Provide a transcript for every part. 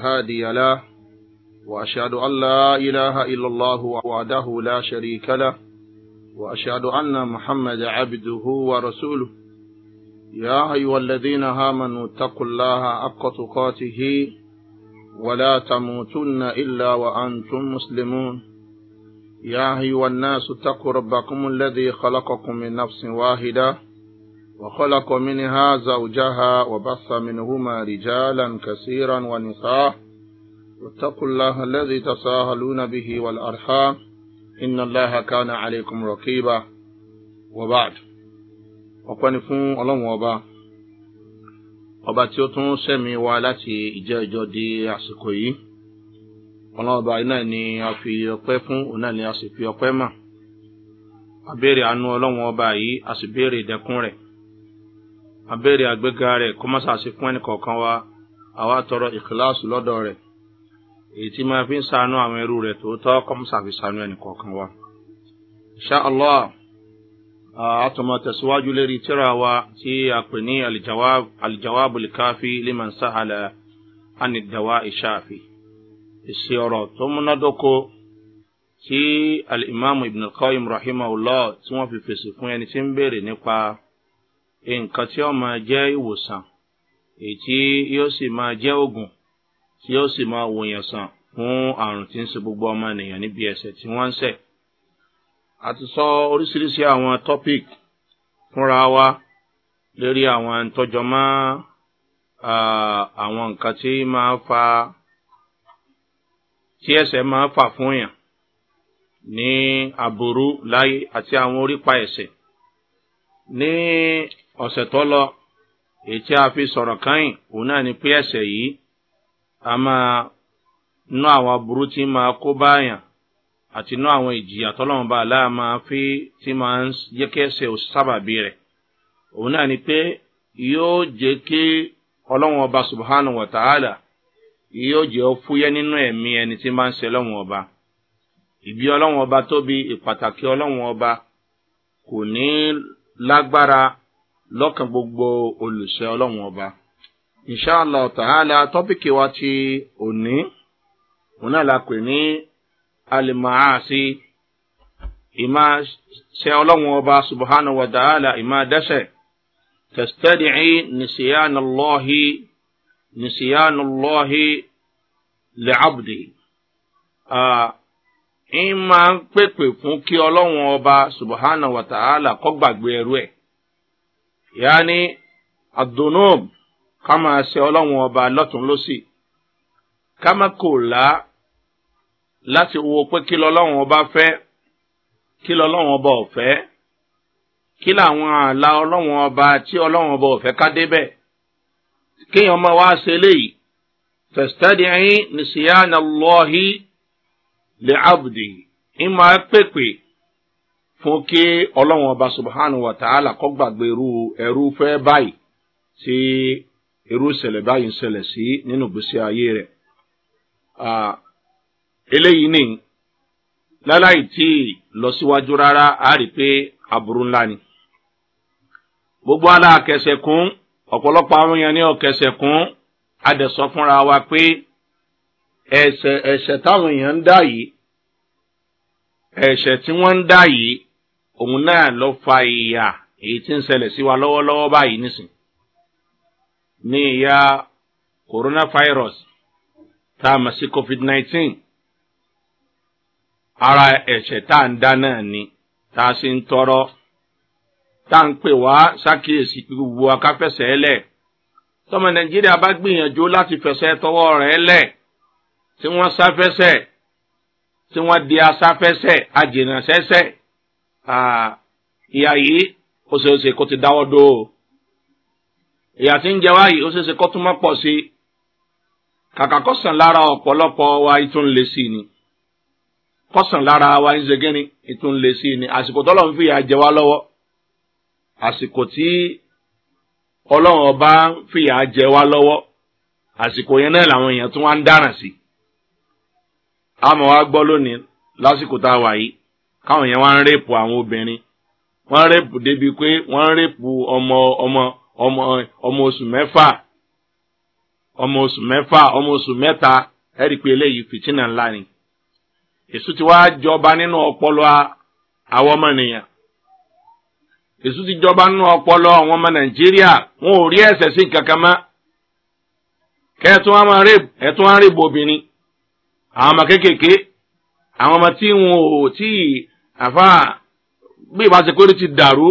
هادي له وأشهد أن لا إله إلا الله وحده لا شريك له وأشهد أن محمد عبده ورسوله يا أيها الذين آمنوا اتقوا الله حق تقاته ولا تموتن إلا وأنتم مسلمون يا أيها الناس اتقوا ربكم الذي خلقكم من نفس واحده وخلق منها زوجها وبص منهما رجالا كثيرا ونساء واتقوا الله الذي تساهلون به والأرحام إن الله كان عليكم رقيبا وبعد وقنفون الله وبعد ọba tí ó tún sẹ́mi wa láti ìjẹ́ ọjọ́ di àsìkò yìí ọlọ́ọ̀bá iná ni a fi ọpẹ́ fún òun náà ni a sì fi ọpẹ́ mà a béèrè àánú ọlọ́wọ́n ọba yìí a sì béèrè ìdẹ̀kùn rẹ̀ abẹ́rẹ́ àgbéga rẹ̀ kó má ṣàṣe fún ẹnì kọ̀ọ̀kan wa àwa tọrọ ìkíláàsù lọ́dọ̀ rẹ̀ èyí tí máa fi ń ṣàánú àwọn ẹrú rẹ̀ tòótọ́ kó má ṣàfi ṣàánú ẹnì kọ̀ọ̀kan wa. insha Allah àtọmọ tẹ̀síwájú lérí tíra wa tí a pè ní al-jawab al-jawab al-kafi liman sahala ani dawa'i èsì ọ̀rọ̀ tó múnádóko tí al ibn al-qayyim rahimahullah tí wọ́n fi fèsì fún ẹni tí ń béèrè nípa nǹkan tí ó máa jẹ́ ìwòsàn èyí tí yóò sì máa jẹ́ òògùn tí yóò sì máa wòyàn sàn fún àrùn tí ń ṣe gbogbo ọmọ ènìyàn níbi ẹ̀ṣẹ̀ tí wọ́n ń ṣẹ̀. a ti sọ oríṣiríṣi àwọn topic fúnra wa lórí àwọn tọ́jọmọ́ àwọn nǹkan tí máa fa tí ẹ̀ṣẹ̀ máa fà fún yàn ní aburú láyé àti àwọn orípa ẹ̀ṣẹ̀ ní ọ̀sẹ̀ tó lọ èyí tí a fi sọ̀rọ̀ káyìn òun náà ni pé ẹ̀sẹ̀ yìí a máa nú àwọn aburú tí máa kó báyàn àti nú àwọn ìjìyà tọ́lọ́run bá aláà fi tí máa ń jẹ́ kí sábàbí rẹ̀ òun náà ni pé yóò jẹ́ kí ọba yóò jẹ́ ó fúyẹ́ nínú ẹ̀mí ẹni tí máa ń ṣe ọba ìbí ọba lọ́kàn gbogbo olùṣẹ́ ọlọ́run ọba. inshallah ta'ala tọ́pìkì wa ti òní òun náà la pè ní alimaasi ìmá ọlọ́run ọba subhanahu wa ta'ala ìmá tẹ̀sítẹ́dìí nìṣíyánulọ́hì nìṣíyánulọ́hì lẹ́àbùdì. ìmá ń pèpè fún kí ọlọ́run ọba subhanahu wa ta'ala kọ́ gbàgbé ẹrú ẹ̀. yaani adunob ká máa ṣe ọlọ́run ọba lọ́tún lọ́sì ká kò lá láti wo pé kí ọba fẹ́ kí lọ́lọ́run ọba ọ̀fẹ́ kí làwọn àlà ọlọ́run ọba tí ọlọ́run ọba ọ̀fẹ́ ká débẹ̀ kéèyàn máa wá ṣe ẹ̀yìn lè ábùdì ìmọ̀ ẹ́ pèpè. fún kí ọlọ́run ọba subhanahu wa ta'ala kọ́ gbàgbé irú ẹrú fẹ́ báyìí tí irú ìṣẹ̀lẹ̀ báyìí ń ṣẹlẹ̀ sí nínú ìgbésí ayé rẹ̀. eléyìí ni láláì tí lọ síwájú rárá a rí pé aburú ńlá ni. gbogbo aláàkẹsẹ̀ kún ọ̀pọ̀lọpọ̀ àwọn èèyàn ní ọ̀kẹsẹ̀ kún adẹ̀sọ fúnra wa pé ẹ̀ṣẹ̀ ẹ̀ṣẹ̀ táwọn èèyàn ń dá yìí ẹ̀ṣẹ̀ tí wọ́n ń dá yìí òun náà lọ fa ìyà èyí tí ń ṣẹlẹ̀ sí wa lọ́wọ́lọ́wọ́ báyìí nísìn ní ìyá coronavirus tá a mọ̀ sí covid nineteen ara ẹ̀ṣẹ̀ tá à ń dá náà ni tá a sì ń tọrọ tá à ń pè wá ṣàkíyèsí gbogbo akáfẹsẹ̀ ẹlẹ̀ tọmọ nàìjíríà bá gbìyànjú láti fẹsẹ̀ tọwọ́ rẹ̀ ẹlẹ̀ tí wọ́n sáfẹsẹ̀ tí wọ́n di asáfẹsẹ̀ ajìnàsẹ́sẹ̀ Ah yìí ó ṣe é ṣe kó ti dáwọ́ dó o ìyá tí ń jẹ wá yìí ó ṣe é ṣe wa ìtún lè sí ni kọ́sàn lára wa ń ṣegẹ́ni ìtún lè sí ni àsìkò tọ́lọ̀ ń fìyà jẹ wá lọ́wọ́ àsìkò tí ọlọ́run ọba ń fìyà jẹ wá lọ́wọ́ àsìkò yẹn náà làwọn èèyàn tún wá ń dáràn sí. àmọ́ wá gbọ́ lónìí lásìkò tá a wà yìí káwọn yẹn wá ń rèpù àwọn obìnrin wọ́n rèpù débi pé wọ́n rèpù ọmọ ọmọ ọmọ ọmọ oṣù mẹ́fà ọmọ oṣù mẹ́fà ọmọ oṣù mẹ́ta ẹ̀rí pé eléyìí fìtínà ńlá ni èso ti wá jọba nínú ọpọlọ àwọn ọmọ nìyẹn èso ti jọba nínú ọpọlọ àwọn ọmọ nàìjíríà wọn ò rí ẹsẹ̀ sí kankan mọ́ kẹ́ẹ̀tún wọn máa rèbù ẹ̀tún wọn rèbù obìnrin àwọn ọmọ kéékèèké àwọn ọmọ tí wọn ò tíì àfa bí ìbá ṣe ti dàrú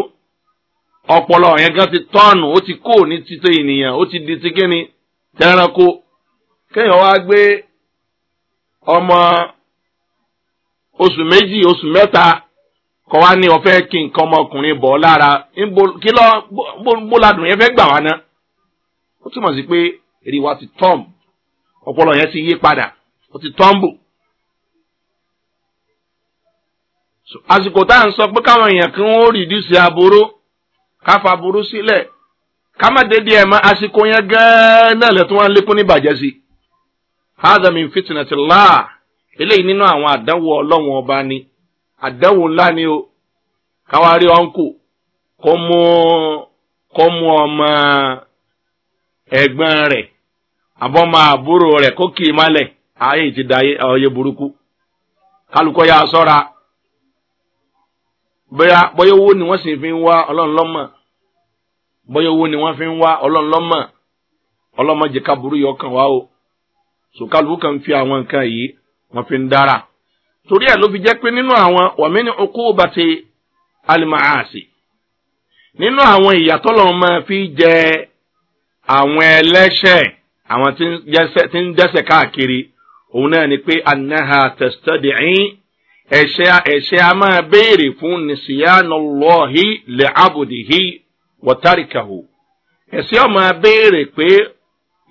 ọpọlọ yẹn gan ti tọ́ọ̀nù ó ti kó ní títẹ ènìyàn ó ti di ti kíni tẹranko kéèyàn wá gbé ọmọ oṣù méjì oṣù mẹ́ta kọ́ wá ní ọ̀fẹ́ kí nǹkan ọmọkùnrin bọ̀ lára kí lọ bóladùn yẹn wa ti tọ́ọ̀mù ọpọlọ yẹn ti yí padà ó ti àsìkò tá à ń sọ pé káwọn èèyàn kí wọ́n rìdíùsì aburú káfa aburú sílẹ̀ ká má dédé ẹ̀ mọ́ àsìkò yẹn gẹ́ẹ́ náà wọn lékún ní sí. min fitnatillah eléyìí nínú àwọn àdánwò ọlọ́wọ́n ọba ni àdánwò ńlá ni o káwá rí ọ̀nkù kó mú kó mú ọmọ ẹ̀gbọ́n rẹ̀ àbúrò rẹ̀ kó kì í má lẹ̀ ayé ti da burúkú bóyá bóyá owó ni wọ́n sì fi ń wá ọlọ́run lọ́mọ̀ bóyá owó ni wọ́n fi ń wá ọlọ́run lọ́mọ̀ yọ kàn wá o sòkàlùkù kan fi àwọn nǹkan yìí wọ́n fi ń dára torí ẹ̀ ló fi jẹ́ pé nínú àwọn wàmí ni okó bàtẹ alimaasi nínú àwọn ìyàtọ̀ lọ́wọ́ máa fi jẹ àwọn ẹlẹ́ṣẹ̀ àwọn tí ń dẹ́ṣẹ̀ káàkiri òun náà ni pé ha ẹ̀yìn. ẹ̀ṣẹ̀ ẹ̀ṣẹ̀ a máa béèrè fún nìṣíyánulọ́hí lẹ́àbùdìhí wọ́tárìkàwò ẹ̀ṣẹ̀ ọ máa béèrè pé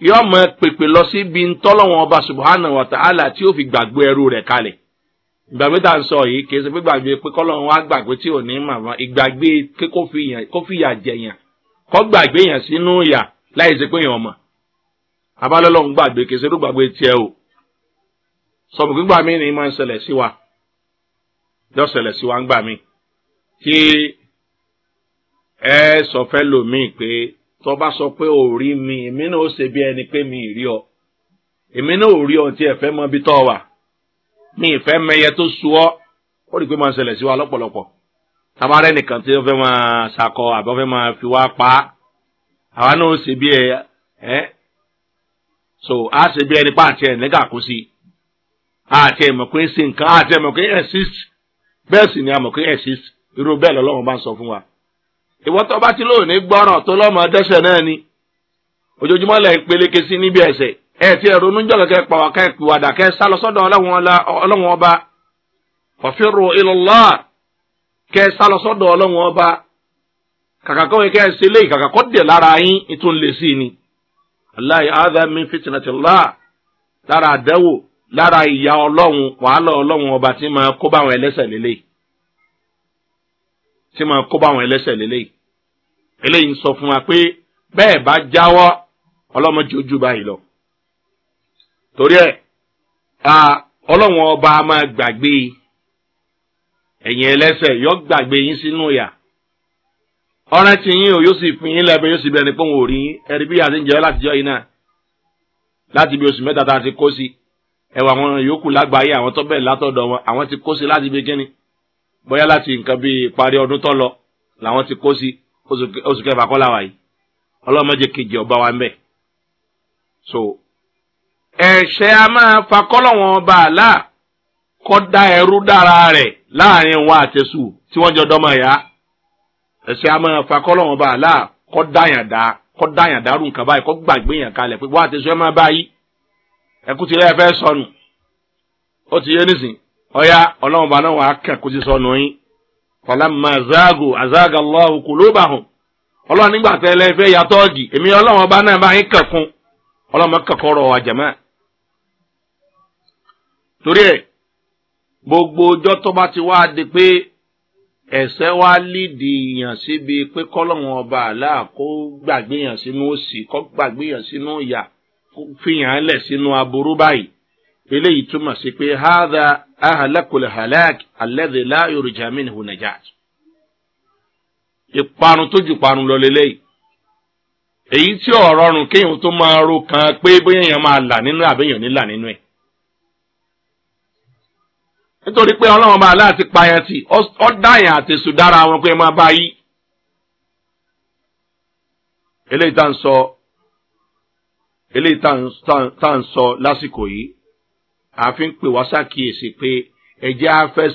yọ máa pèpè lọ sí ibi ntọ́lọ́wọ́n ọba subhanahu wa ta'ala tí ó fi gbàgbé ẹrú rẹ̀ kalẹ̀ ìgbàgbé tá à ń sọ yìí kì í ṣe pé gbàgbé pé kọ́lọ́run wá gbàgbé tí ò ní màmá ìgbàgbé kó fìyà jẹyàn kọ́ gbàgbé yàn sínú ìyà láì ṣe pé yàn ọmọ abálọ́lọ́run gbàgbé kì í ṣe ló gbàgbé tiẹ̀ o sọ̀bùkúgbà mi ni máa ń ṣẹlẹ̀ sí wa yọ̀sẹ̀lẹ̀ sí wa ń gbà mí kí ẹ sọ fẹ́ lòmíì pé tó bá sọ pé ò rí mi èmi náà ó ṣe bí ẹni pé mi ì rí ọ èmi náà ò rí ọ tí ẹ fẹ́ mọ ibi tọ́ wà mi ì fẹ́ mẹyẹ tó sú ọ ó rí i pé máa ń ṣẹlẹ̀ sí wa lọ́pọ̀lọpọ̀ tabarẹ́ nìkan tí wọ́n fẹ́ máa ṣàkọ àbí wọ́n fẹ́ máa fi wá pa á àwa náà ó ṣe bí ẹ ẹ so a ṣe bí ẹni pa àti ẹ̀ nígà kó sí àti ẹ̀ mọ̀ pé ṣe nǹkan àti ẹ̀ mọ̀ pé ẹ̀ sí bẹ́ẹ̀ sì ni a mọ̀ pé ẹ̀sìn irú bẹ́ẹ̀ lọ́lọ́run bá ń sọ fún wa. ìwọ tó bá ti lóòní gbọ́ràn tó lọ́mọ dẹ́sẹ̀ náà ni ojoojúmọ́ lẹ̀ ń peléke sí níbi ẹ̀sẹ̀ ẹ̀ ti ẹ̀rọ onújọ́ kẹ̀kẹ́ pàwọ́ kẹ́ ìwàdà kẹ́ sá lọ sọ́dọ̀ ọlọ́run ọba sá lára ìyá ọlọ́run wàhálà ọlọ́run ọba tí máa kó báwọn ẹlẹ́sẹ̀ lélẹ̀ tí máa kó báwọn ẹlẹ́sẹ̀ lélẹ̀ eléyìí ń sọ fún wa pé bẹ́ẹ̀ bá jáwọ́ ọlọ́mọdé ojú báyìí lọ torí ẹ̀ ọlọ́run ọba máa gbàgbé ẹ̀yìn ẹlẹ́sẹ̀ yọ gbàgbé yín sínú ìyà ọ̀rẹ́ tí yín o yóò sì fún yín lẹ́bẹ̀ẹ́ yóò sì bẹ̀rẹ̀ ní pọ́n òrí ẹ̀rí bí àti ń jẹ́ láti jọ́ yín náà láti bí oṣù mẹ́ta tá a ti kó sí i. ẹwà àwọn yòókù lágbàáyé àwọn tó bẹ̀rẹ̀ látọ̀dọ̀ wọn àwọn ti kó sí láti bí kíni bóyá láti nǹkan bíi parí ọdún tó lọ làwọn ti kó sí oṣù kẹfà kọ́ làwà yìí ọlọ́mọdé kejì ọba wa ń so ẹ̀ṣẹ̀ a máa fa kọ́lọ́wọ́n ọba àlá kọ́ da ẹrú dára rẹ̀ láàrin wa àtẹ̀sù tí wọ́n jọ dọ́mọ ẹ̀yà ẹ̀ṣẹ̀ a máa fa kọ́lọ́wọ́n ọba àlá kọ́ dáyàn dá kọ́ dáyàn dárú nǹkan báyìí kọ́ gbàgbé yàn kalẹ̀ pé wọ́n àtẹ̀sù ẹ̀ máa báyìí ẹkú efe lẹ́yìn fẹ́ sọnù ó ti yé nísìn ọ̀yá ọlọ́run bá náà wà á kẹ́kọ̀ọ́ ti sọnù yín falamma zaagu azaaga Allahu qulubahum ọlọ́run nígbà tẹ́ ẹ lẹ́yìn fẹ́ yàtọ̀ ọba torí ẹ gbogbo ọjọ́ ti wá di pé ẹ̀sẹ̀ wá lídìí yàn pé ọba kó gbàgbé kó fihàn lẹ̀ sínú aburú báyìí eléyìí túmọ̀ sí pé haza ahalakul halak alladhi la yurja minhu najat ìparun tó ju parun lọ lélẹ́yìí èyí tí ò rọrùn kéèyàn tó máa ro kan pé bóyá èèyàn máa là nínú àbẹ́yàn nílà nínú ẹ̀ nítorí pé ọlọ́run bá aláàtí payàn tì ọ́ dáyàn àti sùdára wọn pé ẹ máa bá yí eléyìí eléyìí tá à ń sọ lásìkò yìí pè wá pé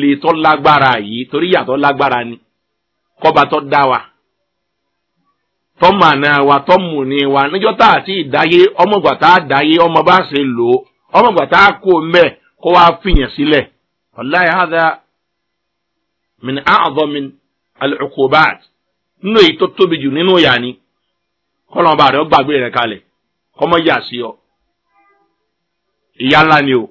le tó lágbára yìí torí ìyà tó lágbára ni tó dá wa wa wa tá a ti dáyé ọmọgbà tá a dáyé ọmọ bá ṣe lò ó a kó kó fìyàn min àádọ́ min alùkùbáàt nínú èyí tó tóbi jù nínú ni. kọ́lọ́n bá rẹ̀ ya gbàgbé kọmọ kalẹ̀ yà sí ọ ìyá ńlá ni o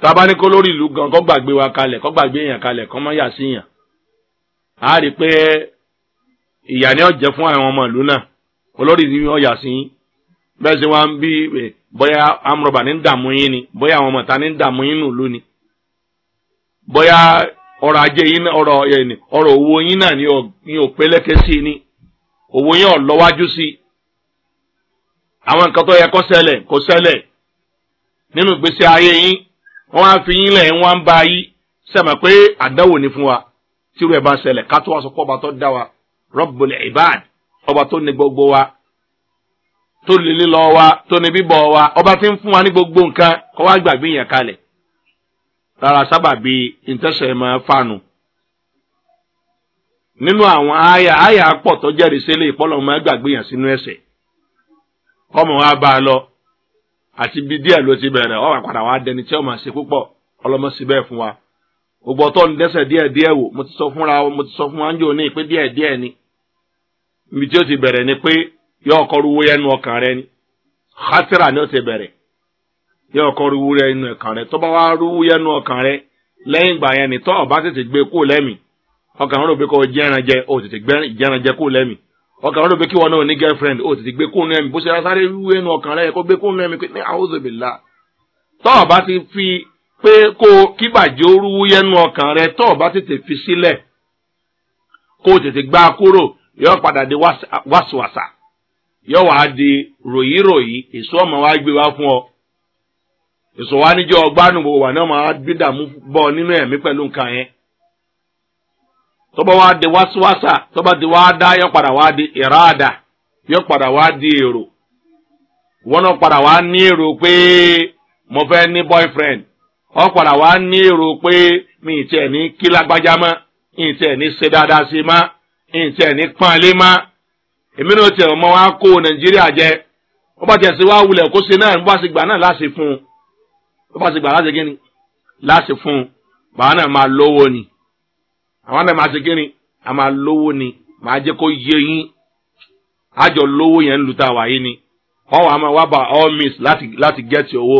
tabani kó lórí ìlú gan kọ gbàgbé wa kalẹ kọ́ gbàgbé èèyàn kalẹ̀ kọ́mọ yà sí yàn á rí pé ìyá ni ọ jẹ fún àwọn ọmọ ìlú náà olórí ni ọ yà sí yín bí bóyá amúrọ̀bà ní ni bóyá àwọn ta ní dààmú yín nù lónìí bóyá ajé yín ọrọ̀ owó yín náà ni ò ni òwò yẹn ò lọ́wájú sí àwọn nǹkan tó yẹ kó ṣẹlẹ̀ kó ṣẹlẹ̀ nínú ìgbésí ayé yín wọ́n á fi yín lẹ̀ wọ́n á ń ba yí sẹ́mi pé àdánwò ni fún wa tí irú bá ṣẹlẹ̀ ká tó wá sọ pé ọba tó dá wa rọ́bùl ibad ọba tó ní gbogbo wa tó lili lílọ wa tó ní bíbọ̀ wa ọba tí ń fún wa ní gbogbo nǹkan kó wá gbàgbé yẹn kalẹ̀ rárá sábà bíi máa nínú àwọn àyà àyà pọ̀ tó jẹ́rìí sílé ìpọ́lọ̀ máa gbàgbé yàn sínú wa bá a lọ àti bí díẹ̀ ló ti bẹ̀rẹ̀ ọ̀ àpàdà wa dẹni tí ó máa ṣe púpọ̀ ọlọ́mọ sí bẹ́ẹ̀ fún wa gbogbo ọtọ́ ní dẹ́sẹ̀ díẹ̀ díẹ̀ wò mo ti sọ fúnra mo ti sọ fún wa ń pé díẹ̀ díẹ̀ ni ibi tí ó ti bẹ̀rẹ̀ ni pé yọ ọkọ ni ni ó ti bẹ̀rẹ̀ yọ ọkọ ruwo ẹnu ọkàn rẹ ni ọkàn wọn rò pé kò jẹran jẹ o tètè gbẹrin jẹran jẹ kó lẹ́mì ọkàn wọn rò kí wọn náà ní girlfriend o tètè gbé kóun lẹ́mì bó ṣe sáré rú ẹnu ọkàn rẹ kó gbé kóun lẹ́mì pé ní àwòzòbìlà tọ́ọ̀ bá ti fi pé kó kíbàjẹ́ orúwú yẹnu ọkàn rẹ tọ́ọ̀ bá tètè fi sílẹ̀ kó tètè gbá a kúrò yóò padà di wàsíwàsà yóò wá di ròyìnròyìn èso ọmọ wa gbé wá fún ọ èso wa níjọ ọgbánú tó bá wá di wáṣíwáṣà tó bá di wá dá yọ padà wá di wọn náà padà wá ní èrò pé mo fẹ́ ní boyfriend ọ padà wá ní èrò pé mi ì tiẹ̀ ní kí lágbájá mọ́ mi ì tiẹ̀ ní ṣe dáadáa sí mọ́ ọmọ wa kó nàìjíríà jẹ wọ́n bá tiẹ̀ sí wá wulẹ̀ kó ṣe náà fún un náà àwọn àmì máa ṣe kírin a máa lówó ni máa jẹ́ kó yé yín àjọ lówó yẹn ń lu tá a wà yìí ni ọwọ́ a máa wá bá all means láti láti gẹ́ẹ̀tì owó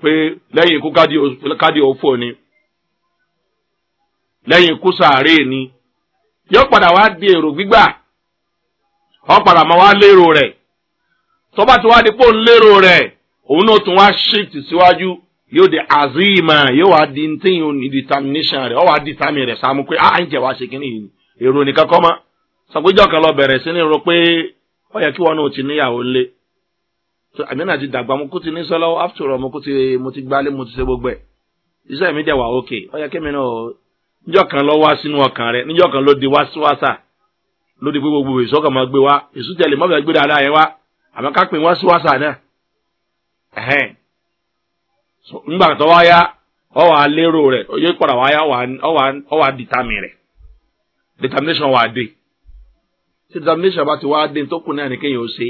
pé lẹ́yìn ikú káàdì òfò ni lẹ́yìn ikú sàárè ni yóò padà wá di èrò gbígbà ọ padà máa wá lérò rẹ̀ tọ́ba ti wá di pò ń lérò rẹ̀ òun náà tún wá shift síwájú. Si yóò di azima yóò wá di ntí yóò ní determination rẹ ọ wá di tami rẹ sáà pé ah ǹjẹ́ wàá ṣe kí nìyí èrò nìkan kọ́ ma sọpéjọ́ kan lọ bẹ̀rẹ̀ sí ní ro pé ó yẹ kí wọn náà ti níyàwó lé so àmínà ti dàgbà mo kú ti ní ti mo ti ti ṣe gbogbo ẹ iṣẹ́ mi dẹ̀ wà ókè ó yẹ kí mi náà wá sínú ọkàn rẹ kan di wá di gbogbo èso kan máa gbé wá èso ńgbà tó wá yá ọ wà á lérò rẹ̀ yóò padà wá yá ọ wà á dìtàmì rẹ̀ determination wà dé determination bá ti wá dé tó kù náà ni kéèyàn ó ṣe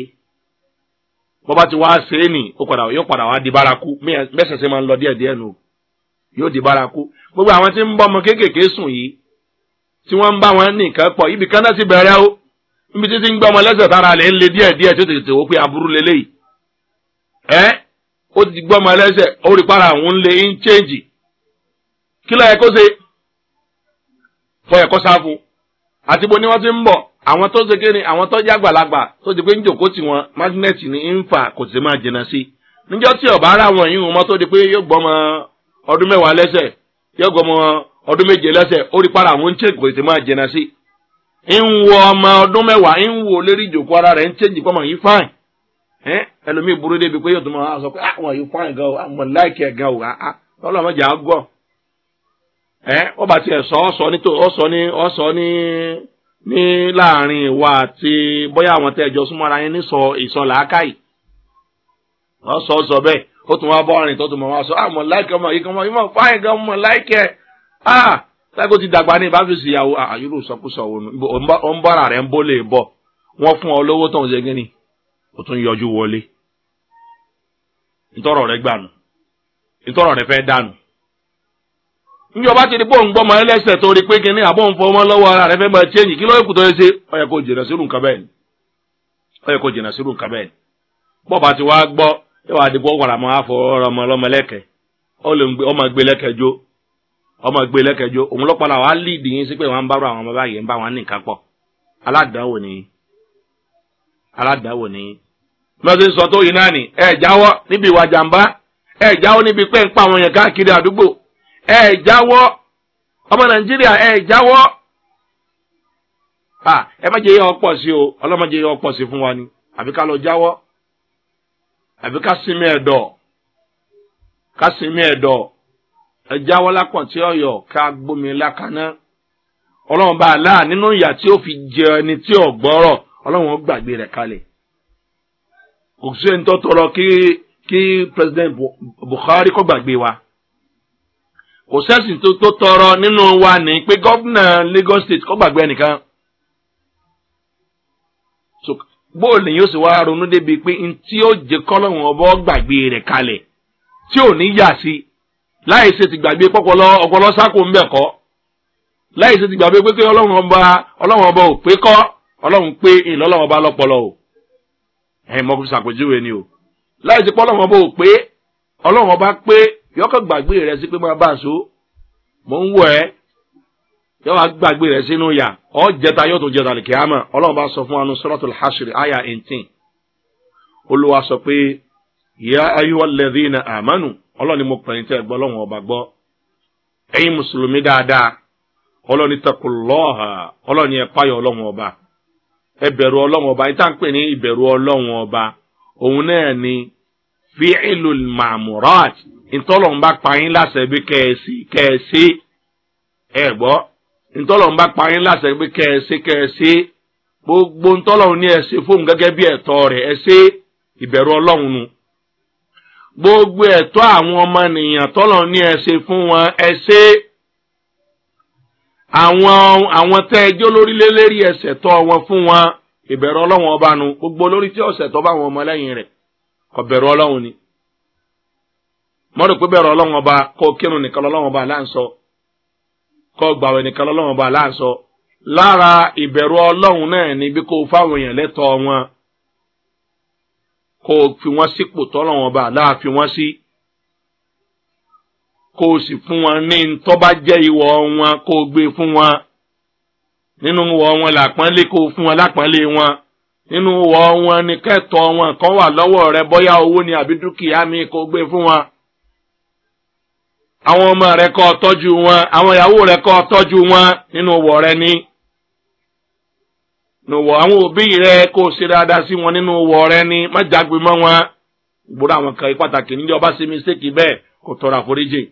é bá ti wá ṣe é nì yóò padà wá di bárakú mẹ́sàn máa ń lọ díẹ̀díẹ̀ nù yóò di gbogbo àwọn tí ń bọ́ ọmọ kéékèèké sùn yìí tí wọ́n ń bá ibi kan ti bẹ̀rẹ̀ o níbi ti ń gbọ́ tára lè ń le tó tètè wó pé ó ti gbọ́ ọmọ ẹlẹ́sẹ̀ ó rí para àwọn ńlẹ̀ ń chẹ́ǹjì kí ló yẹ kó ṣe fọ ẹ̀kọ́ àti bo ni wọ́n ti ń bọ̀ àwọn tó ṣe kéde àwọn tó jẹ́ àgbàlagbà tó ṣe pé ń jòkó tì wọ́n ni ń fà kò sì máa jìnnà sí níjọ́ tí ọ̀bá ara wọn di pé yóò gbọ́ ọmọ ọdún mẹ́wàá lẹ́sẹ̀ yóò gbọ́ ọmọ ọdún méje lẹ́sẹ̀ ó rí para kò sì ọmọ ọdún mẹ́wàá ń ara rẹ̀ ń chẹ́ǹjì yìí ẹlòmíì burú débi pé yóò tún máa sọ pé àwọn ah, yìí fáìn gan o àwọn láìkì ẹ̀ o àá ah, ah. ẹ sọ ọ sọ ní ọ sọ ní sọ ní láàrin ìwà àti bóyá àwọn tẹ́ ẹjọ́ súnmọ́ ara ní sọ ìsọ ọ sọ sọ ó tún bọ́ ọrìn tó tún mọ̀ wá sọ ọmọ yìí kan mọ̀ ìmọ̀ gan mọ̀ ah ti dàgbà ní ìyàwó àyúrò sọkúsọ òun rẹ̀ ń lè ọ lówó tó ń o tún yọjú wọlé ntọrọ rẹ gbanu ntọrọ rẹ fẹ danu njọba ọba ti di pé òun gbọmọ ẹlẹ́ṣẹ̀ tó rí pé fọmọ ara rẹ fẹ́ máa chẹ́yìn kí lóye kù tó yẹ ṣe kó jìnnà sírù nǹkan bẹ́ẹ̀ ni ó kó jìnnà sírù nǹkan bẹ́ẹ̀ ni ti wá ẹ di fọ gbé ọmọ gbé òun sí pé àwọn ọmọ báyìí ń bá mọ́tò ń sọ tó ẹ jáwọ́ níbi ìwà jàǹbá ẹ jáwọ́ níbi pẹ́ ń pa àwọn èèyàn káàkiri àdúgbò ẹ jáwọ́ ọmọ nàìjíríà ẹ jáwọ́ ẹ má jẹ́ yẹ ọpọ̀ sí o ọlọ́mọ jẹ́ yẹ ọpọ̀ sí fún wa ni àbí ká lọ jáwọ́ àbí ká sinmi ẹ̀dọ̀ ká sinmi ẹ̀dọ̀ ẹ jáwọ́ lápọ̀ tí ká gbómi lákaná ọlọ́run bá a láà nínú ìyà tí ó fi jẹ ẹni tí ọlọ́run kò sí ẹni tó tọrọ kí kí president Buhari kó gbàgbé wa kò sẹ́sìn tó tọrọ nínú wa ní pé gọ́vnà Lagos state kó gbàgbé ẹnìkan bóòlù yóò sì wá ronú débi pé n tí ó jẹ kọ́lọ́hún ọbọ̀ gbàgbé rẹ̀ kalẹ̀ tí ò ní yà sí láì ṣe ti gbàgbé pọ́pọ́lọ́ ọpọlọ sáko ń bẹ̀ kọ́ láì ṣe ti gbàgbé pé kí ọlọ́run ọba ọlọ́run ọba ò pé kọ́ ọlọ́run pé ìlọ́lọ́run ọba lọ́pọlọ o. ẹ̀yìn mọ́ kó fi ṣàpèjúwe ni o láì sí pé ọlọ́run ọba ò pé ọlọ́run ọba pé yọkọ̀ gbàgbé rẹ sí pé máa bá a so mò ń wọ̀ ẹ́ yọ gbàgbé rẹ sínú yà ọ jẹta yóò tún jẹta ọba sọ fún wa ní sọ́rọ́tò hashiri aya eighteen olùwà sọ pé lẹ́dí na àmánu mo pẹ̀lú tẹ́ gbọ́ ọba gbọ́ ẹ̀yin mùsùlùmí dáadáa ẹbẹ̀rù ọlọ́run ọba ìtàn pè ní ìbẹ̀rù ọlọ́run ọba òun náà ni fi'ilu mamurat ntọ́lọ́run bá pa yín láṣẹ bí kẹ́ẹ̀sì kẹ́ẹ̀sì ẹ gbọ́ ntọ́lọ́run bá pa yín láṣẹ bí kẹ́ẹ̀sì kẹ́ẹ̀sì gbogbo ntọ́lọ́run ní ẹ̀sìn fóun gẹ́gẹ́ bí ẹ̀tọ́ rẹ̀ ẹ̀sìn ìbẹ̀rù ọlọ́run nu gbogbo ẹ̀tọ́ àwọn ọmọ nìyàn tọ́lọ́run ní ẹ̀sìn fún wọn ẹ̀sìn àwọn àwọn tẹ́ ẹjọ́ lórílẹ̀ lérí ẹsẹ̀ tọ́ wọn fún wọn ìbẹ̀rù ọlọ́run ọba nu gbogbo lórí tí ọsẹ tọ bá wọn ọmọ lẹ́yìn rẹ̀ kò bẹ̀rù ni. mọ́rò pé bẹ̀rù ọlọ́run ọba kó kírun nìkan lọ́lọ́run ọba láǹsọ kó gbàwẹ̀ nìkan lọ́lọ́run ọba láǹsọ lára ìbẹ̀rù ọlọ́run náà ni bí kò fáwọn èèyàn lẹ́tọ̀ọ́ wọn kó fi wọ́n sípò tọ́lọ́run ọba láà fi wọn sí. Si kó o sì fún wọn ní tó bá jẹ́ ìwọ̀ wọn kó o gbé fún wọn nínú ìwọ̀ wọn làpọ́nlé kó o fún wọn lápọ́nlé wọn nínú ìwọ̀ wọn ni kẹ́tọ́ wọn kan wà lọ́wọ́ rẹ bóyá owó ni àbí dúkìá mi kó o gbé fún wọn àwọn ọmọ rẹ kó o tọ́jú wọn àwọn ìyàwó rẹ kó o tọ́jú wọn nínú ìwọ̀ rẹ ni nùwọ̀ àwọn òbí rẹ kó o ṣe dáadáa sí wọn nínú ìwọ̀ rẹ ni má jágbe mọ́ wọn gbọ́dọ̀ àwọn kan pàtàkì nílé ọba ṣe mistake bẹ́ẹ̀ kò tọrọ àforíjì.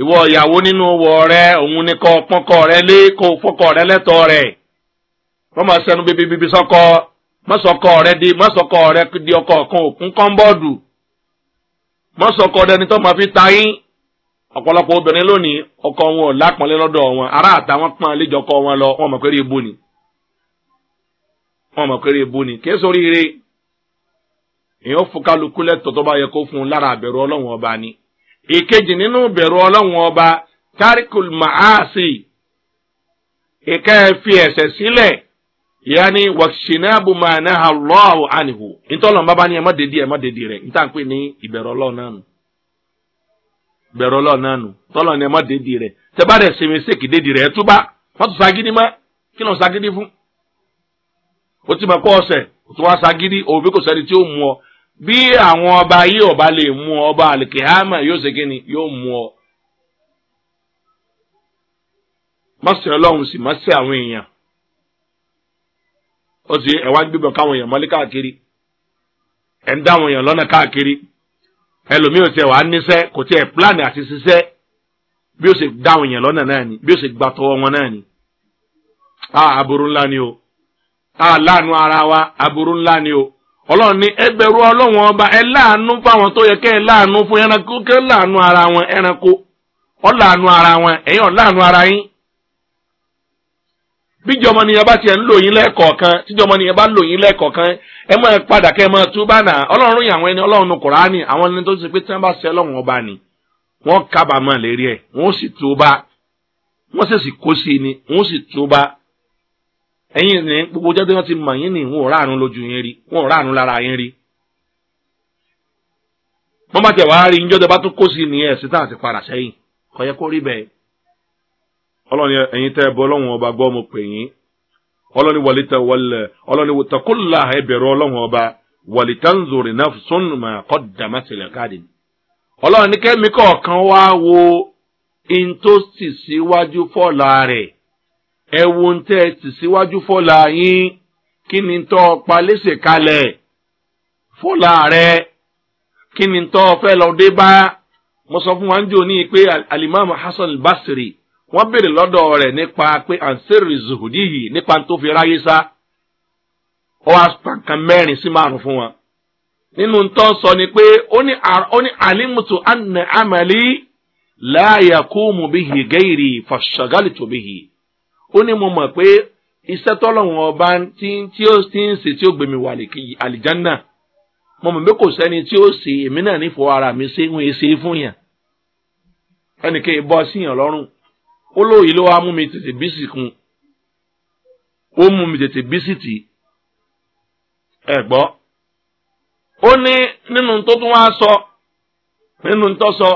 ìwọ ìyàwó nínú wọ rẹ òun ni kọ pọnkọ rẹ lé kó fọkọ rẹ lẹtọ rẹ fọmọ sẹnu bíbí sọkọ mọsọkọ rẹ di mọsọkọ rẹ di ọkọ kan òkun kọńbọọdù mọsọkọ rẹ ni tó máa fi ta yín ọ̀pọ̀lọpọ̀ obìnrin lónìí ọkọ wọn ò lápọnlé lọ́dọ̀ wọn ará àtàwọn pọn àlejòkọ wọn lọ wọn mọ̀ pé rí ebú ni wọn mọ̀ pé rí ebú ni kí é sóríire èèyàn fún kálukú lẹ́tọ̀ tó bá yẹ kó fún un lára àbẹ̀rù ọlọ́run ọba ni ike ji ninu beru ola nwa oba tarikul ma'asi ike fi ese sile yani wakshinabu ma naha Allahu anhu intolo baba ni ma dedi e ma dedi re nta npe ni ibero lo nanu ibero lo nanu tolo ni ma dedi re te ba re simi se ki dedi re tu ba fa tu sagidi ma ki sagidi fun o ti ma ko ose sagidi o bi ko ti o mu o bí àwọn ọba yìí ọba lè mú ọba alikihama yóò ṣe kíni yóò mú ọ mọ̀sẹ̀ ọlọ́run sì mọ̀sẹ̀ àwọn èèyàn ó sì ẹ̀wá gbígbọ̀n káwọn èèyàn mọ́lé káàkiri ẹ̀ ń dá àwọn èèyàn lọ́nà káàkiri ẹlòmíì ò tiẹ̀ wàá níṣẹ́ kò tiẹ̀ pílánì àti ṣiṣẹ́ bí a ah, aburú ńlá ni a ah, láàánú ara wa aburú ńlá ni ọlọ́run ní ẹgbẹ̀rún ọlọ́run ọba ẹ láàánú fáwọn tó yẹ kẹ́ ẹ láàánú fún ẹranko kẹ́ ẹ láàánú ara wọn ẹranko ọ ara wọn ẹ̀yin ọ̀ ara yín. bíjọ ọmọnìyàn bá tiẹ̀ ń lò yín lẹ́ẹ̀kọ̀ọ̀kan tíjọ ọmọnìyàn bá ń lò yín lẹ́ẹ̀kọ̀ọ̀kan ẹ máa padà kẹ́ ẹ máa tú bánà ọlọ́run yìí àwọn ẹni ọlọ́run nu kùránì àwọn ẹni tó ṣe pé bá ṣe ọlọ́run ọba ni wọ́n kábàámọ̀ lérí ẹ̀ wọ́n sì eyin ni gbogbo jẹ́ tí wọ́n ti mọ̀ yín ní wọn ò lójú yín rí wọn ò lára yín rí. wọ́n bá tẹ̀ wá rí bá tún kó sí ní ẹ̀sìn tá à ti padà sẹ́yìn yẹ kó rí bẹ́ẹ̀. ọlọ́ni ẹ̀yin tẹ́ ẹ bọ́ ọlọ́run ọba gbọ́ mo pè yín ọlọ́ni wọlé tẹ wọlé ọlọ́ni ẹ wo ń tẹ́ ẹ tì síwájú fọ́la yín kí ni tọ́ pa léṣe kalẹ̀ fọ́la rẹ kí ni tọ́ fẹ́ lọ dé bá mo sọ fún wa ń jò ní pé alimami hasan basiri wọn béèrè lọ́dọ̀ rẹ nípa pé anseri zuhudihi nípa tó fi ráyé sá ó wá pàǹkan mẹ́rin sí márùn fún wọn nínú tó sọ ni pé ó ní alimutu anna amali láàyè kó mu bihi gẹ́rì fàṣàgálì tó bihi. ó ní mo mọ̀ pé iṣẹ́ tọ́lọ́wọ́n ọba tí tí ó ti ń ṣe tí ó gbèmí wà àlìjánná mo mọ̀ pé kò sẹ́ni tí ó ṣe èmi náà ara mi ṣe ń ṣe fún yàn ẹnìkan bọ́ síyàn lọ́rùn ó lóyìí ló wá mú mi tètè bísì kun ó mú mi tètè bísì tì ẹ gbọ́ ó ní nínú tó tún wá sọ nínú tó sọ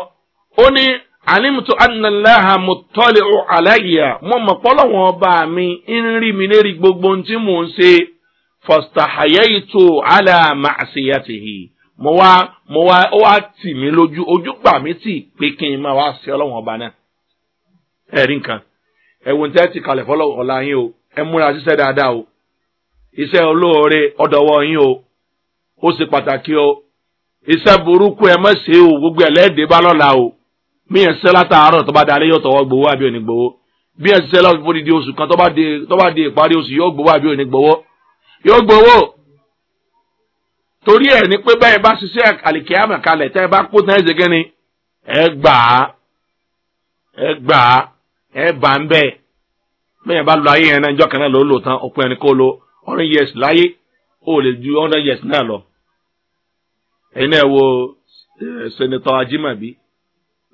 ó ní. alimtu analaha mutọ́lì aláyà mo mọ̀ pọ́lọ́ wọn mi ń rí mi lérí gbogbo ohun tí mò ń ṣe fọ̀sítàhàyẹ́yìtò aláàmà àṣeyàtìhì mo wá mo wá ó wá tì mí lójú ojú gbà mí tì pé kí n máa wá ṣe ọlọ́wọ́n ọba náà ẹ nǹkan ẹ̀wọ̀n ti kalẹ̀ ọ̀la o ẹ múra ṣiṣẹ́ dáadáa o iṣẹ́ olóore ọ̀dọ̀wọ́ yín o ó ṣe pàtàkì o iṣẹ́ burúkú ẹ o gbogbo o. mi ẹ̀ ṣiṣẹ́ látàárọ̀ tó bá dalẹ́ yóò tọwọ́ gbowó àbí òní gbowó bí ẹ̀ ṣiṣẹ́ láti fòdìdí oṣù kan tó bá di ìparí oṣù yóò gbowó àbí òní gbowó yóò gbowó torí ẹ ní pé bẹ́ẹ̀ bá ṣiṣẹ́ àlìkíyàmọ̀ tẹ́ ẹ bá kó tán ẹ̀ṣẹ̀ ẹ gbà á ẹ gbà á ẹ bà ń bẹ́ẹ̀ bá lo ayé yẹn náà ìjọ ló tán òpin ẹni kó lo hundred years láyé ó lè ju years náà lọ ẹ̀yin náà eh,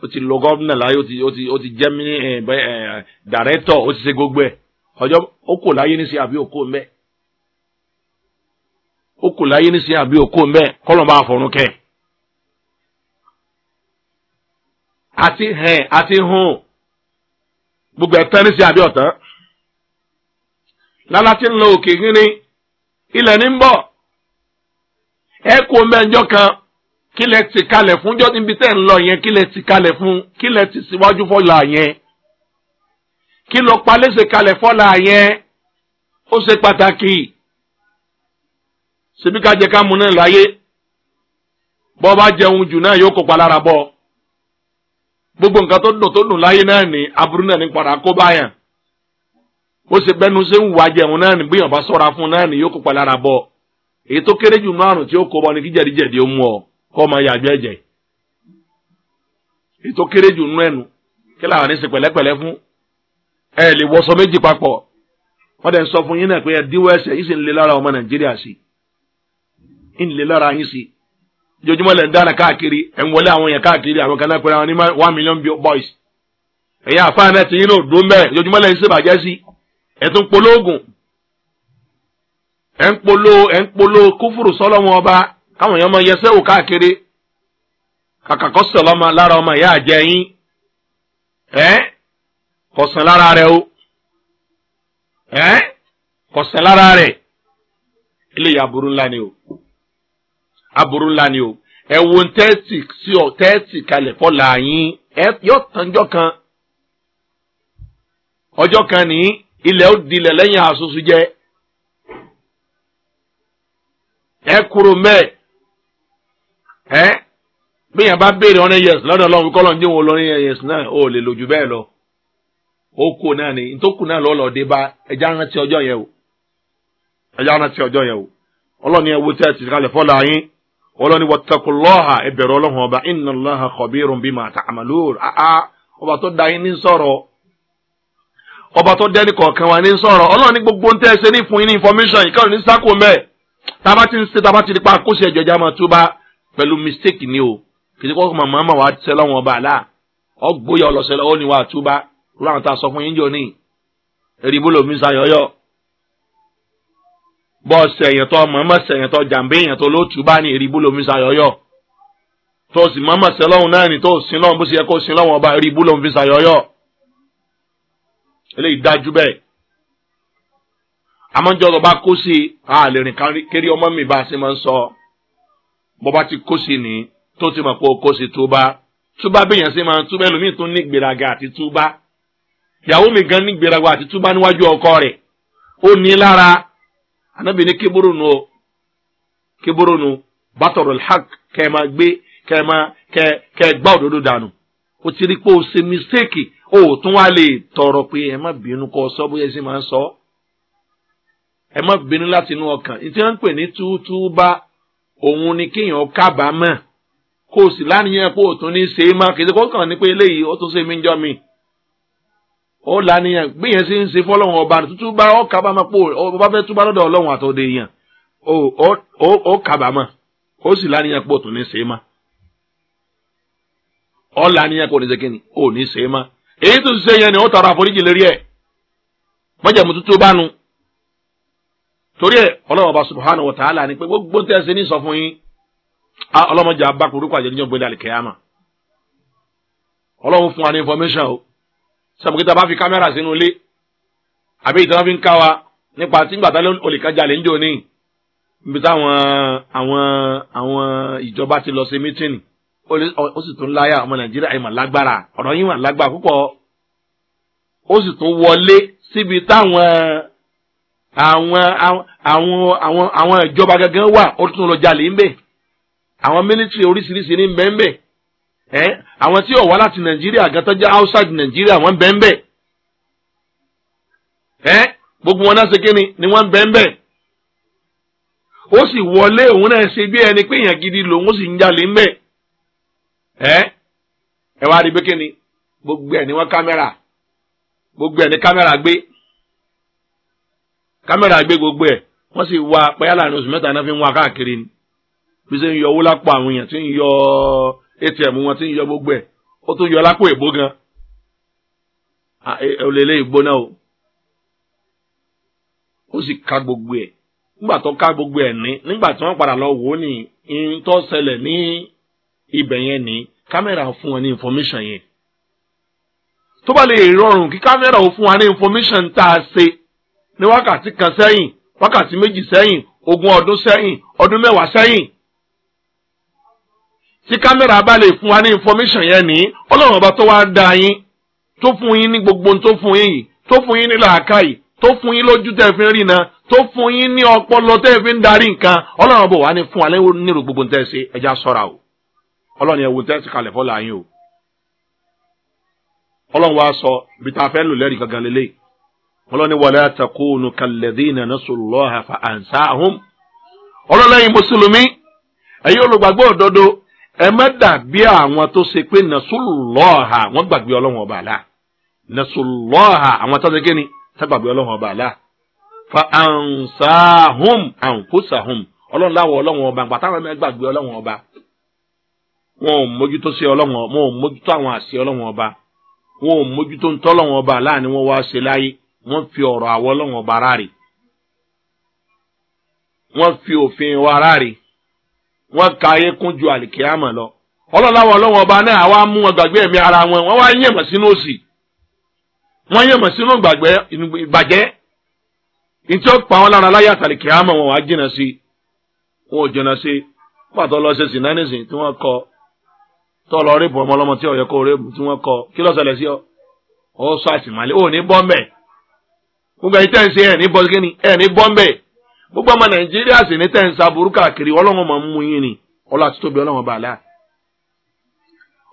o ti lo gómìnà láyé ó ti ó ti ó ti jẹ́ mí eh, ẹ̀ eh, ti se gbogbo ẹ̀ ọjọ́ ó kò láyé ní sí àbí òkò mbẹ́ ó kò láyé ní sí àbí òkò bá àti hẹ̀ àti hùn gbogbo ẹ̀ tán ní sí àbí ọ̀tán lálá tí ń lọ òkè ilẹ̀ ní kí lẹ ti kalẹ̀ fún jọ́ níbi tẹ́ ń lọ yẹn kí lẹ ti kalẹ̀ fún kí lẹ ti síwájú fọ́la yẹn kí lọ pa léṣe kalẹ̀ fọ́la yẹn ó ṣe pàtàkì ṣebí ká jẹ ká mu náà láyé bọ́ bá jẹun jù náà yóò kópa lára bọ́ gbogbo nǹkan tó dùn tó dùn láyé náà ní aburú náà ní padà kó báyàn ó ṣe bẹnu ṣe ń wà jẹun náà ní gbìyànjú bá sọ́ra fún náà ní yóò kópa lára bọ́ èyí tó kéré jù náà tí ó kó bọ́ ní kí jẹ̀díjẹ̀dí ó mú ọ kọma ya yàgbẹ́ ẹ̀jẹ̀ ètò kéré jù nínú ẹnu kí làwọn ní ṣe pẹ̀lẹ́pẹ̀lẹ́ fún ẹ lè wọṣọ méjì papọ̀ wọ́n dẹ̀ sọ fún yín náà pé ẹ díwọ́ ẹsẹ̀ yìí sì ń le lára ọmọ nàìjíríà sí i ń le lára yín sí i jojúmọ́ lẹ̀ ń dára káàkiri ẹ̀ ń wọlé àwọn yẹn káàkiri àwọn kan náà pẹ̀lú àwọn ní one million boys ẹ̀yà àfáà náà ti yín náà dùn bẹ́ẹ̀ jojúmọ́ lẹ̀ ń sí ẹ̀ tún ẹ̀ ń polo ọba káwọn èèyàn máa yẹsẹ́ wò káàkiri kàkà kọ́sọ̀ lọ́mọ lára ọmọ ìyá àjẹ yín lára rẹ o ẹ́ lára rẹ eléyìí aburú ni o aburú ńlá ni o ẹ wo tẹ́ẹ̀sì sí ọ fọlá yín ẹ yọ kan ọjọ́ kan ní ilẹ̀ ó dilẹ̀ lẹ́yìn ẹ kúrò ẹ ya bá béèrè hundred years lọ́dọ̀ ọlọ́run kọ́ lọ́n dín wọn lọ́rin years náà ó lè lò jù bẹ́ẹ̀ lọ ó kù náà ni o ẹja rántí ọjọ́ yẹn o ọlọ́ni a ti kalẹ̀ fọ́lá yín ọlọ́ni wọ́tẹ́kù lọ́ha ẹbẹ̀rẹ̀ ọlọ́run ọba iná lọ́ha kọ̀bírùn ọba tó kọ̀ọ̀kan wa ní sọ̀rọ̀ gbogbo ntẹ́ ṣe ní fún yín ní information yìí ní sákò mẹ́ẹ̀ tá a bá ti ń ṣe tá a pẹ̀lú mistake ni o kìí kọ́ ọmọ màmá wa ṣe lọ́wọ́n ọba àlá ọgbóyà ọlọ́sẹ̀ lọ́wọ́ ni wà á túbá rú àwọn tá a sọ fún yín jọ ní èrìbó lomi sayọyọ bọ́ọ̀sì ẹ̀yàn tó màmá sẹ̀yàn tó jàǹbé ẹ̀yàn tó ló túbá ní èrìbó lomi sayọyọ tó sì màmá sẹ lọ́wọ́n náà ni tó sin lọ́wọ́n bó ṣe yẹ kó sin lọ́wọ́n ọba èrìbó lomi sayọyọ eléyìí dájú bẹ́ẹ̀ àmọ́jọ́ tó kó sí i àlè rìn kéré ọmọ mi bá a ṣe máa ń sọ bọba ti kọsi sí ni tó ti mọ̀ pé o kó túbá túbá béèyàn ṣe máa túbá ẹlòmíì tó ní àti túbá ìyàwó mi gan àti túbá níwájú ọkọ rẹ ó ní lára anábì ní nu o nu ẹ máa gbé ẹ o ti rí o ṣe mistake o tọrọ pé ẹ má bínú sọ bóyá ẹ sì máa sọ ẹ má bínú láti inú òun ni kéèyàn kábàámọ̀ kó o sì láníyàn pé o tún ní ṣe é má kì í ṣe kó kàn ní pé eléyìí ó tún ṣe mí jọ mi ó láníyàn bí yẹn ṣe ń ṣe ọba tútú bá ọ kábàámọ̀ pé ọba fẹ́ túbá lọ́dọ̀ àtọ́dẹ ó kábàámọ̀ ó sì o tún ní ṣe é má ọ o ní ṣe ni ní ṣe é má èyí tó ṣe yẹn ni ó tara àforíjì lérí ẹ̀ mọ́jàmú tútú bá torí ẹ ọlọ́wọ́ bá subhanahu wa ta'ala ni pé gbogbo tẹ́ ẹ ṣe ní sọ fún yín ọlọ́mọdé abákùrú pàjẹ́ níjọ́ gbélé àlìkẹ́yàmà ọlọ́run fún wa ní information o sàmùkítà bá fi kámẹ́rà sínú ilé àbí ìtàn fi ń ká wa nípa tí gbàtà olùkájà lè ń jò ní ibi táwọn àwọn àwọn ìjọba ti lọ sí mítìnì ó sì tún láyà ọmọ nàìjíríà ìmọ̀ lágbára ọ̀rọ̀ yìí mà lágbára púpọ̀ ó sì tún wọlé síbi táwọn àwọn àwọn ìjọba gangan wà ó tún lọ jalè ń bẹ àwọn mílítìrì oríṣiríṣi ní awọn bẹ́ẹ̀ ẹ àwọn tí ò wá láti nàìjíríà gan tó outside nàìjíríà gbogbo wọn náà ṣe kí ni ni wọ́n bẹ́ẹ̀ bẹ́ẹ̀ ó sì náà ṣe bí ẹni pé èèyàn gidi lòun ó sì ń jalè ń ni gbogbo gbogbo kámẹ́rà gbé gbogbo ẹ̀ wọ́n sì wá pẹ́yà láàrin oṣù mẹ́ta náà fi ń wá káàkiri ni bí ṣe ń yọ owó lápò àwọn èèyàn tí ń yọ atm wọn tí ń yọ gbogbo ẹ̀ ó tún yọ lápò ìbò gan olèlé ìbò náà o ó sì ka gbogbo ẹ̀ nígbà tó ká gbogbo ẹ̀ ní nígbà tí padà lọ wò ó ní ní ibẹ̀ yẹn ní kámẹ́rà fún wọn ní information yẹn tó bá lè rọrùn kí kámẹ́rà ò ní wákàtí kan sẹ́yìn wákàtí méjì sẹ́yìn ogún ọdún sẹ́yìn ọdún mẹ́wàá sẹ́yìn tí kámẹ́rà bá lè fún wa ní information yẹn ní ọlọ́run ọba tó wá dá yín tó fún yín ní gbogbo tó fún yín yìí tó fún yín ní làákàyè tó fún yín lójú tẹ́ fi ń rìn náà tó fún yín ní ọpọlọ tẹ́ fi ń darí nǹkan ọlọ́run ọba wà ní fún wa nírò gbogbo tẹ́ ṣe ẹja sọ́ra o ọlọ́run ẹ̀wò tẹ́ ti kalẹ̀ fọ́lá yín o ọlọ́run wa sọ ibi tá a fẹ́ lò lẹ́rìí gangan lélẹ́yìí ọlọ́ni wàlẹ́ àtàkùnù kàlẹ́dínà nasulọ́ha fa ansahum ọlọ́lẹ́yìn mùsùlùmí ẹ̀yin olùgbàgbọ́ òdodo ẹ má dàbí àwọn tó ṣe pé wọ́n gbàgbé ọlọ́wọ́n àwọn tó ṣe kí ni ọlọ́wọ́n ọba àlá ọlọ́run ọlọ́wọ́n ọba wọn gbàgbé ọlọ́wọ́n ọba wọn ò mójútó ọlọ́wọ́n ọba ọba láàrin wọn wá ṣe láyé wọ́n fi ọ̀rọ̀ àwọn ọlọ́wọ́n ọba ráre wọ́n fi òfin wa ráre wọ́n ka ayé kún ju àlìkíyàmọ̀ lọ ọlọ́láwọ̀ ọlọ́wọ́n ọba náà àwa mú wọn gbàgbé ara wọn wọ́n wá yẹ̀mọ̀ sínú òsì wọ́n yẹ̀mọ̀ sínú gbàgbé ìbàjẹ́ ntí ó pa lára láyé wọn wàá sí wọ́n kọ lọ wọ́n kọ gbogbo ẹ̀yin tẹ́ ń ṣe ẹ̀ ní bọ́ kí ẹ̀ ní bọ́ gbogbo ọmọ nàìjíríà sì ní tẹ́ ń saburú káàkiri ọlọ́run mọ̀ mú yín ni ọlọ́run àti tóbi ọlọ́run bàálà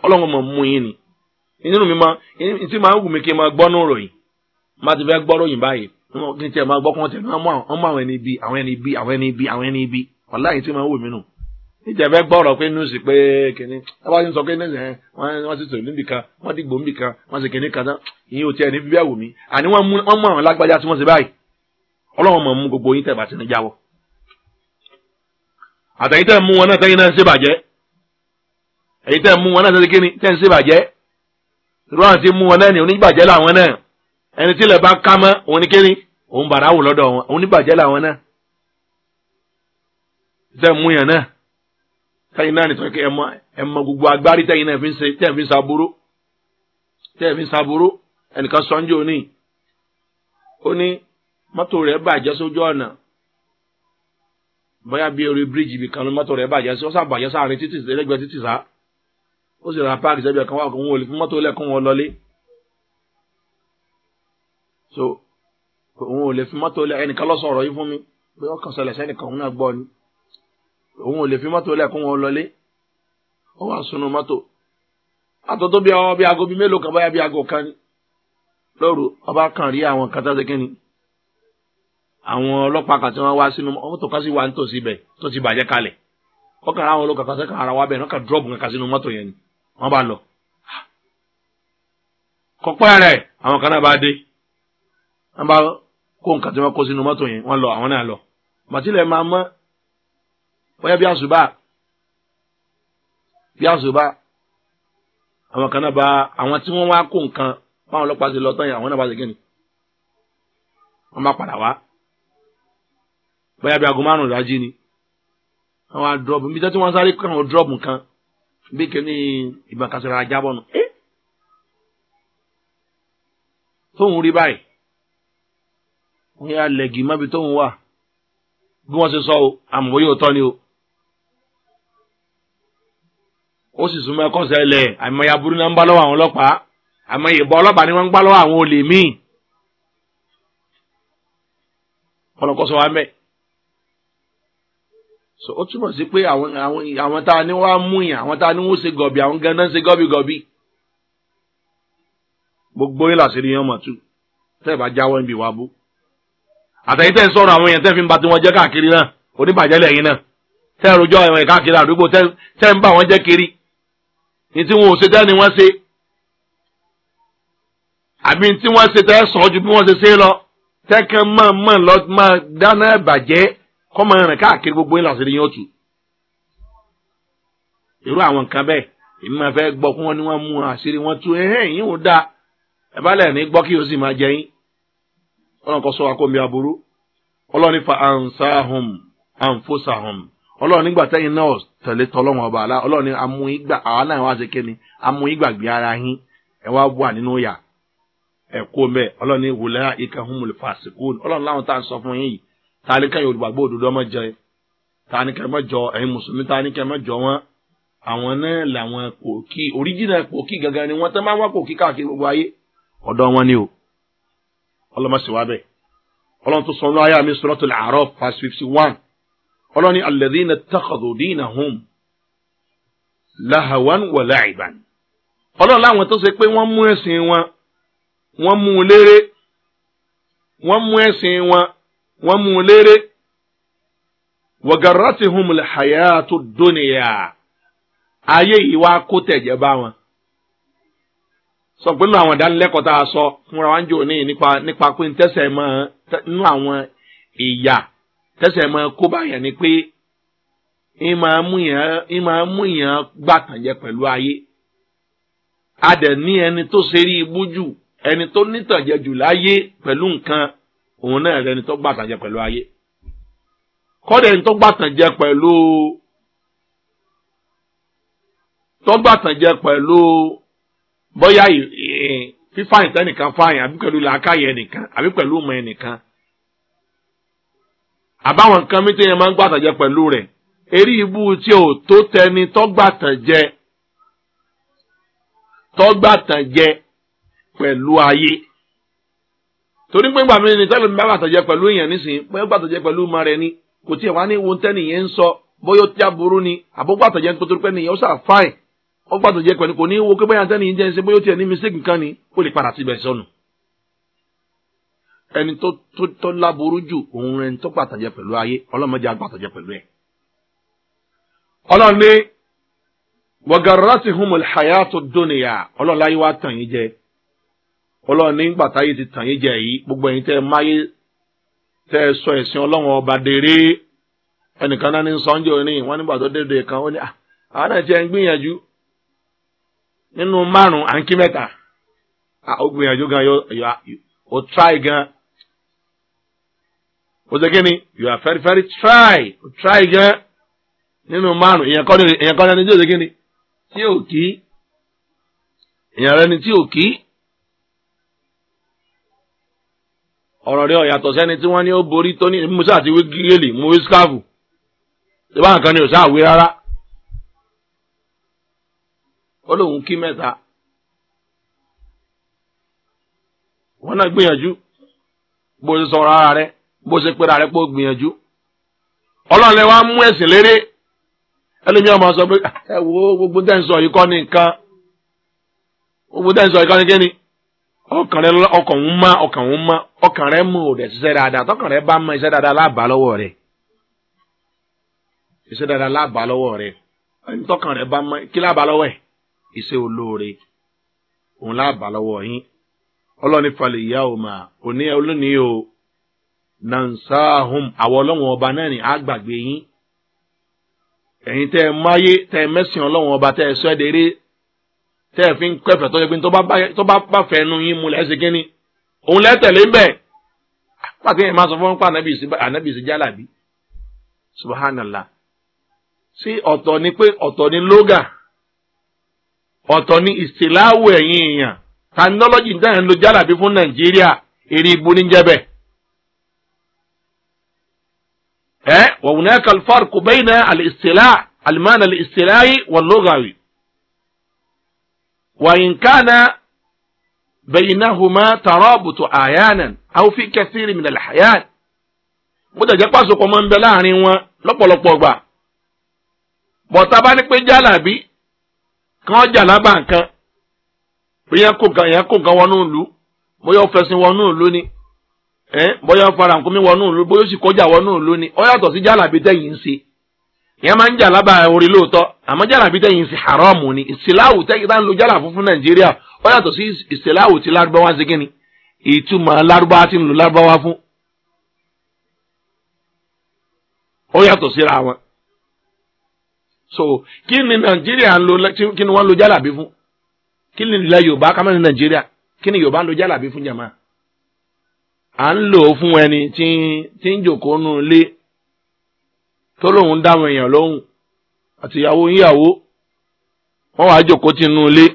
ọlọ́run mọ̀ mú yín ni inú mi máa ní tí máa ń wù mí kí n máa gbọ́ nù ròyìn má ti fẹ́ gbọ́ ròyìn báyìí kí n tiẹ̀ máa gbọ́ kí wọ́n àwọn ẹni bí àwọn ẹni bí àwọn ẹni bí àwọn ẹni bí tí máa ń wù mí nù ìjẹ̀bẹ́ gbọ́rọ̀ pé nùsì pé kìnní tábà ti ń sọ pé nùsì ẹ̀ wọ́n ti sòrò níbi kan wọ́n ti gbòó níbi kan wọ́n ti kìnní kan tán ìyẹn ò tiẹ̀ ní bíbí ẹ̀wò mi àní wọ́n mú àwọn lágbájá tí wọ́n ṣe báyìí ọlọ́wọ́n mọ̀ mú gbogbo yín tẹ̀ bá ti ní jáwọ́ àtẹ̀yìn tẹ̀ mú wọn náà tẹ̀yìn náà ń ṣèbàjẹ́ èyí tẹ̀ mú wọn náà tẹ̀yìn kíni tẹ̀ ń ṣèbàjẹ́ rọ́n ti mú wọn náà ní oníbàjẹ́ làwọn náà ẹni tí ilẹ̀ bá ká mọ́ òun ní kíni òun bàrà wò lọ́dọ̀ wọn oníbàjẹ́ làwọn náà tẹ̀ mú yẹn náà tẹyin náà nìtọ́ kí ẹ mọ ẹ mọ gbogbo agbárí tẹyin náà fi ń ṣe tẹyin fi ń ṣàbúrò tẹyin fi ń ṣàbúrò ẹnìkan sọ́njọ́ òní ó ní mọ́tò rẹ̀ bàjẹ́ sójú ọ̀nà bóyá bí orí bíríìjì bìkan ló mọ́tò rẹ̀ bàjẹ́ sí ó sàbàjẹ́ sáàrin títì lẹ́gbẹ̀ẹ́ títì sá ó sì ra páàkì sẹ́bi ẹ̀kan wà kó wọn ò fún mọ́tò lẹ́kùn wọn lọlé so òun ò lè fún mọ́tò lẹ́ ẹnìkan lọ́sọ̀rọ̀ yìí fún mi pé ọkàn ṣẹlẹ̀ sẹ́nìkan òun náà gbọ́ ni òun ò lè fi mọ́tò lẹ̀ kó wọn lọlé ó wà sunu mọ́tò àtọ́ tó bí ọ bí aago bí mélòó kan báyà bí aago kan ni lóru ọba kan rí àwọn kan tẹ́tẹ́ kínni àwọn ọlọ́pàá kan tí wọ́n wá sínú mọ́tò kan sì wà nítòsí ibẹ̀ tó ti bàjẹ́ kalẹ̀ ọkàn àwọn olókàkà sẹ́kàn ara wa bẹ̀ náà kà dúrọ́ọ̀bù kankan sínú mọ́tò yẹn ni wọ́n bá lọ. kọ́pẹ́ rẹ̀ àwọn kan náà bá dé wọ́n bá kó nǹkan tí wọ́n kó sínú mọ́tò yẹn wọ́n lọ àwọn náà lọ màtílẹ̀ máa mọ́ bóyá bí àṣùbà bí àṣùbà àwọn kan náà bá àwọn tí wọ́n wá kó nǹkan báwọn ọlọ́pàá ṣe lọ tán yẹn àwọn náà bá ṣe kíni wọ́n bá padà wá bóyá bí aago márùn-ún ìdájí ni àwọn àdúrọ̀bù níbi tí wọ́n sáré kó àwọn dúrọ̀bù kan bí kíní ìbọn kan sọ̀rọ̀ ajá bọ̀nù eh! tóun rí báyìí wọ́n yá lẹ̀gì mọ́bi tóun wà bí wọ́n ṣe sọ o àmọ́ yóò tọ́ ni o. ó sì súnmọ́ ẹ̀kọ́ sẹ́lẹ̀ àmọ́ ya burú náà ń bá lọ́wọ́ àwọn ọlọ́pàá àmọ́ ìbọn ọlọ́pàá ni wọ́n ń gbá lọ́wọ́ àwọn olè míì ọlọ́kọ́ sọ wá mẹ́ so ó túmọ̀ sí pé àwọn àwọn àwọn tá a ní wá mú yàn àwọn tá a ní wọ́n ṣe gọ̀bì àwọn gan-an ṣe gọ́bìgọ́bì gbogbo yìí làṣírí yẹn mọ̀ tú tẹ́ ẹ̀ bá jáwọ́ níbi ìwà bú àtẹ̀yìn tẹ́ ń sọ̀rọ̀ àwọn èèyàn tẹ́ fi ń ba tiwọn jẹ́ káàkiri náà oníbàjẹ́ lẹ́yìn náà tẹ́ ẹ̀ ní tí wọn ṣe dá ni wọ́n ṣe àbí tí wọ́n ṣe tẹ́ sàn ju bí wọ́n ṣe ṣe lọ tẹ́kàn máa máa lọ máa dáná bàjẹ́ kọ́ máa rìn káàkiri gbogbo yín làṣírí yín ó tù irú àwọn nǹkan bẹ́ẹ̀ èmi máa fẹ́ gbọ́ kí wọ́n ní wọ́n mú àṣírí wọn tú ẹ̀hẹ́n yín ò dáa ẹ bá lẹ̀ ní gbọ́ kí o sì máa jẹ yín ọlọ́run kọ́ sọ wa kó mi aburú ọlọ́run ní fa ansahum anfusahum ọlọ́run nígbà tẹ́yìn náà tẹ̀lé tọ́lọ́run ọba àlá ọlọ́run ní amúyígbà àwa náà wá ṣe kéni amúyígbàgbé ara yín ẹ wá wà nínú yà ẹ kó mẹ ọlọ́run ní wùlẹ́ ìka humul fasikun ọlọ́run láwọn tá à ń sọ fún yín yìí ta ni kẹ́yìn olùgbàgbọ́ òdodo ọmọ jẹ ta ni kẹ́yìn mọ́jọ ẹ̀yin mùsùlùmí ta ni kẹ́yìn mọ́jọ wọn àwọn náà làwọn kòkí oríjìnà kòkí gangan ni wọ́n tẹ́ máa wá ọlọ́ni alladhina ittakhadhu dinahum lahawan wa la'iban ọlọ́run láwọn tó ṣe pé wọ́n mú ẹ̀sìn wọn wọ́n mú un léré wọ́n mú ẹ̀sìn wọn wọ́n mú un léré wa garratihumul hayatud dunya ayé yìí wá kó tẹ̀jẹ̀ bá wọn sọ pé nínú àwọn ìdánilẹ́kọ̀ọ́ tá a sọ fúnra wa ń jò ní nípa nípa pé ń tẹ́sẹ̀ mọ́ nínú àwọn ìyà tẹ́sẹ̀ máa kó báyẹn ni pé ń máa mú yẹn gbàtàn jẹ pẹ̀lú ayé a dẹ̀ ní ẹni tó ṣe rí ibú jù ẹni tó nítànjẹ jù láyé pẹ̀lú nǹkan òun náà rẹni tó gbàtàn jẹ pẹ̀lú ayé kọ́dẹ̀ ẹni tó gbàtàn jẹ pẹ̀lú tó gbàtàn jẹ pẹ̀lú bóyá fífàyìn tẹ́nìkan fàyìn àbí pẹ̀lú làákàyè ẹnìkan àbí pẹ̀lú ọmọ ẹnìkan àbáwọn nǹkan mi téèyàn máa ń gbàtàn jẹ pẹ̀lú rẹ̀ eré ibú tí ò tó tẹni tọ́gbàtàn jẹ tọ́gbàtàn jẹ pẹ̀lú ayé torí pé gbàmí ni tẹ́lẹ̀ mi bá gbàtàn jẹ pẹ̀lú èèyàn nísìnyí bóyá gbàtàn jẹ pẹ̀lú ọmọ rẹ̀ ni kò tiẹ̀ wá ní ohun tẹ́nìyẹn ń sọ bóyá ó ti aburú ni àbó gbàtàn jẹ nítorí pé nìyẹn ó sà fáìn ó gbàtàn jẹ pẹ̀lú kò ní wo pé bóyá tẹ́nìyẹn jẹ́ ń ṣe bóyá ó tiẹ̀ ní mistake kan ni ó lè padà síbẹ̀ sọnù. ẹni tó tó tó láboró jù òun rẹ ní tó pàtàjẹ pẹ̀lú ayé ọlọ́mọdé agbàtàjẹ pẹ̀lú humul hayato dóníyà ọlọ́run láyé wá tàn yín jẹ gbàtà yìí ti tàn yín jẹ yìí gbogbo ẹ̀yin tẹ́ ẹ máyé tẹ́ ẹ sọ ẹ̀sìn ọlọ́run ọba dèrè ẹnìkan náà ní sọ́njẹ́ òní wọ́n nígbà tó dédé kan ó ní ah, àwọn náà ti ń gbìyànjú nínú márùn-ún à ń kí mẹ́ta ó gbìyànjú gan yóò ó gan ó ṣe kíni you are very very try try gan ninu márùn èèyàn kọ́ni èèyàn kọ́ni ẹni tí o ṣe kíni tí kí rẹ ni tí ò kí ọ̀rọ̀ rẹ ọ̀yàtọ̀ sẹ́ni tí wọ́n ní ó borí tó ní musa àti wíkílì mu wíṣkáfù ìbá nǹkan ni ò wí kí bó ṣe pé rárẹ pé ó gbìyànjú ọlọ́run lè wá mú ẹ̀sìn ẹlòmíì ah, gbogbo tẹ́ ń sọ yìí ni nǹkan gbogbo tẹ́ ń sọ yìí kọ́ ni kíni ọkàn rẹ ọkàn ń má ọkàn má ọkàn rẹ mú òdẹ ṣiṣẹ́ dáadáa tọkàn rẹ bá mọ dáadáa lọ́wọ́ rẹ dáadáa lọ́wọ́ rẹ ẹni tọkàn rẹ bá mọ kí lọ́wọ́ olóore òun nansahum àwọn ọlọ́wọ́n ọba náà ni àgbàgbé yín ẹ̀yin tẹ́ ẹ máyé tẹ́ ẹ mẹ́sìn ọlọ́wọ́n ọba tẹ́ ẹ sọ ẹ́ déré tẹ́ ẹ fi ń kẹfẹ́ tọ́jú pé tó bá bá fẹ́ nu yín mu lẹ́sìn kínní òun lẹ́tẹ̀lé ń bẹ̀ pàtó yẹn máa sọ fún pa ànábì sí jálàbí subhanallah sí ọ̀tọ̀ ni pé ọ̀tọ̀ ni lóga ọ̀tọ̀ ni ìsìláwò ẹ̀yìn èèyàn tanilọ́lọ́jì ń tẹ̀yìn lo jálàbí fún nàìjíríà èrè ibu ní وهناك الفرق بين الاصطلاح المعنى الاصطلاحي واللغوي وإن كان بينهما ترابط أحيانا أو في كثير من الأحيان bó tẹ̀jẹ́ pàṣípọ̀ máa ń bẹ láàrin wọn lọ́pọ̀lọpọ̀ gbà bọ̀tá bá ní pé jálàbí kan jàlábà nǹkan bí yẹn kó kan yẹn kó kan wọnú ìlú bóyá ó fẹsìn wọnú ìlú ni ẹ bọyọ fara nkúmi wọnú ìlú bóyá sì kọjá wọnú ni ọ yàtọ̀ sí jalabi tẹ̀yìn ń ya ma máa ń jà lábà orí ama jalabi jálàbí tẹ̀yìn ń haramu ni ìsìláwù tẹ́yìn tá ń lo jálà fún nàìjíríà ó yàtọ̀ sí ìsìláwù tí lárúbáwá ṣe kí ni ìtumọ̀ lárúbáwá ti ń lo lárúbáwá fún wọn. so kí ni nàìjíríà ń lo kí ni lo fún kí ni yorùbá nàìjíríà kí à ń lò eni fún ẹni tí tí ń jòkó nù lé tó lóun dáwọn èèyàn lóhùn àtìyàwó yíyàwó wọn wàá jòkó lé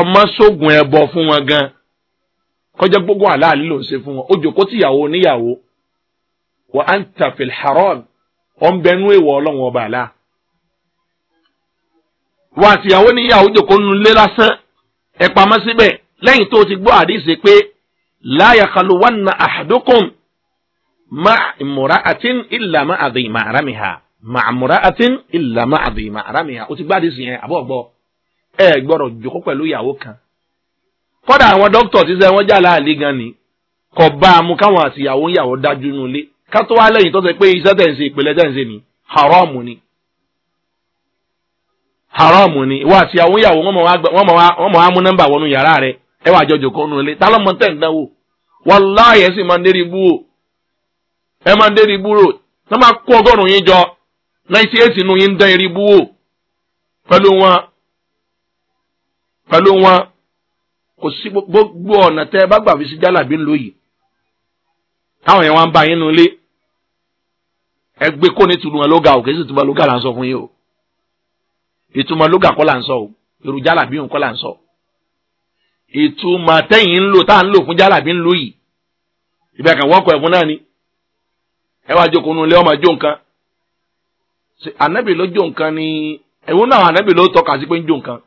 ọmọ sógun ẹbọ fún wọn gan kọjá gbogbo àlàálí ló ń ṣe fún wọn ó jòkó tìyàwó níyàwó wọ́n á ń tàfil haram ọ̀n bẹnu ìwọ̀ ọlọ́run ọba àlá wọn àtìyàwó níyàwó jòkó nù lé lásán tó ti gbọ́ àdìsí pé láyà kaluwanna àdókùn ma mura'atin illa ma adima aramiha ma mura'atin illa ma adima aramiha o ti gbádùn sí yẹn àbọ̀ gbọ́ ẹ gbọ́dọ̀ jókòó pẹ̀lú ìyàwó kan kọ́dà àwọn dókítà ti sẹ́ wọ́n já láàlẹ́ gan ni kò bá a mú káwọn àtìyàwó ń yàwó dájú nù lé kátó wá lẹ́yìn tó ṣe pé iṣẹ́ tẹ̀ ń ṣe ìpìlẹ̀ tẹ̀ ń ṣe ni haramu ni haramu ni ìwọ àtìyàwó ń yàwó wọ́n mọ̀ wá mú nọ́mbà wọnú yàrá rẹ̀ ẹ wà jọjọ kan nulẹ̀ ta lọ́mọ tẹ̀ ń dánwò sì máa ń dérí o ẹ máa ń dérí bú o tá máa kó ọgọ́rùn yín jọ náìsí èsì inú yín ń dán eré bú o pẹ̀lú wọn pẹ̀lú wọn kò sí gbogbo ọ̀nà tẹ́ ẹ bá gbà fi sí jálàbí ńlò yìí táwọn yẹn wá ń ba yín ẹ gbé ìtumọ̀ ma ń lò tá à ń lò fún jálàbí ń lò yìí ìbẹ̀ ka wọ́kọ̀ ẹ̀fún náà ni ẹ wá jókòó nu ilé ọmọ jó nǹkan ànábì ló jó nǹkan ni ẹ̀wọ́n náà àwọn ànábì ló tọ́ka sí pé ń jó nǹkan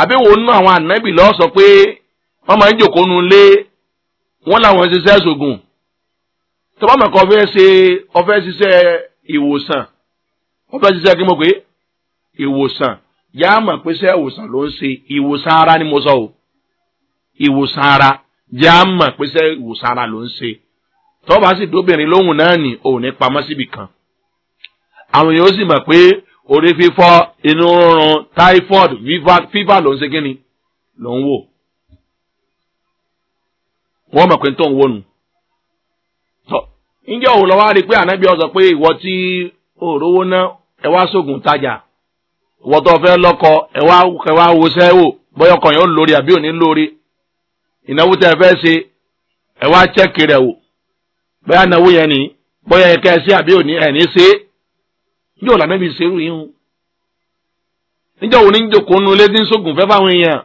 àbí wo nú àwọn ànábì sọ pé wọ́n máa ń jókòó nu ilé wọ́n làwọn ṣiṣẹ́ ṣògùn mọ̀ kọ́ fẹ́ ṣe ọfẹ́ ṣiṣẹ́ ìwòsàn ọfẹ́ ṣiṣẹ́ kí ara ni mo sọ o. ìwòsàn ara jẹ́ à mọ̀ pé sẹ́ ìwòsàn ara ló ń ṣe tọ́ba sì dóbìnrin lóhùn náà nì òun ní pamọ́ síbi kan àwọn yóò sì mọ̀ pé orí fífọ́ inú rúnrún typhoid fever ló ń ṣe kíni ló ń wò wọ́n mọ̀ pé tó ń wò nù tọ́ ǹjẹ́ òun lọ́wọ́ rí i pé ànábì ọ̀ pé ìwọ tí òróró náà ẹ wá sóògùn tajà ìwọ tó fẹ́ lọ́kọ ẹ wá wọṣẹ́ wò bọ́yọ̀ kan yóò lórí àbí òní lórí ìnáwó tẹ́ ẹ fẹ́ ṣe ẹ wá chẹ́kì rẹ̀ wò bóyá ìnáwó yẹn ni bóyá ẹ kẹ́ ẹ ṣe àbí òní ẹ̀ ní ṣe yóò lànà bí ṣerú yín o níjọ́ wo ní jòkó nu ilé tí ń sógun fẹ́ fáwọn èèyàn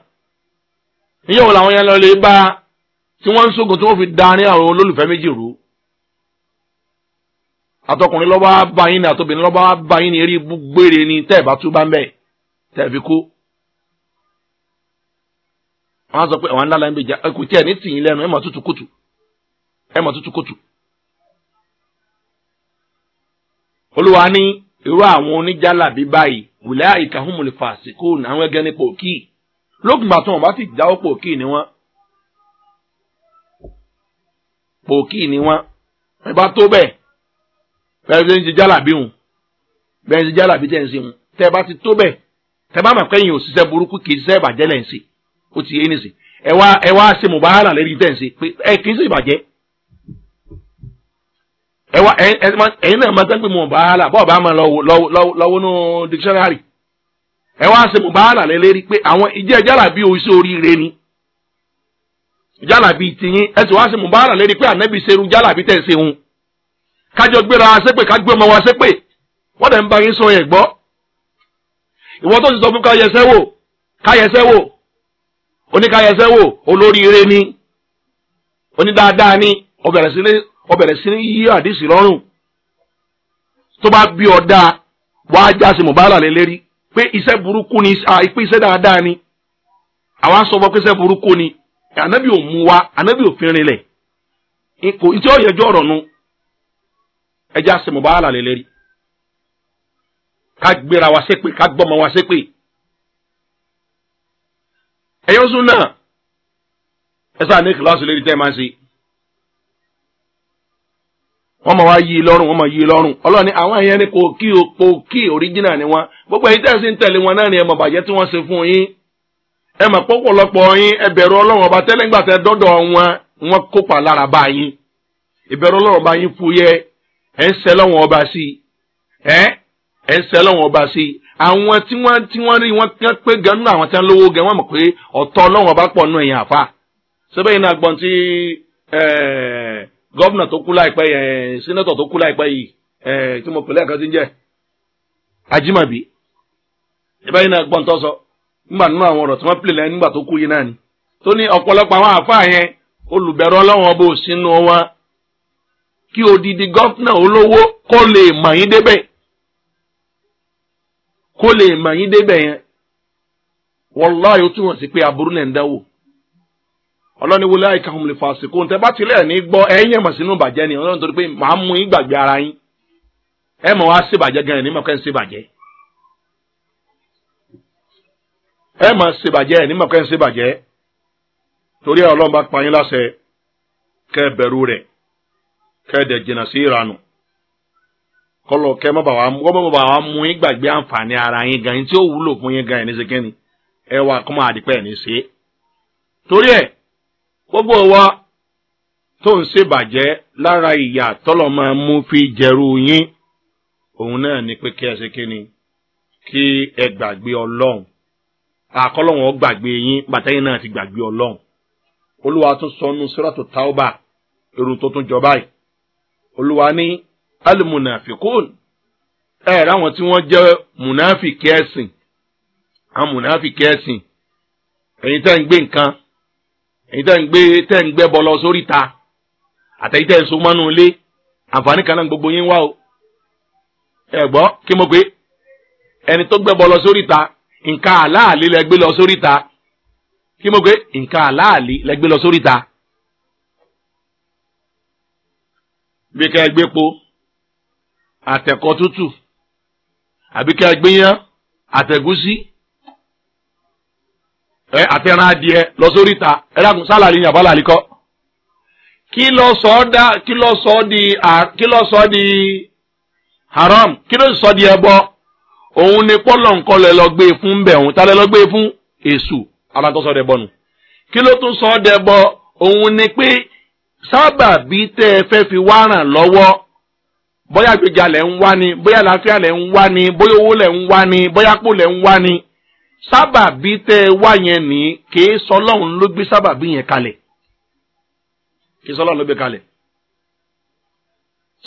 níjọ́ wo làwọn yẹn lọ lè bá tí wọ́n ń sógun tí wọ́n fi da àwọn olólùfẹ́ méjì rú àtọkùnrin lọ́ba bá ni àtobìnrin lọ́ba bá yín ni eré ibú gbére ni tẹ́ẹ̀ bá tú bá ń bẹ̀ tẹ́ẹ̀ fi kú wọn á sọ pé àwọn ńláńlá ń gbèjà ẹ kò tí ẹ ní tìyín lẹ́nu ẹ mọ̀ tútù kùtù ẹ mọ̀ tútù kùtù. olúwa ní irú àwọn oníjàlá bíi báyìí wùlẹ́ àyíká húnmùlẹ̀ fàṣíkò àwọn ẹgẹ́ ní pòkì lókùnbà tó wọn bá sì jáwọ́ pòkì ni wọ́n pòkì ni wọ́n ẹ bá tó bẹ́ẹ̀ bẹ́ẹ̀ ṣe ń ṣe jàlá bí wọn bẹ́ẹ̀ ṣe jàlá bí tẹ̀ ń ṣe wọn tẹ́ bá ti tó bẹ́ẹ̀ tẹ́ bá mọ̀ pé yìí ò ṣiṣẹ́ burúkú kì í ṣiṣẹ́ ìbàjẹ́ lẹ́yìn ó ti yé nísìn ẹ wá ẹ wá ṣe mùbáhàrà lẹ́rí tẹ̀ ń ṣe pé ẹ kì í ṣe ìbàjẹ́ ẹ wá ẹ ẹ ẹyin náà máa tán pé mùbáhàrà bọ́ọ̀ bá máa lọ́wọ́ lọ́wọ́ lọ́wọ́ nù dictionary ẹ wá ṣe mùbáhàrà lẹ́rí pé àwọn ìjẹ́ jálàbí oṣù oríire ni jálàbí tiyín ẹ sì wá ṣe mùbáhàrà lẹ́rí pé ànábì ṣerú jálàbí tẹ̀ ṣe hun kájọ gbéra wa ṣépè kájọ ọmọ wa ṣépè wọ́n dẹ̀ ń bá yín sọ yẹn gbọ́ ìwọ́n oníkàyẹsẹ́ wò olóríire ni onídáadáa ni ọbẹ̀rẹ̀ sí ní yí àdìsí lọ́rùn tó bá bí ọ dáa wàá jáse mọ̀bálà lé pé iṣẹ́ burúkú ni ìpín iṣẹ́ dáadáa ni àwa sọ fún pé iṣẹ́ burúkú ni ànábì ò mú wa ànábì ò fi rinlẹ̀ nkò ntí ó yẹjọ́ ọ̀rọ̀ nu ẹja se mọ̀bálà lé lérí ká gbéra wa ṣépè ká gbọ́mọ wa ṣépè. ẹ̀yọ́ sún náà ẹ sáà ní kíláàsì lérí tẹ́ ẹ máa wa ṣe. wọ́n máa wá yí i lọ́rùn wọ́n máa yí lọ́rùn àwọn ni kò kí o kò ni wọn gbogbo ẹ̀yin tẹ̀sí ń wọn náà ni ẹ bàjẹ́ tí wọ́n se fún yín yín ọba ọba yín ọba sí àwọn tí wọ́n tí rí wọ́n pé gan àwọn tí wọ́n lówó gan wọ́n mọ̀ pé ọtọ ọlọ́run ọba pọ̀ nù ẹ̀yìn àfa síbẹ̀ yìí náà gbọ́n tí tó kú láìpẹ́ yẹn tó kú láìpẹ́ yìí tí mo pèlè ẹ̀ka ti ń ajimabi yìí sọ nígbà nínú àwọn ọ̀rọ̀ tí nígbà tó kú yìí náà ni odidi olówó kó lè kó lè mọ̀ yín débẹ̀ yẹn wọláyé ó túmọ̀ sí pé aburú lẹ̀ ń dánwò ọlọ́ni àyíká ọmọ lè n bá tilẹ̀ ní gbọ́ ẹ̀yìn ẹ̀mọ̀ sínú ìbàjẹ́ ni ọlọ́run torí pé màá mú yín gbàgbé ara yín ẹ̀ mọ̀ wá ṣèbàjẹ́ gan-an ní mọ̀kẹ́ ń ṣèbàjẹ́ ẹ̀ mọ̀ ṣèbàjẹ́ ní mọ̀kẹ́ ń ṣèbàjẹ́ torí ọlọ́run bá pa yín láṣẹ kẹ́ kọlọ kẹ mọ bà wá mọ mọ bà wá mú yín gbàgbé àǹfààní ara yín gan yín tí ó wúlò fún yín gan yín ní sekeni ẹ wà kọ́ máa dìpẹ́ ní ṣe é torí ẹ gbogbo wa tó ń ṣèbàjẹ́ lára ìyà tọ́lọ̀ máa mú fi jẹ̀rù yín òun náà ni pé kí ẹ ṣe kí ẹ gbàgbé ọlọ́run àkọlọ́wọ́n gbàgbé yín bàtà náà ti gbàgbé ọlọ́run olúwa tún sọnù sírọ̀tù táwọ́bà èrò tó tún jọ báyìí olúwa ní alimunafikun ẹ ráwọn tí wọ́n jẹ́ munafiki ẹ̀sìn àwọn munafiki ẹ̀sìn ẹ̀yin tẹ́ ń gbé nǹkan ẹ̀yin tẹ́ ń gbé tẹ́ ń gbẹ́ bọlọ sórí ta àtẹ̀yin tẹ́ ń so mọ́nú ilé àǹfààní kan náà gbogbo yín wá o ẹ gbọ́ kí mo pé ẹni tó gbẹ́ bọlọ sórí ta nǹkan àláàlí lẹ gbé lọ sórí ta kí mo pé nǹkan àláàlí lẹ gbé lọ sórí ta bí ká ẹ gbé po àtẹ̀kọ tútù àbí kí a gbéyàn àtẹ̀gúsí ẹ àtẹ̀ràn adìẹ lọ sórí ìta ẹ dàkún sálàlì yàn bálàlì kọ́ kí lọ sọ ọ́ kí lọ sọ ọ́ di kí lọ sọ di haram kí ló sọ di ẹbọ òun ni pọ́lọ̀ nǹkan lẹ lọ gbé e fún bẹ̀ òun ta lẹ lọ gbé e fún èṣù ara dẹ bọ́nu kí ló tún sọ dẹ bọ òun ni pé sábàbí tẹ́ ẹ fẹ́ fi wá ràn bóyá àgbèjà lẹ̀ ń wá ni bóyá àlàáfíà lẹ̀ ń wá ni bóyá owó lẹ̀ ń wá ni bóyá àpò lẹ̀ ń wá ni sábà bí tẹ́ ẹ wá yẹn ní kìí sọlọ́run ló gbé sábà bí yẹn kalẹ̀ kìí sọlọ́run ló gbé kalẹ̀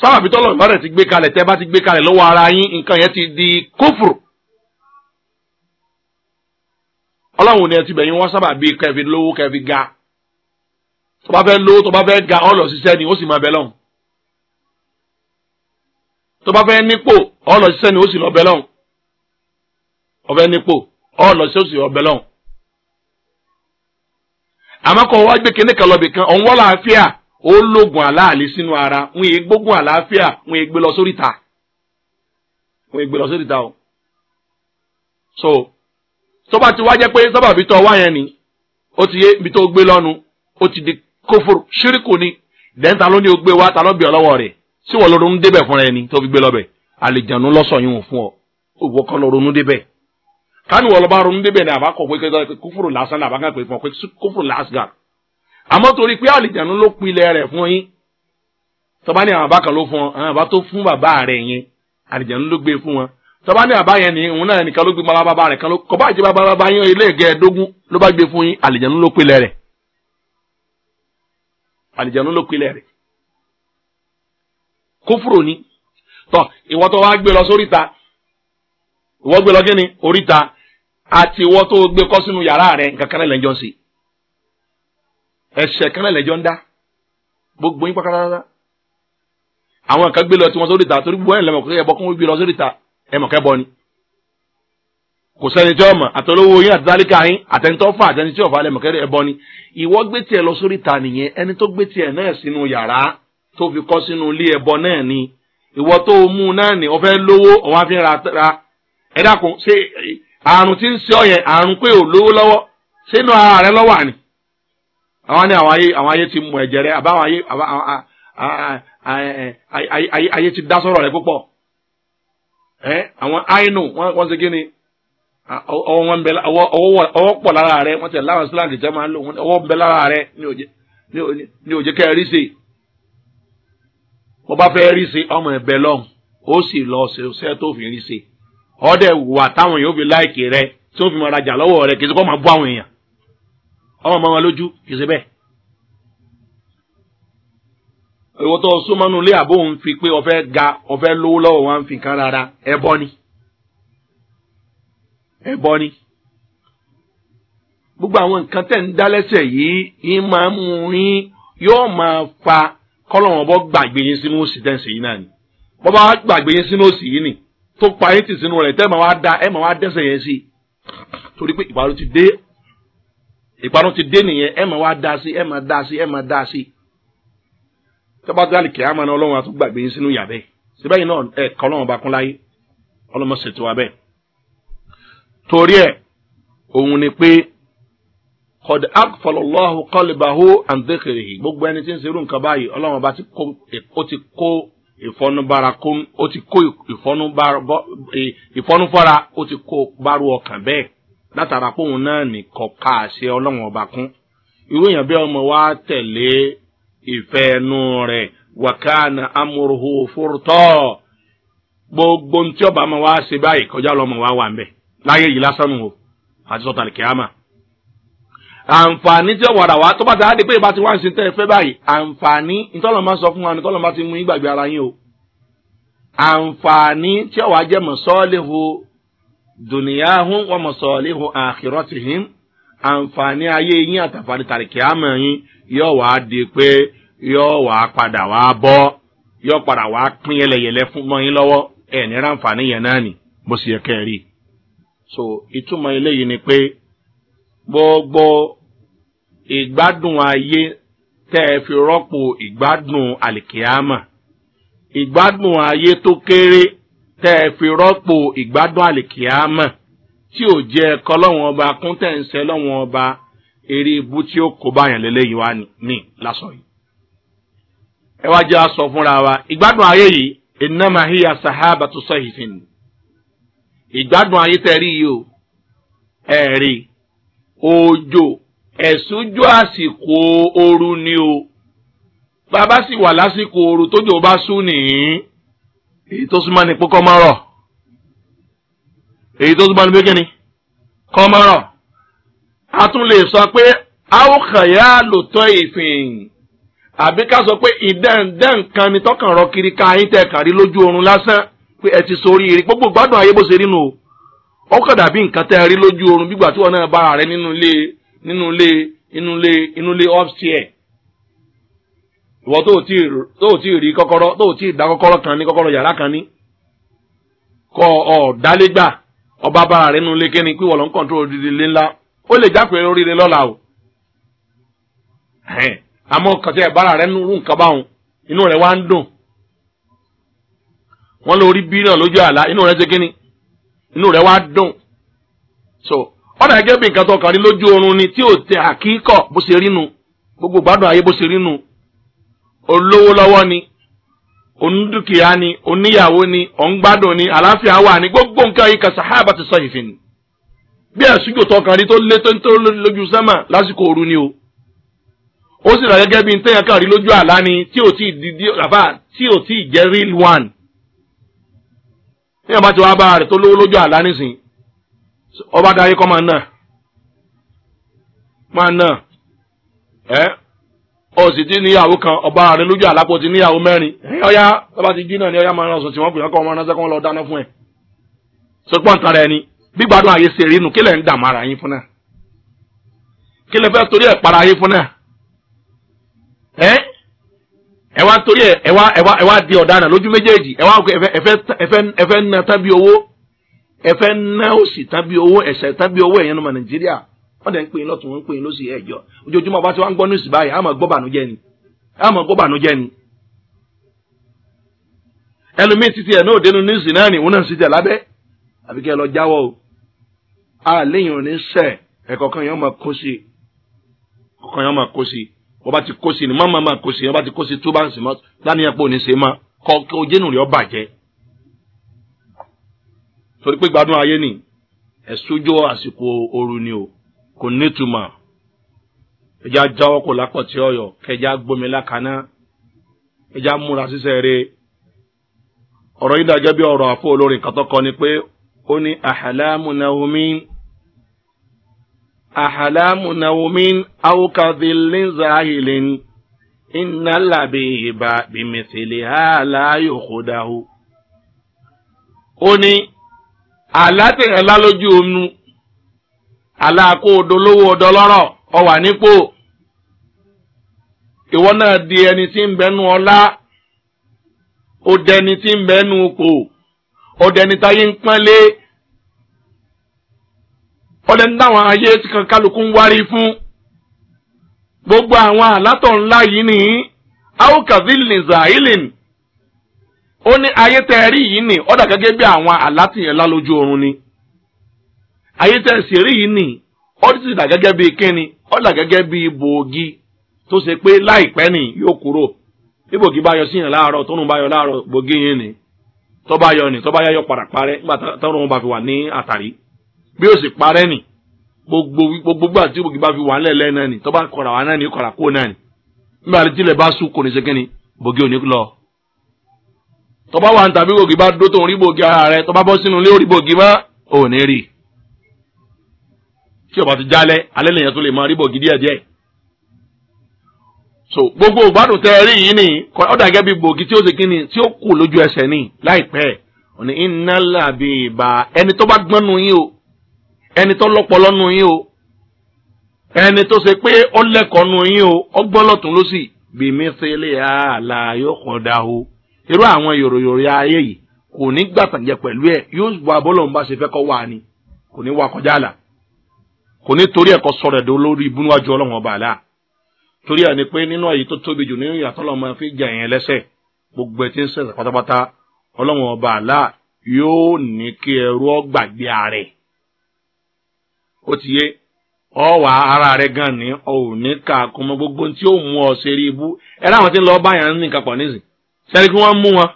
sábà bí tọ́lọ́run ìbára ti gbé kalẹ̀ tẹ́ bá ti gbé kalẹ̀ lọ́wọ́ ara yín nǹkan yẹn ti di kófòrò ọlọ́run ni ẹ ti bẹ̀yìn wọ́n sábà bí kẹfì lówó kẹfì ga tó bá fẹ́ lówó tó bá fẹ́ ga ọ tó bá fẹ́ nípò ọ lọ ṣiṣẹ́ ni ó sì lọ bẹ lọ́hùn ọfẹ́ nípò ọ lọ ṣiṣẹ́ ó sì lọ bẹ lọ́hùn. àmọ́ kọ́ wá gbé kinní kan lọ́bì kan òun wọ́n làáfíà ó lògùn àláàlì sínú ara wọn èé gbógun àlàáfíà wọn èé gbé lọ sórí ta wọn èé gbé lọ sórí ta o. so tó bá ti wá jẹ́ pé sábàbí tó wá yẹn ni ó ti yé ibi tó gbé lọ́nu ó ti di kófòrò ṣírí kò ní dẹ́ńtà ló ní o gbé wá ta ló gbé ọ rẹ̀ sí wọ́n ló ronú débẹ̀ fúnra ẹni tó fi gbé lọ́bẹ̀ àlejànú lọ́sọ̀yún fún ọ òwò kan lọ ronú débẹ̀ kánú wọ́n lọ bá ronú débẹ̀ ní àbákọ̀ pé kófòrò lásán làbá kan pè fún ọ pé kófòrò lásgà àmọ́ torí pé àlejànú ló pilẹ̀ rẹ̀ fún yín tọ́ba ní àwọn àbá kan ló fún ọ àwọn àbá tó fún bàbá rẹ̀ yẹn àlejànú ló gbé fún wọn tọ́ba ní àbá yẹn ni òun náà nìkan ló gbé bàbá bàbá kan ló kọ́ bàbá yẹn ilé ìgẹ̀ẹ́dógún ló bá gbé fún yín àlejànú ló pilẹ̀ rẹ̀ àlejànú ló pilẹ̀ rẹ̀ kófúrò ni tọ ìwọ tó wá gbé lọ sóríta ìwọ gbé lọ kí ni oríta àti ìwọ tó gbé kọ́ sínú yàrá rẹ nǹkan kan náà lẹ́jọ́ ń ṣe ẹ̀ṣẹ̀ kan náà lẹ́jọ́ ń dá gbogbo yín pátápátá àwọn kan gbé lọ tí wọn sóríta torí gbogbo ẹ̀ lẹ́mọ̀ kó ẹ̀bọ kó wọ́n gbé lọ sóríta ẹ̀mọ̀ kẹ́ bọ ni kò sẹ́ni tí ọmọ àtọ́lówó yín àti tálíkà yín àtẹnitọ́fà àtẹnitọ́fà lẹ́mọ̀ kẹ́ ẹ̀bọ ni ìwọ gbé tiẹ̀ lọ sóríta nìyẹn ẹni tó gbé tiẹ̀ náà sínú yàrá tó fi kọ́ sínú ilé ẹ̀bọ náà ni ìwọ tó o mú náà ni ọ̀fẹ́ lówó ọ̀wá fi ra ra ẹ dákun ṣe àrùn tí ń ṣe ọ yẹn àrùn pé ò lówó lọ́wọ́ sínú ara rẹ lọ́wọ́ àní. àwọn ní àwọn ayé àwọn ayé ti mú ẹ̀jẹ̀ rẹ àbá àwọn ayé ayé ti dá sọ̀rọ̀ rẹ púpọ̀ ẹ àwọn àìnù wọ́n ṣe kí ni ọwọ́ wọn bẹ ọwọ́ pọ̀ lára rẹ wọ́n ti láwọn sílẹ̀ àdìjẹ́ máa ń lò ọwọ́ bẹ lára rẹ ní òjẹ́ kẹrin ṣe. bó bá fẹ́ rí ṣe ọmọ ẹ̀bẹ̀ lọ́hùn ó sì lọ ṣe tó fi rí ṣe ọ̀dẹ̀ wà táwọn yóò fi láìkì rẹ tí wọ́n fi máa rajà rẹ kì í ṣe máa bú àwọn èèyàn ọmọ ọmọ lójú kì í ṣe bẹ́ẹ̀. ilé fi pé ọ̀fẹ́ ga ọ̀fẹ́ lówó lọ́wọ́ wọn fi kan rárá ni ni gbogbo àwọn nǹkan tẹ̀ ń dá lẹ́sẹ̀ yìí fa kọ́lọ́wọ́n bọ́ gbàgbé yín sínú òsì tẹ̀sí yìí náà ni bọ́ bá gbàgbé yín sínú òsì yìí ni tó pa yín tì sínú rẹ̀ tẹ́ máa wá da ẹ̀ máa wá dẹ́sẹ̀ yẹn sí i torí pé ìparun ti dé ìparun ti dé nìyẹn ẹ̀ máa wá da sí ẹ̀ máa da sí ẹ̀ máa da sí. tẹ́pátí àlìkè àmọ́ náà ọlọ́run àti gbàgbé yín sínú yàbẹ́ síbẹ̀ yìí náà ẹ̀ kọ́ bá kún láyé ọlọ́run kọ̀dé akfọlọ́lọ́hu kọ́lìbàhó àǹdékèrèhì gbogbo ẹni tí ń serú nǹkan báyìí ọlọ́run bá ti kó ó ti kó ìfọnubara kó ó ti kó ìfọnufọ́ra ó ti kó bárú ọkàn bẹ́ẹ̀ látara náà ní kọ̀ọ̀ká ọlọ́run ọba kún irú èèyàn bí ọmọ wa tẹ̀lé ìfẹ́ ẹnu rẹ̀ amúrúhu fúrútọ́ gbogbo ntí ọba ọmọ wa ṣe báyìí kọjá lọ́mọ wa wà ń bẹ̀ láyé yìí lásán o àti kìámà. àǹfààní tí ó wàrà wá tó bá ti àdé pé ìbá ti wá ń ṣe tẹ́ ẹ fẹ́ báyìí àǹfààní ìtọ́lọ̀ máa sọ fún wa ni tọ́lọ̀ máa ti mú ìgbàgbé ara yín o àǹfààní tí ó wàá jẹ́ mọ̀sọ́ọ́lẹ́hu dùnìyàhún wọ́n mọ̀sọ́ọ́lẹ́hu àkìrọ́tìhín àǹfààní ayé yín àtàfààní tàríkì àmọ̀ yín yóò wàá di pé yóò wàá padà wàá bọ́ yóò padà wàá pín yẹlẹyẹlẹ fún mọ́ yín lọ́wọ́ ẹ̀ ní ráǹfààní yẹn náà nì bó sì yẹ kẹ́ rí so ìtumọ̀ eléyìí ni pé gbogbo ìgbádùn ayé tẹ́ ẹ fi rọ́pò ìgbádùn àlìkíyàmà ìgbádùn ayé tó kéré tẹ́ ẹ fi rọ́pò ìgbádùn àlìkíyàmà tí ò jẹ́ ẹ̀kọ́ lọ́wọ́n ọba kúntẹ̀ǹsẹ̀ lọ́wọ́n ọba eré ibú tí ó kó báyàn lélẹ́yìí wá ní lásán yìí. ẹ wá jẹ́ a sọ fúnra wa ìgbádùn ayé yìí ìnáma híya sahaba tó sọ yìí fún mi ìgbádùn ayé tẹ́ rí yìí o ẹ̀rí òjò ẹ̀sùnjú àsìkò ooru ni o bàbá sì wà lásìkò ooru tójò bá sún nìyí èyí tó súnmọ́ ni pé kọ́ máa rọ̀ èyí tó súnmọ́ ni pé kíni kọ́ máa rọ̀ a tún lè sọ pé àwòkàyà lò tọ́ ìfìn àbí ká sọ pé ìdẹ́ǹdẹ́ǹ kan ni tọkàn rọ kiri ká yín tẹ̀ kàrí lójú oorun lásán pé ẹ ti sori èrè gbogbo gbádùn ayé bó ṣe rí nù ó kàn dàbí nǹkan tẹ́ ẹ rí lójú oorun bí gbà tí wọn náà bá ara rẹ nínú ilé nínú ilé inú ilé inú ilé upstair ìwọ tó tí ì rí kọkọrọ tó tí ì kan ní yàrá kan ní ọ dálégbà ọba bára nínú ilé kíni pé wọ́n lọ ilé ńlá ó lè jápé oríire lọ́la o àmọ́ kàtí ẹ̀ bára nínú nǹkan báwọn inú wá ń dùn wọ́n lórí bí náà lójú àlá inú ọ ẹgẹ́ bí nǹkan tó kàn rí lójú oorun ni tí ò tẹ àkíkọ̀ bó ṣe rí nu gbogbo gbádùn ayé bó ṣe rí nu olówó lọ́wọ́ ni onídùkìá ni oníyàwó ni ọ̀ngbádùn ni gbogbo nǹkan yìí kan sàhábà ti sọ ni bí ẹ̀sùjò tó rí tó lé tó ń tó lójú sẹ́mà lásìkò ooru ni o ó sì rà gẹ́gẹ́ bí rí lójú àlá ni tí ò tí ì di àbá tí ò tí jẹ́ real one ní ọba darí kọ́ máa nà máa nà ẹ ọ sì ti níyàwó kan ọba rẹ lójú àlápò ti níyàwó mẹ́rin ẹ ọyá ọba ti jí náà ni ọyá máa rán sọ tí wọ́n pè wọ́n kọ́ ọmọ ránṣẹ́ kọ́ wọn lọ dáná fún ẹ sọpọ́n tara ẹni gbígbádùn àyè ṣe rí nu kílẹ̀ ń dààmú ara yín fún náà kílẹ̀ fẹ́ torí ẹ̀ para yín fún náà ẹ ẹ wá torí ẹ ẹ wá ẹ wá di ọ̀daràn lójú méjèèjì ẹ wá ẹ fẹ́ ẹ fẹ́ ẹ fẹ́ nà tán bí owó efe na ná òsì tàbí owó ẹ̀sẹ̀ tàbí owó ẹ̀yẹn ọmọ nàìjíríà wọ́n dẹ̀ ń pè é lọ́tún wọ́n ń pè é bá ti wá ń gbọ́ ní ìsìn báyìí ni elu gbọ́ bànújẹ́ ni. ẹlòmíì títí ẹ̀ náà dénú ní ìsìn náà o. a léyìn òní sẹ̀ ẹ̀kọ́ kan yẹn máa kó sí ọkàn yẹn máa kó sí wọ́n bá ti kó sí ni mọ́ máa máa kó sí wọ́n torí pé gbádùn ayé ni ẹ̀sùjọ́ àsìkò ooru ni o kò nítumọ̀ ẹja jáwọ́ kò lápọ̀tì ọ̀yọ̀ kẹja gbomi lákaná ẹja múra sísẹ́ rẹ̀ ọ̀rọ̀ yìí dàgẹ́ bí ọ̀rọ̀ àfọ olórin kan tó kọ ni pé ó ní àhàlámù naomi àhàlámù naomi awokadilin zahilin iná làbí ìbá bìmẹ̀sẹ̀lẹ̀ hàlàyò kódà ó ní. àlátìyàn lálójú omi aláàkó odolówó ọdọlọ́rọ̀ ọwà nípò ìwọ náà di ẹni tí ń bẹnu ọlá ó dẹni tí ń bẹnu ipò ó dẹni táyé ń táwọn ayé kan kálukú ń fún gbogbo àwọn àlátọ̀ ńlá yìí ó ní ayé tẹ́ ẹ rí yìí nì ó dà gẹ́gẹ́ bí àwọn àlátìyẹn lálójú oorun ni ayé tẹ́ ẹ sì rí yìí nì ó sì dà gẹ́gẹ́ bí kíni dà gẹ́gẹ́ bí bòógì tó ṣe pé láìpẹ́ nì yóò kúrò bí bòógì bá yọ sí yàn láàárọ̀ tóun bá yọ láàárọ̀ bòógì yẹn ni tọ́ bá yọ nì tó bá yọ padà parẹ́ nígbà tóun bá fi wà ní àtàrí bí ó sì parẹ́ nì gbogbo gbogbo gbà bòógì bá wà lẹ́ẹ̀ náà tọba wà ń tàbí gògì bá dó tó ń rí bògì ara rẹ tọba bọ́ sínú ilé ó rí bògì mọ́ ò ní rí tí ọba ti jálẹ̀ alẹ́ lèyàn tó lè máa rí bògì díẹ̀ díẹ̀ so gbogbo ìgbádùn tẹ rí yìí ni ọ̀dà gẹ́gẹ́ bí bògì tí ó ṣe kíni tí ó kù lójú ẹsẹ̀ ní láìpẹ́ òní iná làbí ìbá ẹni tó bá gbọ́n nu yín o ẹni tó lọ́pọ̀lọ́ nu yín o ẹni tó ṣe pé ó lẹ́kọ̀ọ́ yín o ọgbọ́n lọ́tún ló sì bìmí sílẹ̀ àlàyé ọ̀kọ̀dà o. irú àwọn yòròyòrò ayé yìí kò ní gbàtànjẹ pẹ̀lú ẹ̀ yóò wà bọ́lọ́hún bá ṣe fẹ́ kọ́ wà ni kò ní wà kọjá àlà kò ní torí ẹ̀kọ́ sọ̀rọ̀ ẹ̀dọ́ lórí ibúnúwájú ọlọ́run ọba àlà torí ẹ̀ ni pé nínú èyí tó tóbi jù nínú ìyàtọ̀ lọ́mọ fi jà yẹn lẹ́sẹ̀ gbogbo ẹ̀ ti ń sẹ̀sẹ̀ pátápátá ọlọ́run ọba àlà yóò ní kí ẹrú gbàgbé ààrẹ ni ò ní ká kọmọ sẹ́ni kí wọ́n mú wọn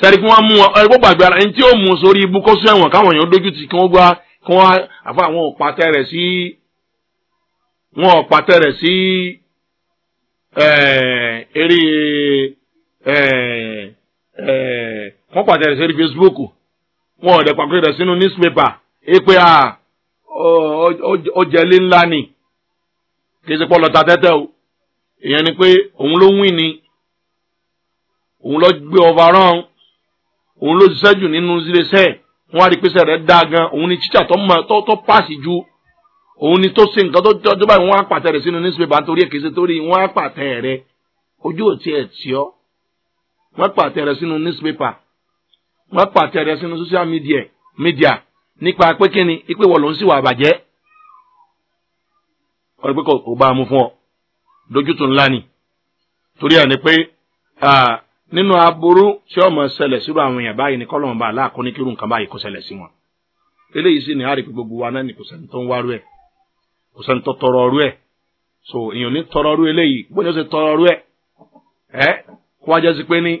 sẹ́ni kí wọ́n mú wọn ẹ̀rọ gbogbo àgbàrá ẹni tí ó mú sórí ibú kó sún ẹ̀wọ̀n káwọn èèyàn dójú tì kí wọ́n gbá kí wọ́n àfa àwọn òpàtẹ rẹ̀ sí wọn òpàtẹ rẹ̀ sí eh, eré eh, eh, wọ́n pàtẹ rẹ̀ sórí Facebook wọn ọ̀dẹ̀ pàtẹ rẹ̀ sínú newspaper èpè à ọjẹlé ńlá ni kì í ṣe pọ́ lọ́ta tẹ́tẹ́ o èèyàn ni pé òun ló wí ni òun lọ gbé ọba rán òun ló ṣiṣẹ́ jù nínú iléeṣẹ́ wọn á pèsè rẹ̀ dáa gan òun ni tíṣà tó mọ tó tó pàṣẹ ju òun ni tó ṣe nǹkan tó jọjọ báyìí wọn á pàtẹ rẹ̀ sínú newspaper nítorí èkéṣe torí wọn á pàtẹ rẹ̀ ojú ò tiẹ̀ tì ọ́ wọn pàtẹ rẹ̀ sínú newspaper wọn pàtẹ rẹ̀ sínú social media media nípa pé kíni ipe wọ̀ ló ń ṣìwà àbàjẹ́ ọ̀rẹ́ pé kò bá a mú fún ọ lójútùú ńlá ni torí ẹ̀ ni pé. Ah, nínú aburú tí ọmọ ṣẹlẹ̀ sírú àwọn èèyàn báyìí ní kọ́lọ́mù bá aláàkọ́ ní kírun kan báyìí kó ṣẹlẹ̀ sí wọn eléyìí gbogbo wa náà ni kò tó ń kò tọrọ ẹ. so èèyàn ní tọrọ ọrú eléyìí bó ṣe tọrọ ọrú ẹ. Ẹ kó wá sí pé ní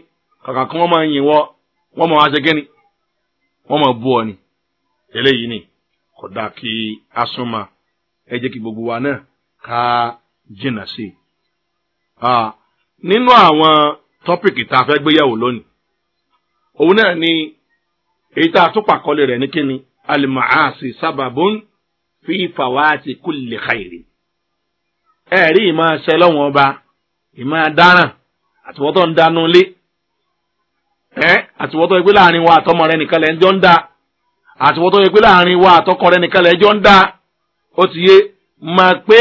kàkà kí wọ́n máa yìn máa wá ni máa ọ ni eléyìí ni kò kí a gbogbo náà ká jìnnà sí ah, tọ́pìkì tá a fẹ́ gbéyàwó lónìí òun náà ni èyí tá a tún pàkọ́lé rẹ̀ ní kíni alimaasi sábàbùn fi fàwáàtì kùlì xayìrì ẹ̀rí ìmọ̀ ṣẹlẹ̀ wọn ba ìmọ̀ dáràn àtiwọ́tọ̀ ń dánú lé ẹ́ àtiwọ́tọ̀ yẹ pé láàrin wa àtọmọ rẹ nìkan lẹ̀ ń jọ ń da àtiwọ́tọ̀ yẹ pé wa àtọkọ rẹ nìkan lẹ̀ jọ ń da ó ti yé mà pé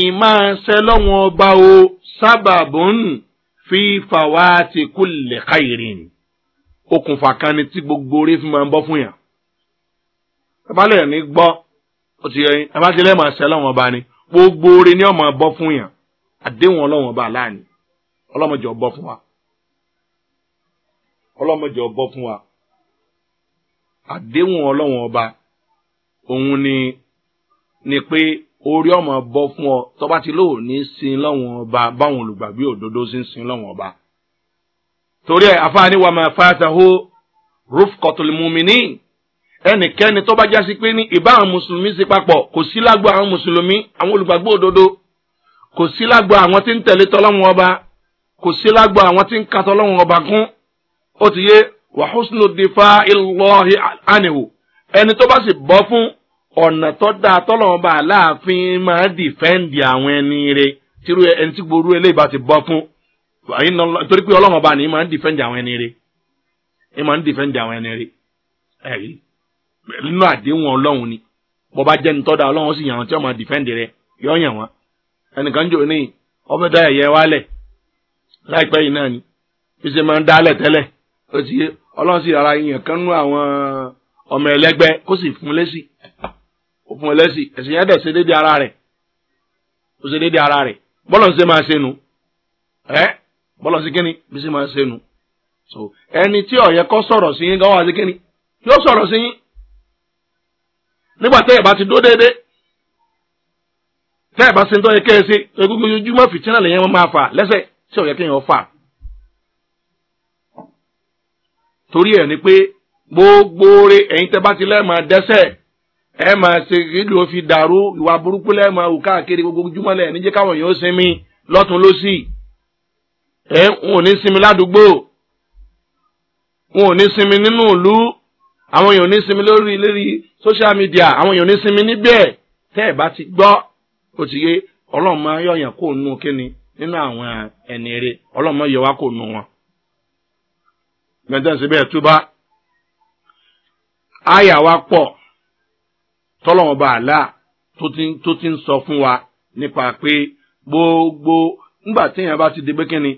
ìmọ̀ ṣẹlẹ̀ wọn ba o sábàbùn fi fawati kulli khairin okùnfà kan ni tí gbogbo orí fi máa ń bọ́ fún yàn tabalẹ̀ ní gbọ́ ó ti yẹ tabalẹ̀ máa ṣe ọlọ́wọ́n ọba ni gbogbo orí ni ó máa bọ́ fún yàn àdéhùn ọlọ́wọ́n ọba láàánú ọlọ́mọdé ọbọ̀ fún wa ọlọ́mọdé ọbọ̀ fún wa àdéhùn ọlọ́wọ́n ọba òun ni ni pé orí ọmọ bọ fún ọ tọba ti lóò ní sin lọ́wọ́n ọba báwọn olùgbàgbé òdodo sí ń sin lọ́wọ́n ọba. torí ẹ àfààní wa máa fatahu rufqatul mu'minin ẹnikẹ́ni tọ́ba jásí pé ní ìbá àwọn mùsùlùmí sí papọ̀ kò sí lágbo àwọn mùsùlùmí àwọn olùgbàgbé òdodo kò sí lágbo àwọn tí ń tẹ̀lé tọ́lọ́wọ́n ọba kò sí lágbo àwọn tí ń ka tọ́lọ́wọ́n ọba kún ó ti yé wàhùsùnù ọ̀nà tó dáa tọ́lọ́mọba aláàfin máa dìfẹ́ǹdì àwọn ẹni rẹ̀ tírú ẹni tí gboru eléyìí bá ti bọ́ fún torí pé ọlọ́mọba ni máa ń dìfẹ́ǹdì àwọn ẹni rẹ̀ ẹ máa ń dìfẹ́ǹdì àwọn ẹni rẹ̀ nínú àdéhùn ọlọ́run ni bọ́ bá jẹ́ni tọ́ da ọlọ́run sì yàn wọ́n tí wọ́n máa dìfẹ́ǹdì rẹ̀ yọ yàn wọ́n ẹnìkan jò ní ọbẹ̀ dá ẹ̀yẹ wálẹ̀ láìpẹ́ ni bí ṣe máa ń dálẹ̀ tẹ́lẹ̀ ó ti ọlọ́run sì rárá yàn kánú o fún ẹlẹ́sìn ẹ̀sìn yẹn dẹ̀ ṣe déédéé ara rẹ̀ ó ṣe déédéé ara rẹ̀ bọ́lọ̀ ń ṣe máa ṣe nu ẹ́ bọ́lọ̀ ń ṣe kíni so ẹni tí ọ̀yẹ́ kọ́ sọ̀rọ̀ sí yín gan wà kíni yóò sọ̀rọ̀ sí yín nígbà tẹ́ ẹ̀ bá ti dó déédéé tẹ́ ẹ̀ bá ṣe ń tọ́ yẹ egungun ojúmọ́ fìtínà lèyẹn ẹ máa ṣe ìlú ó fi dàrú ìwà burúkú lẹ́ẹ̀ máa wù káàkiri gbogbo ojúmọ́ lẹ̀ níjẹ́ káwọn èèyàn ó sinmi lọ́tún lọ́sì ẹ wọn ò ní sinmi ládùúgbò wọn ò ní sinmi nínú ìlú àwọn èèyàn ní sinmi lórí lórí social media àwọn èèyàn ò ní sinmi níbẹ̀ tẹ́ ẹ̀ bá ti gbọ́ ó ti yé ọlọ́run máa yọ̀yàn kó nu kíni nínú àwọn ẹni eré ọlọ́run yọ wá kó nu wọn. mẹ́tẹ́sí bẹ́ẹ̀ túbá àyà wa pọ̀ tọ́lọ́wọ́n bá àlá tó ti ń sọ fún wa nípa pé gbogbo ńgbà téèyàn bá ti di pé kíni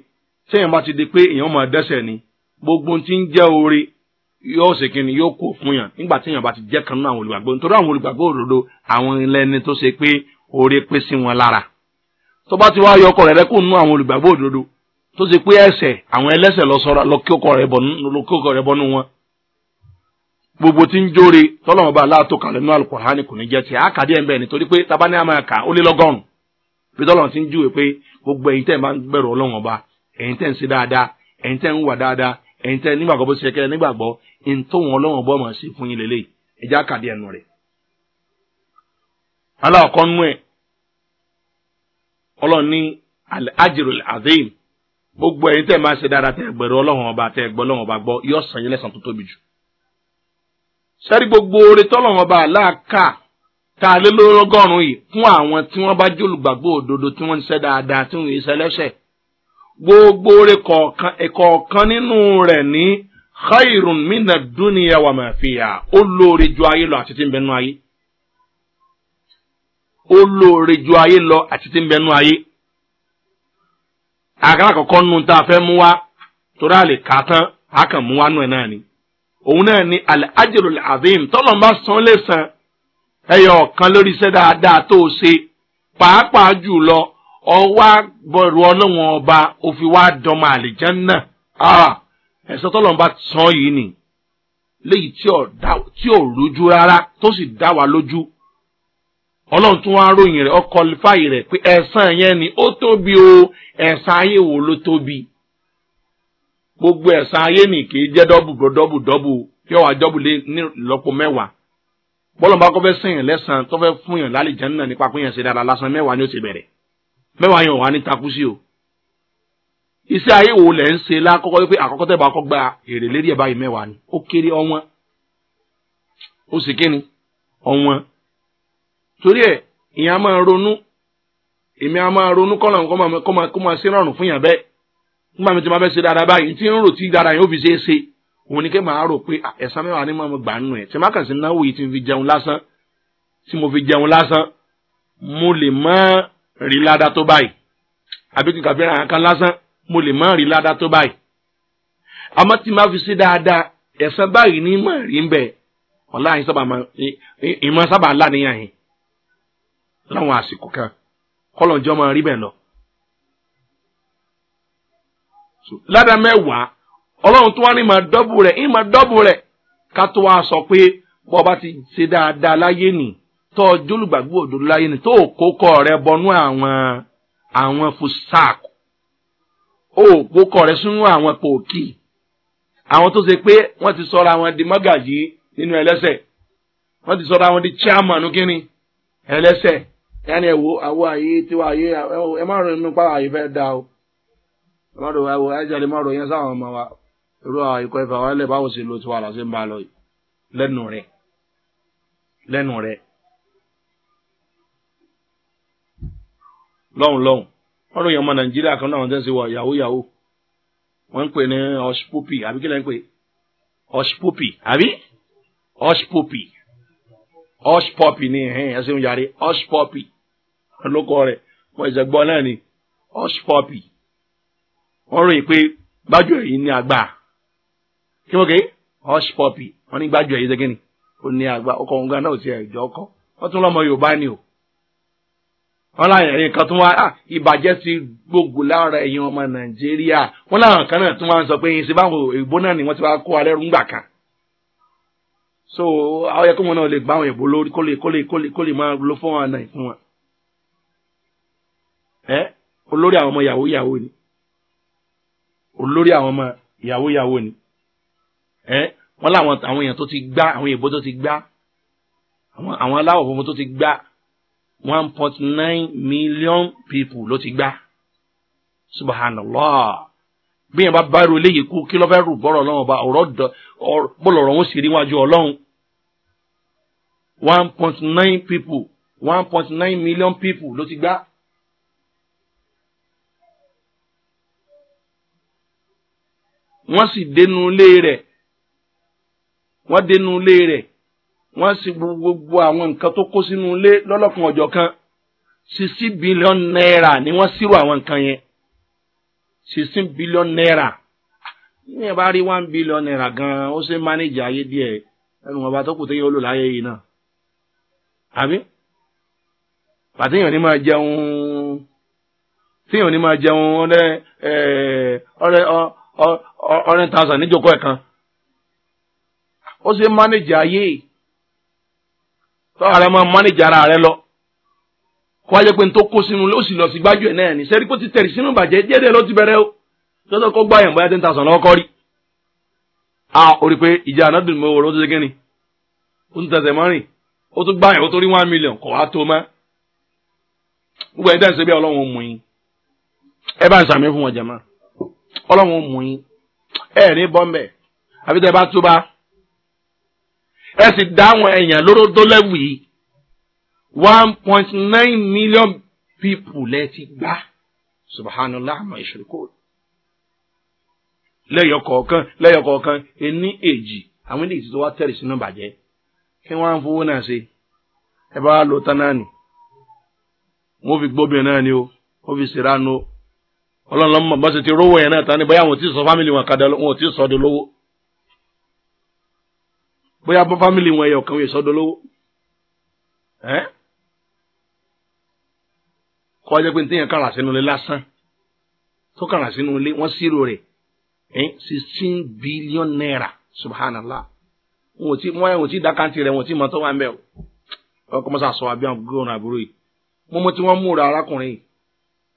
téèyàn bá ti di pé èèyàn máa dẹ́sẹ̀ ni gbogbo ti ń jẹ́ oore yóò ṣe kíni yóò kó fún yàn nígbà téèyàn bá ti jẹ́ kan nínú àwọn olùgbàgbọ́ nítorí àwọn olùgbàgbọ́ òdodo àwọn ẹlẹ́ni tó ṣe pé oore pé sí wọn lára tó bá ti wá yọ ọkọ rẹ̀ rẹ́ kó nínú àwọn olùgbàgbọ́ òdodo tó ṣe pé ẹsẹ̀ àwọn ẹlẹ́sẹ̀ lọ sọ́ra lọ kí ọkọ rẹ̀ bọ̀ nínú wọn gbogbo tí ń jóore tọ́lọ́mọba aláàtò kàlẹ́ nínú alukur'ani kò ní jẹ́ tiẹ̀ àkàdé ẹ̀ ń bẹ̀ nítorí pé tabani àmà kà ó lé lọ́gọ́rùn-ún tọ́lọ́mọ ti ń júwe pé gbogbo ẹ̀yin tẹ̀ máa ń bẹ̀rù ọlọ́run ọba ẹ̀yin tẹ̀ ń ṣe dáadáa ẹ̀yin tẹ̀ ń wà dáadáa ẹ̀yin tẹ̀ nígbàgbọ́ bó ṣe kẹ́ nígbàgbọ́ ntòun ọlọ́run ọba máa ṣe fún yín lélẹ̀ ẹ̀jẹ̀ àkàdé ẹ̀nu rẹ̀. ẹ̀ ọlọ́run ní sẹ́rí gbogbo oore tọ́lọ́wọ́n bá aláàká tá a lé lọ́gọ́rùn-ún yìí fún àwọn tí wọ́n bá jólùgbàgbọ́ òdodo tí wọ́n ń ṣe dáadáa tí wọ́n ń ṣe lẹ́sẹ̀ gbogbo oore kọ̀ọ̀kan nínú rẹ̀ ní khairun mina duniya wa ma fi hà ó lóore ju ayé lọ àti tí ń bẹnu ayé ó lóore ju ayé lọ àti tí ń bẹnu ayé àkàrà kọ̀ọ̀kan nù tá fẹ́ mú wa torí àlè kà tán a kàn mú wa nù ẹ̀ náà ni òun náà ni al-ajrul azim tọ́lọ̀ bá san lẹ́sàn ẹyọ ọ̀kan lórí iṣẹ́ dáadáa tó o ṣe pàápàá jù lọ ọwá bọ̀rù ọlọ́wọ́n ọba òfin wá dọ́mọ àlìjánná ẹ̀sán tọ́lọ̀ bá san yìí ni léyìí tí ò rújú rárá tó sì dá wa lójú ọlọ́run tún wá ròyìn rẹ̀ ọkọ̀ lifáyì rẹ̀ pé ẹ̀san yẹn ni ó tóbi o ẹ̀san ayé wo ló tóbi gbogbo ẹ̀sán ayé nì kì í jẹ́ dọ́bù dọ́bù dọ́bù kí ọ̀wá dọ́bù lé ní ìlọ́pọ̀ mẹ́wàá bọ́lọ̀mọba kọ́ fẹ́ sìn yàn lẹ́sàn tó fẹ́ fún yàn lálẹ́ jẹ́ nínà nípa pínyàn ṣe dára lásán mẹ́wàá ni ó ti bẹ̀rẹ̀ mẹ́wàá yàn wà ní takú sí o iṣẹ́ ayé wo lẹ̀ ń ṣe lákọ́kọ́ pé àkọ́kọ́ tẹ́ bá kọ́ gba èrè lérí ẹ̀ báyìí mẹ́wàá ni ó kéré ọ̀wọ́n ó sì kíni ọ̀wọ́n torí ẹ̀ ìyẹn a máa ronú èmi a máa ronú kọ́lọ̀ kọ́ máa ṣe rọrùn fún yàn bẹ́ẹ̀ nígbà mi tí ma fẹ́ ṣe dáadáa báyìí tí ń rò tí dáadáa yóò fi ṣe é ṣe òun ni kí màá rò pé ẹ̀sán mẹ́wàá ni mo gbà nù ẹ̀ tí má kàn sí náwó yìí tí mo fi jẹun lásán tí mo fi jẹun lásán mo lè mọ́ rí ládàá tó báyìí àbí kíkà fẹ́ràn àyànká lásán mo lè mọ́ rí ládàá tó báyìí àmọ́ tí ma fi ṣe dáadáa ẹ̀sán báyìí ni mà rí ń bẹ̀ ọ̀la yìí sábà máa ìmọ̀ sábà ńlá níyàn yìí láwọn àsìkò kan kọ́lọ̀ ládàá mẹ́wàá ọlọ́run tó wá ní máa dọ́bù rẹ̀ ní máa dọ́bù rẹ̀ ká tó wá sọ pé bọ́ bá ti ṣe dáadáa láyé nì tó jólùgbàgbọ́ òdòdó láyé nì tó kókọ rẹ bọnú àwọn àwọn fusak ó kókọ rẹ sínú àwọn pòkì àwọn tó ṣe pé wọ́n ti sọra wọn di mọ́gàjì nínú ẹlẹ́sẹ̀ wọ́n ti sọra wọn di chairman kínní ẹlẹ́sẹ̀ yáni ẹ̀wò àwọ̀ àyè tiwa àyè ẹ má rìn nípa àyè fẹ́ da o mọ́rò ẹwọ ẹjẹ́ lè mọ́rò yẹn sáwọn ọmọ wa irú ikọ̀ ìfà wa lè báwo sì lo tiwa là sí ń bá a lọ yìí lẹ́nu rẹ̀ lẹ́nu rẹ̀ lọ́hùn lọ́hùn mọ́rò yẹn ọmọ nàìjíríà kan náà wọ́n tẹ́ sí wọ yahoo yahoo wọ́n ń pè ní ọ̀ṣpópì àbí kí lẹ́ ń pè ọ̀ṣpópì àbí ọ̀ṣpópì ọ̀ṣpópì ni ẹ̀hìn ẹ̀sìn yàrá ọ̀ṣpópì lóko rẹ̀ wọ́n ìṣẹ̀gbọ́n náà ni ọ̀ṣpópì ọ̀rọ̀ yìí pé gbájú ẹ̀yìn ní àgbà kí wọ́n ké hush puppy wọ́n ní gbájú ẹ̀yìn sẹ́gẹ́nì ó ní àgbà ọkọ̀ òun gan náà ti ẹ̀jọ́ ọkọ̀ wọ́n tún lọ́mọ yorùbá ni o wọ́n láwọn ẹ̀yìn kan tún wá ah, ìbàjẹ́ ti gbogbo lára ẹ̀yìn ọmọ nàìjíríà wọ́n láwọn kan náà tún wá ń sọ pé ẹ̀yìn sí báwọn èèbó náà ni wọ́n ti wá kó alẹ́ rúngbà kan so àwọn yẹ kó wọn náà lè gbá àwọn èèbó lórí kó lè kó lè kó lè kó lè máa lo fún wọn náà ìfún wọn ẹ olórí àwọn ọmọ yahoo yahoo ni olórí àwọn ọmọ ìyàwó ìyàwó ni ẹ wọn láwọn àwọn èèyàn tó ti gbá àwọn èèbó tó ti gbá àwọn àwọn funfun tó ti gbá one point nine million people ló ti gbá subhanallah bí yẹn bá bá irú eléyìí kú kí ló fẹ́ rù bọ́rọ̀ ọlọ́run ọba ọ̀rọ̀ dọ̀ bọ́lọ̀ ọ̀rọ̀ wọn sì rí wájú ọlọ́run one point nine people one point nine million people ló ti gbá wọ́n sì dénú ilé rẹ̀ wọ́n dénú ilé rẹ̀ wọ́n sì gbogbo àwọn nǹkan tó kó sínú ilé lọ́lọ́kan ọjọ́ kan sixteen billion naira ni wọ́n ṣírò àwọn nǹkan yẹn sixteen billion naira ní ẹ bá rí one billion naira gan ó ṣe mánéjì ayé díẹ̀ ẹnu ọba tó kù téyàn ó lò láyé yìí náà àbí pàtẹ́yàn ní máa jẹun téyàn ní máa jẹun ọ̀rẹ́ ọ̀rẹ́ ọrẹ tààsán níjòkó ẹ̀kan kan ó ṣe mánéjì ayé tọ́ra rẹ máa mánéjì ara rẹ lọ kó wáyé pé n tó kó sínú ló sì lọ sí gbájú ẹ̀ náà ní sẹ́rí pé ti tẹ̀rì sínú ìbàjẹ́ jẹ́dẹ̀ ló ti bẹ̀rẹ̀ o tọ́tọ́ kó gbá yẹn bóyá lọ́kọ́ rí a ò rí pé ìjà mi ó ti ṣe kínni ó ti tẹ̀sẹ̀ mọ́rin ó tún gbá yẹn ó one million kò wá tó mọ́ gbogbo ń bí ọlọ́run mú ọlọ́run mú yín ẹ ní bọ́m̀bẹ̀ àbí tẹ́ bá ẹ sì dáhùn èèyàn lóró dólẹ́wì yìí one point nine million people lẹ ti gbà subhanallah àmọ́ ìṣèkó lẹ́yọ̀ kọ̀ọ̀kan lẹ́yọ̀ kọ̀ọ̀kan ení èjì àwọn ilé ìtìtò wa tẹ̀lé sínú bàjẹ́ kí wọ́n á fowó náà ṣe ẹ bá wa lo tán náà nì wọ́n fi gbóbìnrin náà ni o wọ́n fi ṣèrànú o ọlọ́run lọ́mọ bá ṣe ti rówó yẹn náà ta ni bóyá wọn ò tí sọ fámìlì wọn kadà wọn ò tí sọ dolówó bóyá bọ́ fámìlì wọn yẹ ọ̀kan yẹ sọ dolówó ẹ́ kọ́ ọjọ́ pé ní téèyàn kàrà sínú ilé lásán tó kàrà sínú ilé wọ́n sírò rẹ̀ ẹ́ sixteen billion naira subhanallah wọn ò tí wọn ò tí dákàntì rẹ̀ wọn ò tí mọ tó wà ń bẹ̀ o ọkọ̀ mọ́sá sọ àbí àwọn gbogbo ọ̀nà àbúrò yìí mo mọ tí wọ́n múra arákùnrin yìí.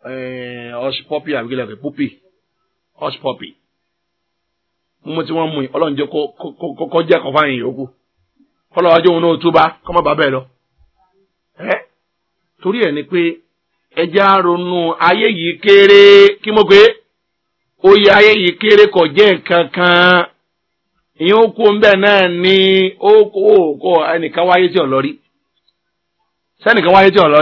Eh, ọsipọpi àbíkí lẹkẹ púpì ọsipọpi mo ti wọn mú yìí ọlọ́run jẹ́ kó jẹ́ kọ́ fáyìn yòókù ajé òun náà ẹ torí ẹ ni pé ẹja ronú ayé yìí kéré kí mo pé oyè ayé yìí kéré jẹ́ náà ni ó kó ẹnìkan wáyé tí ò lọ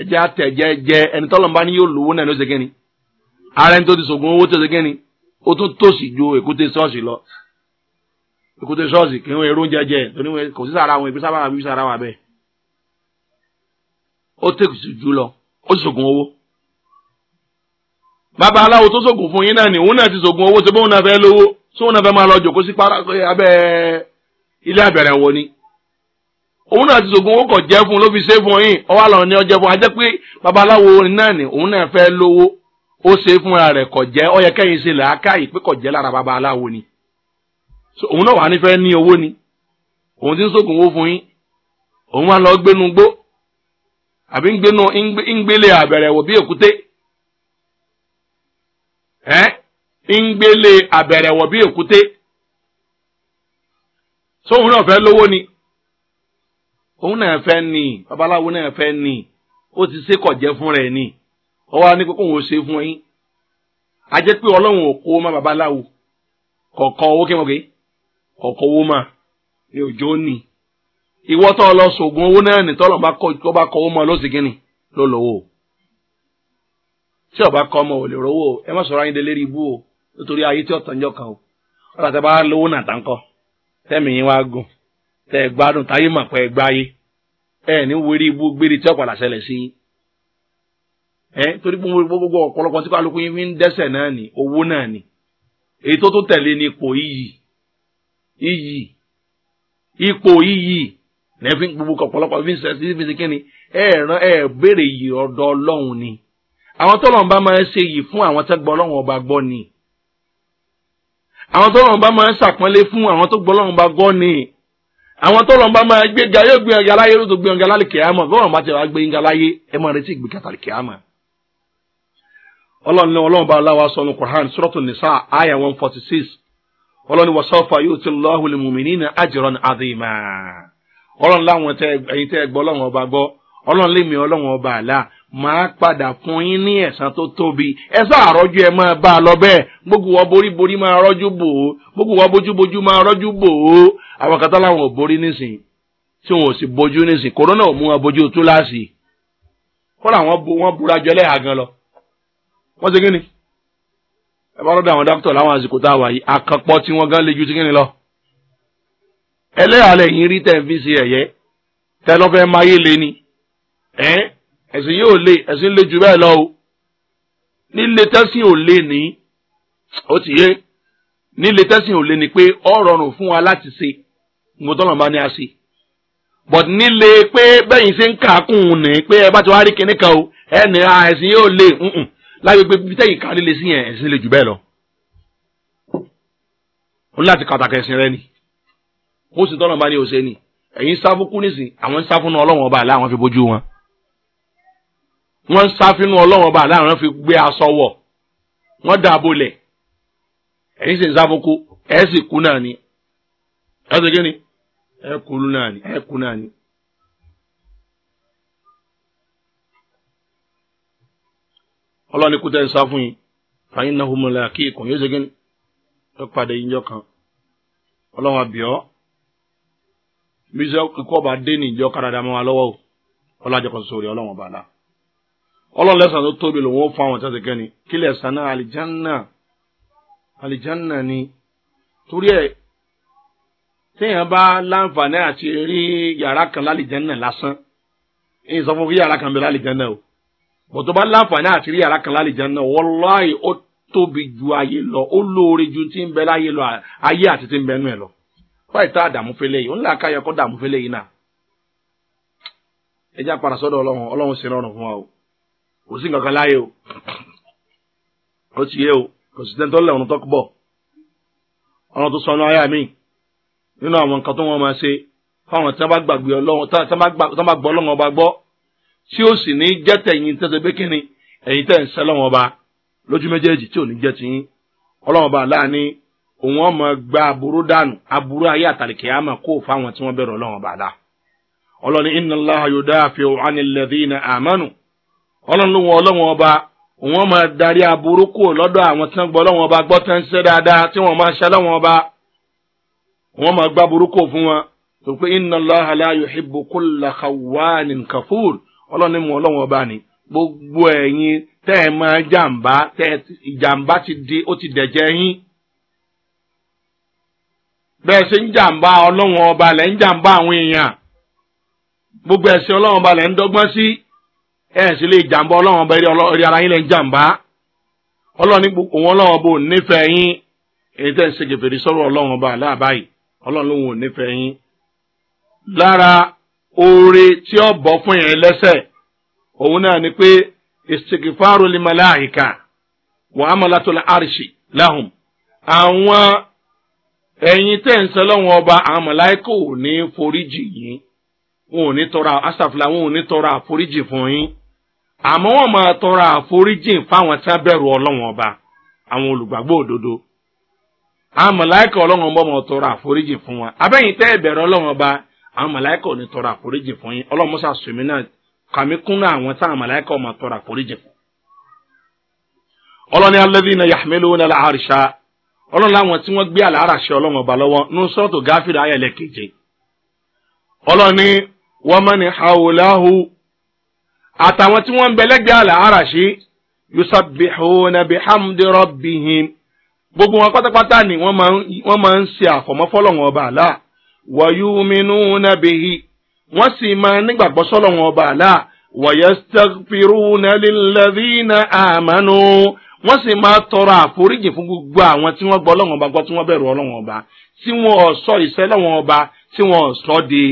ẹjẹ atẹjẹ jẹ ẹni tọlọmọba ni yóò lówó náà ló ṣe kínni ara ẹni tó ti sògùn owó tó ṣe kínni ó tún tòṣì ju èkúté ṣọ́ọ̀ṣì lọ èkúté ṣọ́ọ̀ṣì kí wọn èrò oúnjẹ jẹ torí wọn kò sí sàrà wọn ìgbésà bàbá bíbí sàrà wà bẹ́ẹ̀ ó tòṣì ju lọ ó ti sògùn owó bàbá aláwo tó sògùn fún yín náà ni òun náà ti sògùn owó ṣe bóun náà fẹ́ lówó ṣé òun náà fẹ́ máa lọ jòkó sí abẹ́ ilé àbẹ̀rẹ̀ wọ ni. òun náà ti sògùn ó kọ̀ jẹ́ fún un ló fi ṣe fún yín ọwọ́ àlọ́ ni ó fún un ajẹ́ pé babaláwo náà ni òun náà fẹ́ lówó ó ṣe fúnra rẹ̀ kọ̀ jẹ́ ó yẹ kẹ́yìn ṣe pé kọ̀ jẹ́ lára babaláwo ni òun náà wà ní owó ni òun ti ń sògùn owó fún yín òun wá lọ gbénu gbó àbí ń gbénu ń gbélé àbẹ̀rẹ̀ wò bí èkúté ẹ́ ń gbélé àbẹ̀rẹ̀ ni. òun náà fẹ́ ni babaláwo náà fẹ́ ni ó ti ṣe kọ̀jẹ́ fún rẹ̀ ni ọwọ́ á ní kókó òun ṣe fún yín a jẹ́ pé ọlọ́run ò kó má babaláwo kọ̀ọ̀kan owó kí wọ́n ké kọ̀ọ̀kan owó mà ní òjò ni ìwọ́ tó lọ sògùn owó náà ní tọ́lọ̀ bá kọ owó mọ́ lọ́sìn kínní ló lówó tí ọba kọ ọmọ ò lè rówó ẹ má sọ̀rọ̀ ayé délé rí ibú o nítorí ayé tí ọ̀tọ̀ ń jọ kan o ọ̀rọ̀ àti bá lówó náà tá ń kọ́ tẹ́mi tẹ ẹ gbádùn táyé mà pẹ́ ẹ gbáyé ẹ ní wérí ibú gbére tí ọ̀pọ̀ àṣẹlẹ̀ sí i ẹ torí gbogbo ọ̀pọ̀lọpọ̀ tí kálukú yín fi ń dẹ́sẹ̀ náà ni owó náà ni èyí tó tó tẹ̀lé ni ipò iyì iyì ipò iyì lẹ́fín gbogbo ọ̀pọ̀lọpọ̀ fi ń sẹ́ sí fi ṣe kí ni ẹ ràn ẹ béèrè yìí ọ̀dọ̀ ọlọ́run ni àwọn tọ́lọ̀ ń bá máa ń ṣe yìí fún àwọn tẹ́ àwọn tọ́lọ̀ ń bá máa ń ṣàpọ́nlé fún àwọn tó gbọ́ ọlọ́run ọba gbọ́ ni àwọn tó lọ́nba ma gbé ga yóò gbé ọ̀gá láyé yóò tó gbé ọ̀gá lálẹ́ kìámọ̀ bí wọ́n bá ti wá gbé ọ̀gá láyé ẹ máa retí ìgbé kàtàlì kìámọ̀. ọlọ́run ọlọ́run bá aláwa sọ ní quran suratu nisa aya one forty six ọlọ́run wa yóò ti ní àjẹrán àdìmá. ọlọ́run láwọn ẹ̀yin tẹ́ gbọ́ ọba gbọ́ ọlọ́run lè mi ọlọ́run ọba àlá màá padà fún yín ní ẹ̀sán tó tóbi ẹ̀sán àrọ́jú ẹ máa bá a lọ bẹ́ẹ̀ gbogbo wọn boríborí máa rọ́jú bò ó gbogbo wọn bójúbójú máa rọ́jú bò ó àwọn kan táwọn ò borí nísìn tí wọn ò sì bójú nísìn kòrónà ò mú wọn bójú túláàsì kọ́ra wọn bo wọn búra jọ ẹlẹ́yà gan lọ wọ́n ṣe kíni ẹ bá lọ́dọ̀ àwọn dókítà láwọn àsìkò tá a wà yìí àkànpọ̀ tí wọ́n gan le ju ti kíni lọ ẹlẹ́yà ni ẹ́ ẹ̀sìn yóò lé ẹ̀sìn lé jù bẹ́ẹ̀ lọ o nílé tẹ́sìn ò lé ní ó ti yé nílé tẹ́sìn ò lé ní pé ọ rọrùn fún wa láti ṣe mo tọ́nà bá ní a ṣe but nílé pé bẹ́yìn ṣe ń kàákùn ní pé ẹ bá ti wá rí kinní kan o ẹnì a ẹ̀sìn yóò lé lágbègbè bíi tẹ́yìn kan líle sí yẹn ẹ̀sìn lé jù bẹ́ẹ̀ lọ ó láti kàtàkì ẹ̀sìn rẹ ni ó sì tọ́nà bá ní o ṣe ni ẹ̀yin sáfún kú àwọn sáfún náà ọlọ́wọ́n ọba àlá àwọn fi bójú wọn wọ́n ń sáfínú ọlọ́run ọba aláàrán fi gbé aṣọ wọ̀ wọ́n dà bolẹ̀ ẹ̀yin sì ń sáfoko ẹ̀ sì kú náà ni ẹ̀ sì kíni ẹ̀ kú náà ni ẹ̀ kú náà ni. ọlọ́run kú ń sá fún yín fàyín náà homo la kí ikùn yóò ṣe kíni ẹ padà yín jọ kan ọlọ́run àbíọ́ bí sẹ́ kíkọ́ bá dé ní ìjọ káradàmọ́ wa lọ́wọ́ o ọlọ́run àjọkọ̀ sórí ọlọ́run ọba náà ọlọ́run lẹ́sàn tó tóbi lòun ó fún àwọn tẹ́tẹ́ kẹ́ni kí lẹ́sàn náà àlìjánà àlìjánà ni torí ẹ̀ téèyàn bá láǹfààní àti rí yàrá kan lálìjánà lásán èyí sọ fún kí yàrá kan bẹ lálìjánà o bọ̀tọ̀ bá láǹfààní àti rí yàrá kan lálìjánà wọláì ó tóbi ju ayé lọ ó lóore ju ti ń bẹ láyé lọ ayé àti ti ń bẹ nú ẹ lọ báyìí tá àdàmú fẹlẹ yìí ó ń là káyọ kó dàmú fẹlẹ yìí náà ẹ já padà sọ́dọ̀ ọlọ́run ọlọ́run ṣe rọrùn fún wa o kò sí nǹkan kan láàyè o ó ti yé o kò sí tẹ́ntọ́ lẹ́wọ̀n tó bọ̀ ọ̀nà tó sọnù ayá mi nínú àwọn nǹkan tó wọ́n máa ṣe fáwọn tí wọ́n bá gbàgbé ọlọ́wọ́n tí wọ́n bá gbọ́ ọlọ́wọ́n ọba gbọ́ tí ó sì ní jẹ́ tẹ̀yìn tẹ́tẹ́ pé kíni ẹ̀yìn tẹ̀ ń sẹ́ lọ́wọ́n ọba lójú méjèèjì tí ò ní jẹ́ tiyín ọlọ́wọ́n ọba láàní òun ọmọ gba aburú dànù aburú ayé àtàlìkẹ́ àmà kó fáwọn tí wọ́n bẹ̀rẹ̀ ọlọ́wọ́n ọba dá ọlọ́ni inna Allah yudafi'u 'anil ladhina amanu ọlọ́run lóhun ọlọ́run ọba wọ́n máa darí aburú kù lọ́dọ̀ àwọn tí wọ́n gbọ́ ọlọ́run ọba gbọ́ tán ṣe dáadáa tí wọ́n máa ṣe ọlọ́run ọba wọ́n máa gbá burú fún wọn tó pé inna Allaha la yuhibbu kulla khawanin kafur ọlọ́run ọlọ́run ọba ni gbogbo ẹ̀yin tẹ́ ẹ máa jàǹbá tẹ́ ti di ó ti yín ẹ̀ sì lè jàǹbá ọlọ́run ọba eré ara yín lẹ́ ń jàǹbá ọlọ́run òun ọlọ́run ọba ò nífẹ̀ẹ́ yín èyí tẹ́ ń ṣe ọba aláàbáyé ọlọ́run lòun ò nífẹ̀ẹ́ yín. lára oore tí ó bọ̀ fún yẹn lẹ́sẹ̀ òun náà ni pé istighfaru li malaika wa amalatul lahum àwọn ẹ̀yin ń ọba àwọn ò ní foríjì yín wọn ò ní tọrọ fún yín àmọ́ wọ́n máa tọrọ àforíjìn fáwọn tí wọ́n bẹ̀rù ọlọ́wọ́n ọba àwọn olùgbàgbọ́ òdodo àwọn ọlọ́wọ́n ọba máa tọrọ àforíjìn fún wọn abẹ́yìn tẹ́ ọlọ́wọ́n ọba tọrọ àforíjìn fún yín ọlọ́wọ́n mọ́sá sùnmí náà kàmí àwọn táwọn máa tọrọ àforíjìn fún. ọlọ́ni alladhina yahmiluna àtàwọn tí wọ́n ń bẹ lẹ́gbẹ̀ẹ́ àlà àràṣí yusabbihuna bihamdi rabbihim gbogbo wọn pátápátá ni wọ́n máa ń ṣe àfọ̀mọ́ fọ́lọ́hun ọba àlà wa yu'minuna bihi wọ́n sì máa nígbàgbọ́ sọ́lọ́hun ọba àlà wa yastaghfiruna lilladhina amanu wọ́n sì máa tọrọ àforíjì fún gbogbo àwọn tí wọ́n gbọ́ ọlọ́wọ́n ọba gbọ́ tí wọ́n bẹ̀rù ọlọ́wọ́n ọba tí wọ́n sọ ìṣẹ́ lọ́wọ́n ọba tí wọ́n sọ di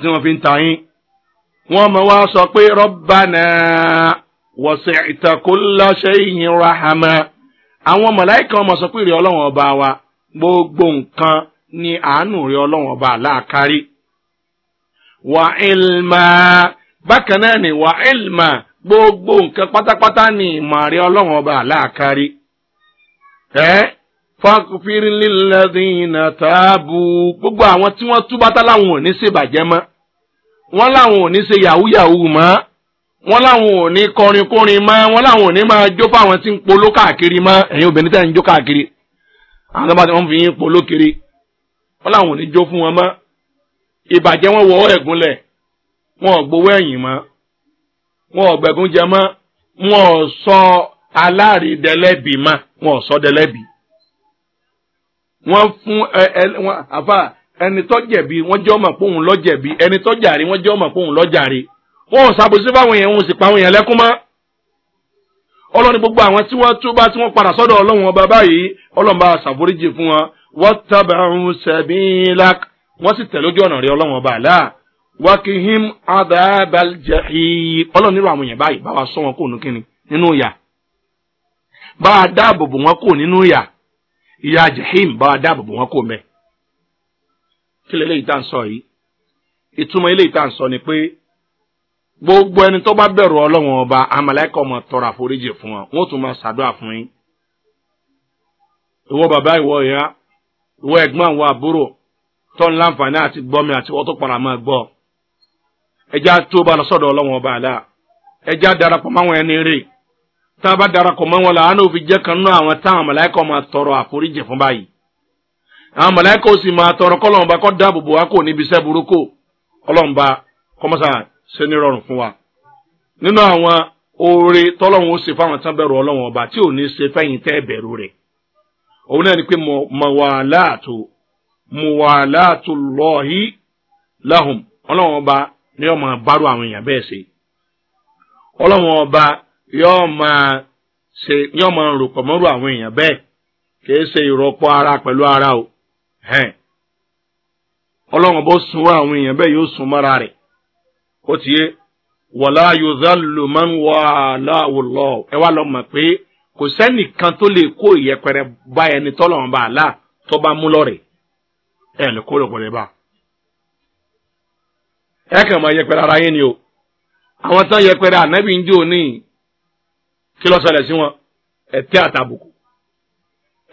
tí wọ́n fi ń ta yín. wọ́n mọ̀ wá sọ pé rọ́bànà wọ̀sẹ̀ìtà kulla shay'in rahama àwọn mọ̀láìkà ọmọ sọ pé ìrẹ̀ ọlọ́wọ̀n ọba wa gbogbo nǹkan ni àánú rẹ̀ ọlọ́wọ̀n ọba aláàkárí. wà ilmà bákan náà ni wà ilmà gbogbo nǹkan pátápátá ni ìmọ̀ rẹ̀ ọlọ́wọ̀n ọba àláàkárí. ẹ fọkùnfìrìlélẹ́dínà táàbù gbogbo àwọn tí wọ́n túbátá láwọn ò ní ṣèbàjẹ́ mọ́ wọ́n láwọn ò ní ṣe yahoo yahoo mọ́ wọ́n láwọn ò ní kọrin kórin mọ́ wọ́n láwọn ò ní máa jó fáwọn tí ń polo káàkiri mọ́ ẹ̀yin obìnrin tẹ́ ń jó káàkiri àwọn tó bá ti wọ́n fi yín polo kiri wọ́n láwọn ò ní jó fún wọn mọ́ ìbàjẹ́ wọn wọ ẹ̀gúnlẹ̀ wọn ò gbowó ẹ̀yìn mọ́ wọn ò gbẹ̀gún jẹ mọ́ wọn ò sọ aláàrídẹ́lẹ́bì mọ́ wọn ò sọ dẹ́lẹ́bì wọ́n fún ẹ ẹ wọ́n àfà ẹni tó jẹ̀bi wọ́n jẹ́ ọmọ pé òun lọ jẹ̀bi ẹni tó jàre wọ́n jẹ́ ọmọ pé òun lọ jàre wọn ò ṣàbòsí fáwọn èèyàn wọn sì pa àwọn gbogbo àwọn tí wọ́n túbá tí wọ́n padà sọ́dọ̀ ọlọ́run ọba báyìí ọlọ́run bá ṣàforíjì fún wọn wọ́n sì tẹ̀lé ọ̀nà jahim kí lè léyìí tá à ń sọ yìí ìtumọ̀ eléyìí tá à ń sọ ni pé gbogbo ẹni tó bá bẹ̀rù ọlọ́wọ́n ọba àmàlẹ́kọ̀ ọmọ tọrọ àforíjì fún wọn wọ́n tún máa ṣàdúrà fún yín ìwọ bàbá ìwọ ìyá ìwọ ẹ̀gbọ́n àwọn àbúrò tó ń láǹfààní àti gbọ́mi àti wọ́n tó para máa gbọ́ ẹja tó bá lọ sọ́dọ̀ ọlọ́wọ́n ọba àlá ẹja darapọ̀ máwọn ẹni rè tá a bá darapọ̀ máwọn làánú òfin jẹ́ kan náà àwọn táwọn àmàlẹ́kọ̀ ọmọ tọrọ àforíjì fún báyìí àwọn mọ̀láìkà ó sì máa tọrọ kọ́lọ́mùbá kọ́ dáàbò bò wá kò níbi iṣẹ́ burúkú kọ́lọ́mùbá kọ́mọ́sà ṣe ní rọrùn fún wa nínú àwọn oore tọ́lọ́hún ó ṣe fáwọn tán bẹ̀rù ọlọ́wọ́n ọba tí ò ní ṣe fẹ́yìn tẹ́ bẹ̀rù rẹ̀ òun náà ni pé mọ̀wàláàtò mọ̀wàláàtò lọ́ọ̀hí láhùn ọlọ́wọ́n ọba ni yóò máa bárò àwọn èèyàn bẹ́ẹ̀ ṣe ọlọ́wọ́n ọba yóò máa ṣe yóò máa hẹ́n ọlọ́run bó sun wá àwọn èèyàn bẹ́ẹ̀ yóò sun mọ́ra rẹ̀ ó ti yé wọ̀lá yòzálù máa ń wà láwùlọ ẹ wá lọ mọ̀ pé kò sẹ́nìkan tó lè kó ìyẹpẹrẹ bá ẹni tọ́lọ́run bá àlá tó bá mú lọ́rẹ̀ ẹ lè kó lọ́pọ̀ ẹ kàn máa yẹpẹrẹ ara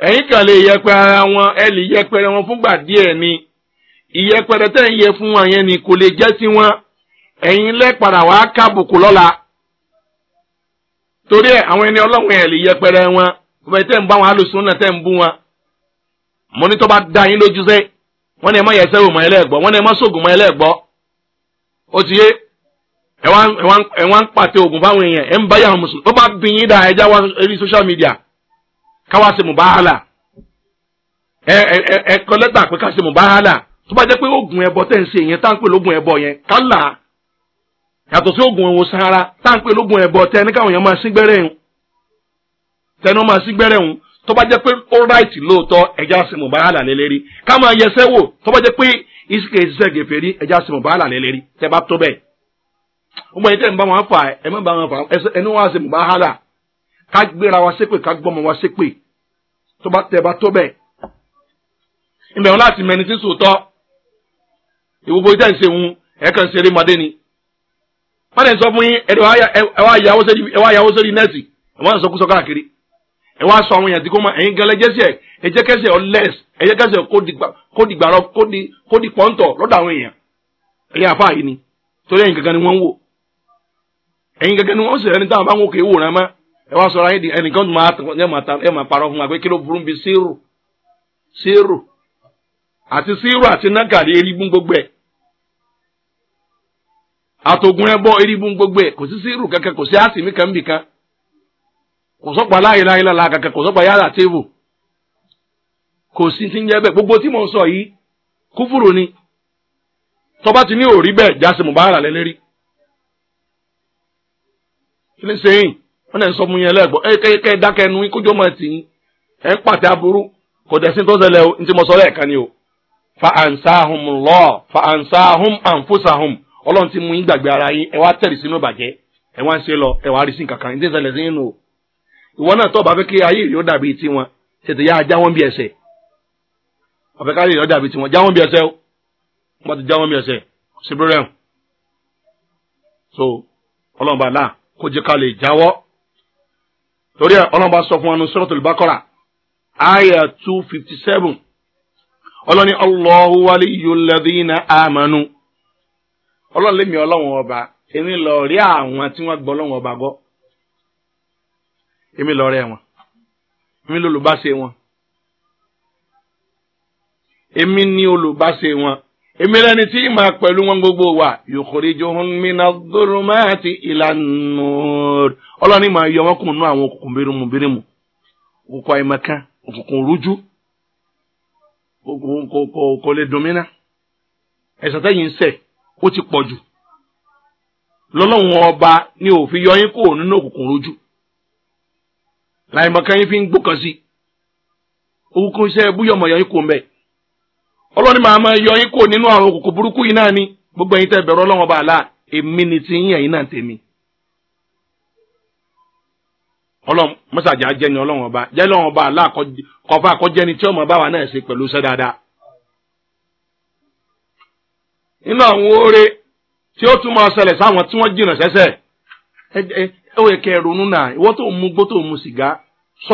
ẹ̀yin kan lè yẹpẹ ara wọn ẹ lè yẹpẹrẹ wọn fúngbà díẹ̀ ni ìyẹpẹrẹ tẹ́ ń yẹ fún wọn yẹn ni kò lè jẹ́ sí wọn ẹ̀yin lẹ́pàdà wàá kábùkù lọ́la torí ẹ̀ àwọn ẹni ọlọ́run ẹ̀ lè yẹpẹrẹ wọn bẹ́ẹ̀ tẹ́ ń bá wọn alùsùn náà tẹ́ ń bú wọn mo ní tó bá da yín lójú sẹ́ wọ́n ní ẹ má yẹsẹ́ wò mọ́ ẹlẹ́gbọ́ wọ́n ní ẹ má sóògùn mọ́ ẹlẹ́gbọ́ ó ti yé ẹ wá ń pàtẹ òògùn fáwọn èèyàn ẹ ń bá yàrá mùsùlùmí ó bá bí yín dá ẹja wá rí social media káwá mubahala, mùbáhálà ẹ ẹ ẹ kọ lẹ́tà pé ká ṣe mùbáhálà tó bá jẹ́ pé oògùn ẹbọ tẹ̀ ń ṣe yẹn tá à ń pè lóògùn ẹbọ yẹn kálà yàtọ̀ sí oògùn ẹ̀wò sahara tá à ń pè lóògùn ẹbọ tẹ ní káwọn èèyàn máa sí gbẹ́rẹ́ ń tẹnu máa sí gbẹ́rẹ́ ń tó bá jẹ́ pé ó right lóòótọ́ ẹja ṣe mùbáhálà lélẹ́rí ká máa yẹsẹ́ wò tó bá jẹ́ pé ìsìkè ìsìkè gèfè rí ẹja ṣe mùbáhálà lélẹ́rí tẹ bá tó bẹ́ẹ̀ ó mọ ká gbéra wa ṣépè ká gbọ́mọ wa ṣépè tó bá tẹ̀ bá tó bẹ̀. ìbẹ̀rù láti mẹni tí sòótọ́ ẹ̀ẹ́kan madé ni. wọ́n lè sọ fún yín ẹ̀rọ ẹ̀wá yàwó sórí nẹ́ẹ̀sì ẹ̀wọ́n sọ kúsọ káàkiri àwọn tí kò mọ ẹ̀yin kẹsẹ̀ kẹsẹ̀ kódìgbàrọ̀ ni torí ẹ̀yin ẹ wá sọ̀rọ̀ ayé di ẹnìkan tó máa ẹ máa ta ẹ máa parọ́ fún wa pé kí ló burú bí sírù sírù àti sírù àti nágàrí erigun gbogbo ẹ̀ àtògùn ẹbọ erigun gbogbo ẹ̀ kò sí sírù kankan kò sí àsìmí kan bì kan kò sọ́pọ̀ aláìláì lọ́la kankan kò sọ́pọ̀ yàrá tébù kò sí ti ń jẹ́ bẹ́ẹ̀ gbogbo tí mò ń sọ yìí kúfùrù ni tọ́ba ti ní òrí bẹ́ẹ̀ jásí mùbára lẹ́lẹ́rí kí ni sẹ́yìn. wọn lè sọ fún yẹn lẹ́gbọ́ ẹ kẹ́ kẹ́ nu yín kò tó zẹlẹ o ntí mo sọ ni o fa ansahum Allah fa ansahum anfusahum ọlọ́run ti mu yín gbàgbé ara yín ẹ wá sínú ẹ wá ẹ wá rí sí kankan ntí sí o ìwọ náà tọ́ ayé yóò dàbí tètè yá ajá wọn bí yóò dàbí so bá náà torí ẹ ọlọ́run bá sọ fún wa ní suratul Baqara aya two fifty seven ọlọ́ni Allahu waliyyul ladhina amanu ọlọ́run lèmi ọlọ́run ọba èmi lọ rí àwọn tí wọ́n gbọ́ ọlọ́run ọba gbọ́ èmi lọ rẹ wọn èmi lọ olùbáṣe wọn èmi ní olùbáṣe wọn. èmi lẹni tí mà pẹ̀lú wọn gbogbo wa yukhrijuhum mina dhulumati ila nur ọlọ́ni mà yọ wọn kùn nú àwọn òkùnkùn birimu bírímù òkùnkùn àìmọ̀kan òkùnkùn rújú kò lè dùn mí ná ti jù ọba ni òfin yọ yín kúrò nínú òkùnkùn rújú làìmọ̀kan yín fi ń gbókan sí òkùnkùn ọlọ́ni màá máa yọ yín kò nínú àrùn òkùnkùn burúkú yìí náà ni gbogbo ẹ̀yin tẹ́ bẹ̀rù ọlọ́run ọba àlá èmi ni ti yín ẹ̀yin náà tèmi. ọlọ́run mọ́sàjà jẹ́ ni ọlọ́run ọba jẹ́ ọlọ́run ọba àlá kọfà kọjẹ́ ni tí ọmọ báwa náà ṣe pẹ̀lú iṣẹ́ dáadáa. nínú àwọn oore tí ó tún máa ṣẹlẹ̀ sáwọn tí wọ́n jìnnà sẹ́sẹ̀ ẹ ẹ ó yẹ kẹ́ ronú náà ìwọ́ tó mú gbó tó mú sìgá sọ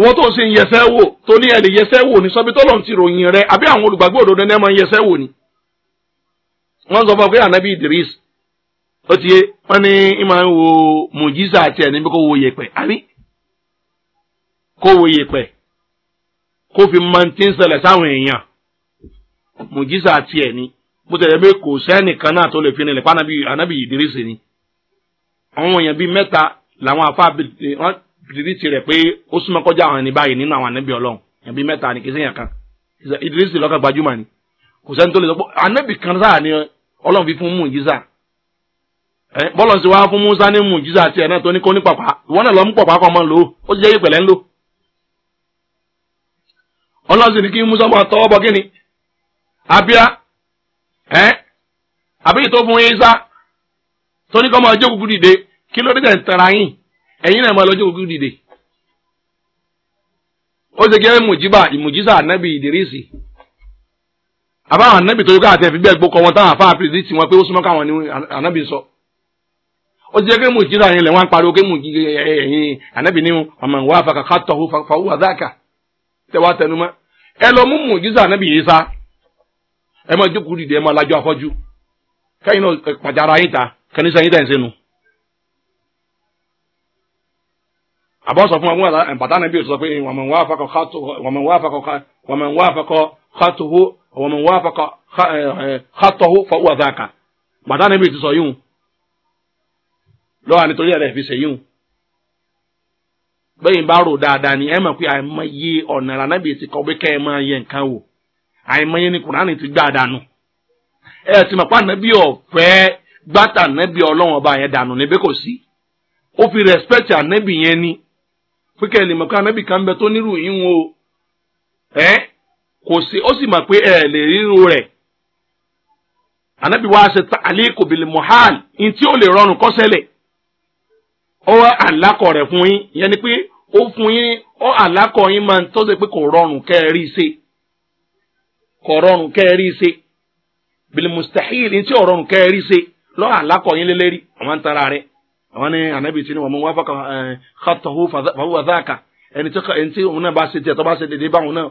wọ́n tó ń ṣe yẹsẹ́ wò tó ní ẹ̀lẹ́ yẹsẹ́ wò ní sọ́bi tó lọ́n ti ròyìn rẹ àbí àwọn olùgbàgbọ́ òdodo ní ẹ̀ máa ń yẹsẹ́ wò ni. wọ́n sọ fún ọ pé Idris ó ti yé wọ́n ní í máa ń wo mùjísà àti ẹ̀ní bí kò wo yèpẹ̀ àbí kò wo yèpẹ̀ kó fi máa ti ń ṣẹlẹ̀ sáwọn èèyàn mùjísà àti ẹ̀ní bó tẹ̀lé pé kò sẹ́nìkan náà tó lè fi nílẹ̀ pa ànábì Idris ni àwọn èèyàn bíi mẹ́ta làwọn àfa ìdírísì rẹ̀ pé ó súnmọ́ kọjá àwọn ẹni báyìí nínú àwọn ànábì ọlọ́run ẹ̀bí mẹ́ta ni kìí sẹ́yìn kan ìdírísì lọ́kàn gbajúmọ̀ ni kò sẹ́ni tó lè sọ pé ànábì kan sáà ni ọlọ́run fi fún mùjísà ẹ bọ́lọ̀ sí wa fún musa ní mùjísà tiẹ̀ náà tó ní kó ní pàpà ìwọ́n náà lọ mú pàpà kan mọ́ lò ó jẹ́ ìpẹ̀lẹ́ ńlò ọlọ́run sì ní kí musa máa tọwọ́ bọ kíni abíá ẹ àbí ìtòfún isa tó ní kọ́ máa jókòó dìde kí ẹ̀yin náà máa lọ́jọ́ kúkú dìde ó ṣe jẹ́ mùjíbà ìmùjísà ànábì ìdírísì àbáwọn ànábì tó yẹ kó àti ẹ̀fí bẹ́ẹ̀ gbókọ̀ wọn táwọn afáàfin ti tì pé ó súnmọ́ káwọn ní ànábì sọ ó ṣe jẹ́ kí yẹn wọ́n pariwo kí mùjí ànábì ní ọmọ ìwà fàwọ́ àdáàkà ẹ lọ mú ànábì yìí sá ẹ máa jókòó àbọ̀ sọ fún wa wọn bàtà nàbí o sọ pé wàmẹ̀ wá fakọ xatu wàmẹ̀ wá fakọ wàmẹ̀ wá fakọ xatuhu wàmẹ̀ wá fakọ xatuhu fọ wà zaka bàtà nàbí o ti sọ yìí lọ́wọ́ nítorí ẹ̀rẹ́ fi ṣe yìí bẹ́yìn bá rò dáadáa ni ẹ mọ̀ pé àìmọye ọ̀nà ìlànàbí ti kọ́ pé kẹ́ ẹ máa yẹ nǹkan wò àìmọye ni kùránì ti gbá dànù ẹ ti mọ̀ pé ànábì ọ̀fẹ́ gbátà ànábì ọlọ́wọ́n ọba yẹn dànù níbẹ̀ kò sí ó fi rẹ̀spẹ̀tì ànábì yẹn ni pé kẹ́lì mọ̀ pé anábì kan bẹ tó nírú yín o ẹ́ kò sí ó sì mọ̀ pé ẹ lè ríru rẹ̀ anábì wa ṣe ta àlékò bìlì mohal ní tí ó lè rọrùn kọ́sẹ́lẹ̀ ó wá àlákọ̀ rẹ̀ fún yín ìyẹn ni pé ó fún yín ó àlákọ̀ yín máa ń tọ́jú pé kò rọrùn kẹ́ ẹ rí i ṣe kò rọrùn kẹ́ ẹ tara rẹ̀ àwọn ní ànábì tí ni wọ́n mú wá fọkàn xatọ̀hu fàwọ́ dáàkà ẹni tí ẹni tí òun náà bá ṣe tiẹ̀ tó bá ṣe dédé báwọn náà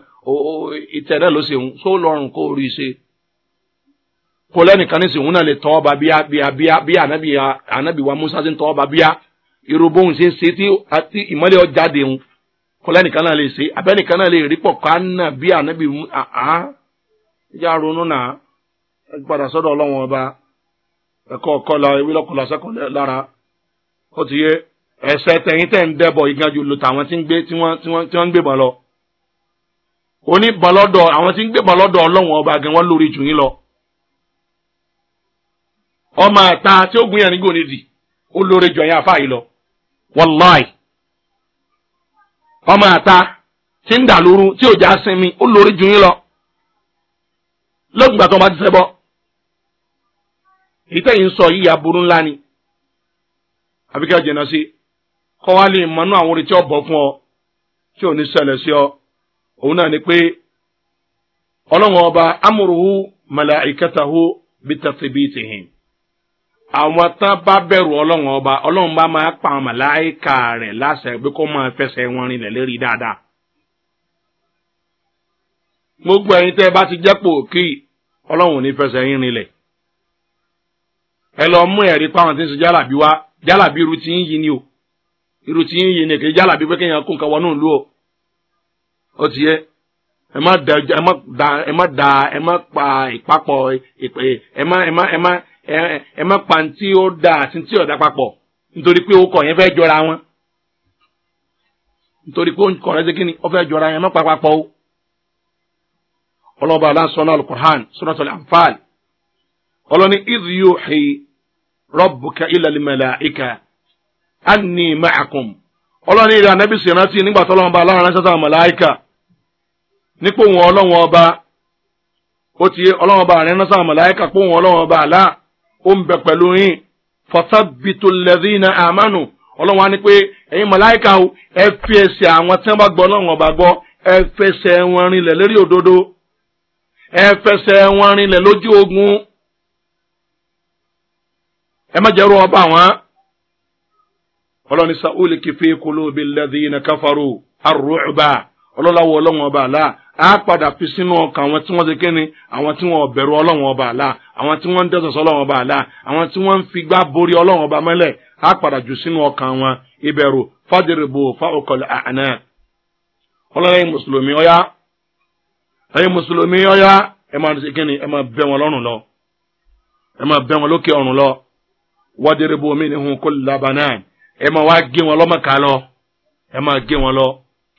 ìtẹ̀ náà ló ṣe òun tó lọ́rùn kó rí i ṣe kó lẹ́nìkan ní sìn òun náà lè tọ́ ọba bíá bíá bíá bí ànábì wa musa ti ń tọ́ ọba bíá irú bóun ṣe ń ṣe tí ìmọ́lẹ̀ ọjà dé òun kó lẹ́nìkan náà lè ṣe abẹ́nìkan náà lè rí pọ̀ ká náà bí ànábì mu àá ìjà ronú náà padà sọ́dọ̀ ọlọ́wọ́n ọba ẹ̀kọ́ ọ̀kọ́ la ewé lọ́kọ̀ làṣẹ́kọ̀ọ́ lára ó ti yé ẹsẹ̀ tẹ̀yìn tẹ̀ ń dẹ́bọ̀ ìganjú lu tàwọn tí wọn ń gbébọn lọ oníbọn lọ́dọ̀ àwọn tí ń ọba gan wọn lórí jù yín lọ ọmọ tí ó ó lórí jù lọ wàláì ọmọ àta tí ń tí ò já sinmi ó lórí jù yín lọ lọ́gbàtọ́ ọba ti sẹ́bọ̀ ìtẹ̀yìn sọ yíya burú ńlá ni. àbí kí a sí kọ́ wá mọnú àwọn orin tí ó bọ̀ fún ọ tí ò ní ṣẹlẹ̀ sí ọ òun náà ni pé ọlọ́run ọba amúruhu màláìkẹtàhu bitatibitihim àwọn tán bá bẹ̀rù ọlọ́run ọba ọlọ́run bá máa pa àwọn rẹ̀ láṣẹ pé kó máa fẹsẹ̀ wọn rinlẹ̀ lérí dáadáa gbogbo ti jẹ́pọ̀ kí ọlọ́run ò ní fẹsẹ̀ yín rinlẹ̀ ẹ lọ mú ẹ̀rí pa tí jálàbí iruti tí ń ni o irú tí ni kì í jálàbí pé kéèyàn kó nǹkan lu o ti yẹ ẹ ma da ẹ ma da ẹ da ẹ ma pa ìpapọ̀ ẹ o ẹ má ẹ má ẹ má pa ntí o da àti wọn nítorí pé okọ̀ yẹn kíni ó ẹ rọ́bùkà ilẹ̀ mẹ̀láìkà ánì mẹ́àkùn ọlọ́run ìrìn ànábì sì rántí nígbà tó lọ́wọ́ bá aláwọ̀ ránṣẹ́ sáà mẹ̀láìkà nípò wọn ọlọ́wọ́ ọba ó ti ọlọ́wọ́ bá ránṣẹ́ sáà mẹ̀láìkà pò wọn ọba àlá ó ń bẹ pẹ̀lú yín fọ́sábìtò lẹ́dínà àmánu ọlọ́wọ́ á ní pé o ẹ fi ẹsẹ̀ àwọn tí ọba gbọ ẹ wọn lórí òdodo ẹ má jẹ́rú ọba wọn. ọlọ́ni sa'ul kìfé kulubi alladhina kafaru ar-ru'ba ọlọ́láwọ̀ ọlọ́wọ̀n ọba àlá a padà fi sinu ọkàn àwọn tí wọ́n ṣe kíni àwọn tí wọ́n bẹ̀rù ọlọ́wọ̀n ọba àlá àwọn tí ń ọba àlá àwọn tí wọ́n ń figbá borí ọba mẹ́lẹ̀ jù sínú ọkàn wọn ọlọ́yìn mùsùlùmí wadiribu minhum kulla banan ẹ máa wa gé wọn lọ́mọ̀ká lọ ẹ máa gé wọn lọ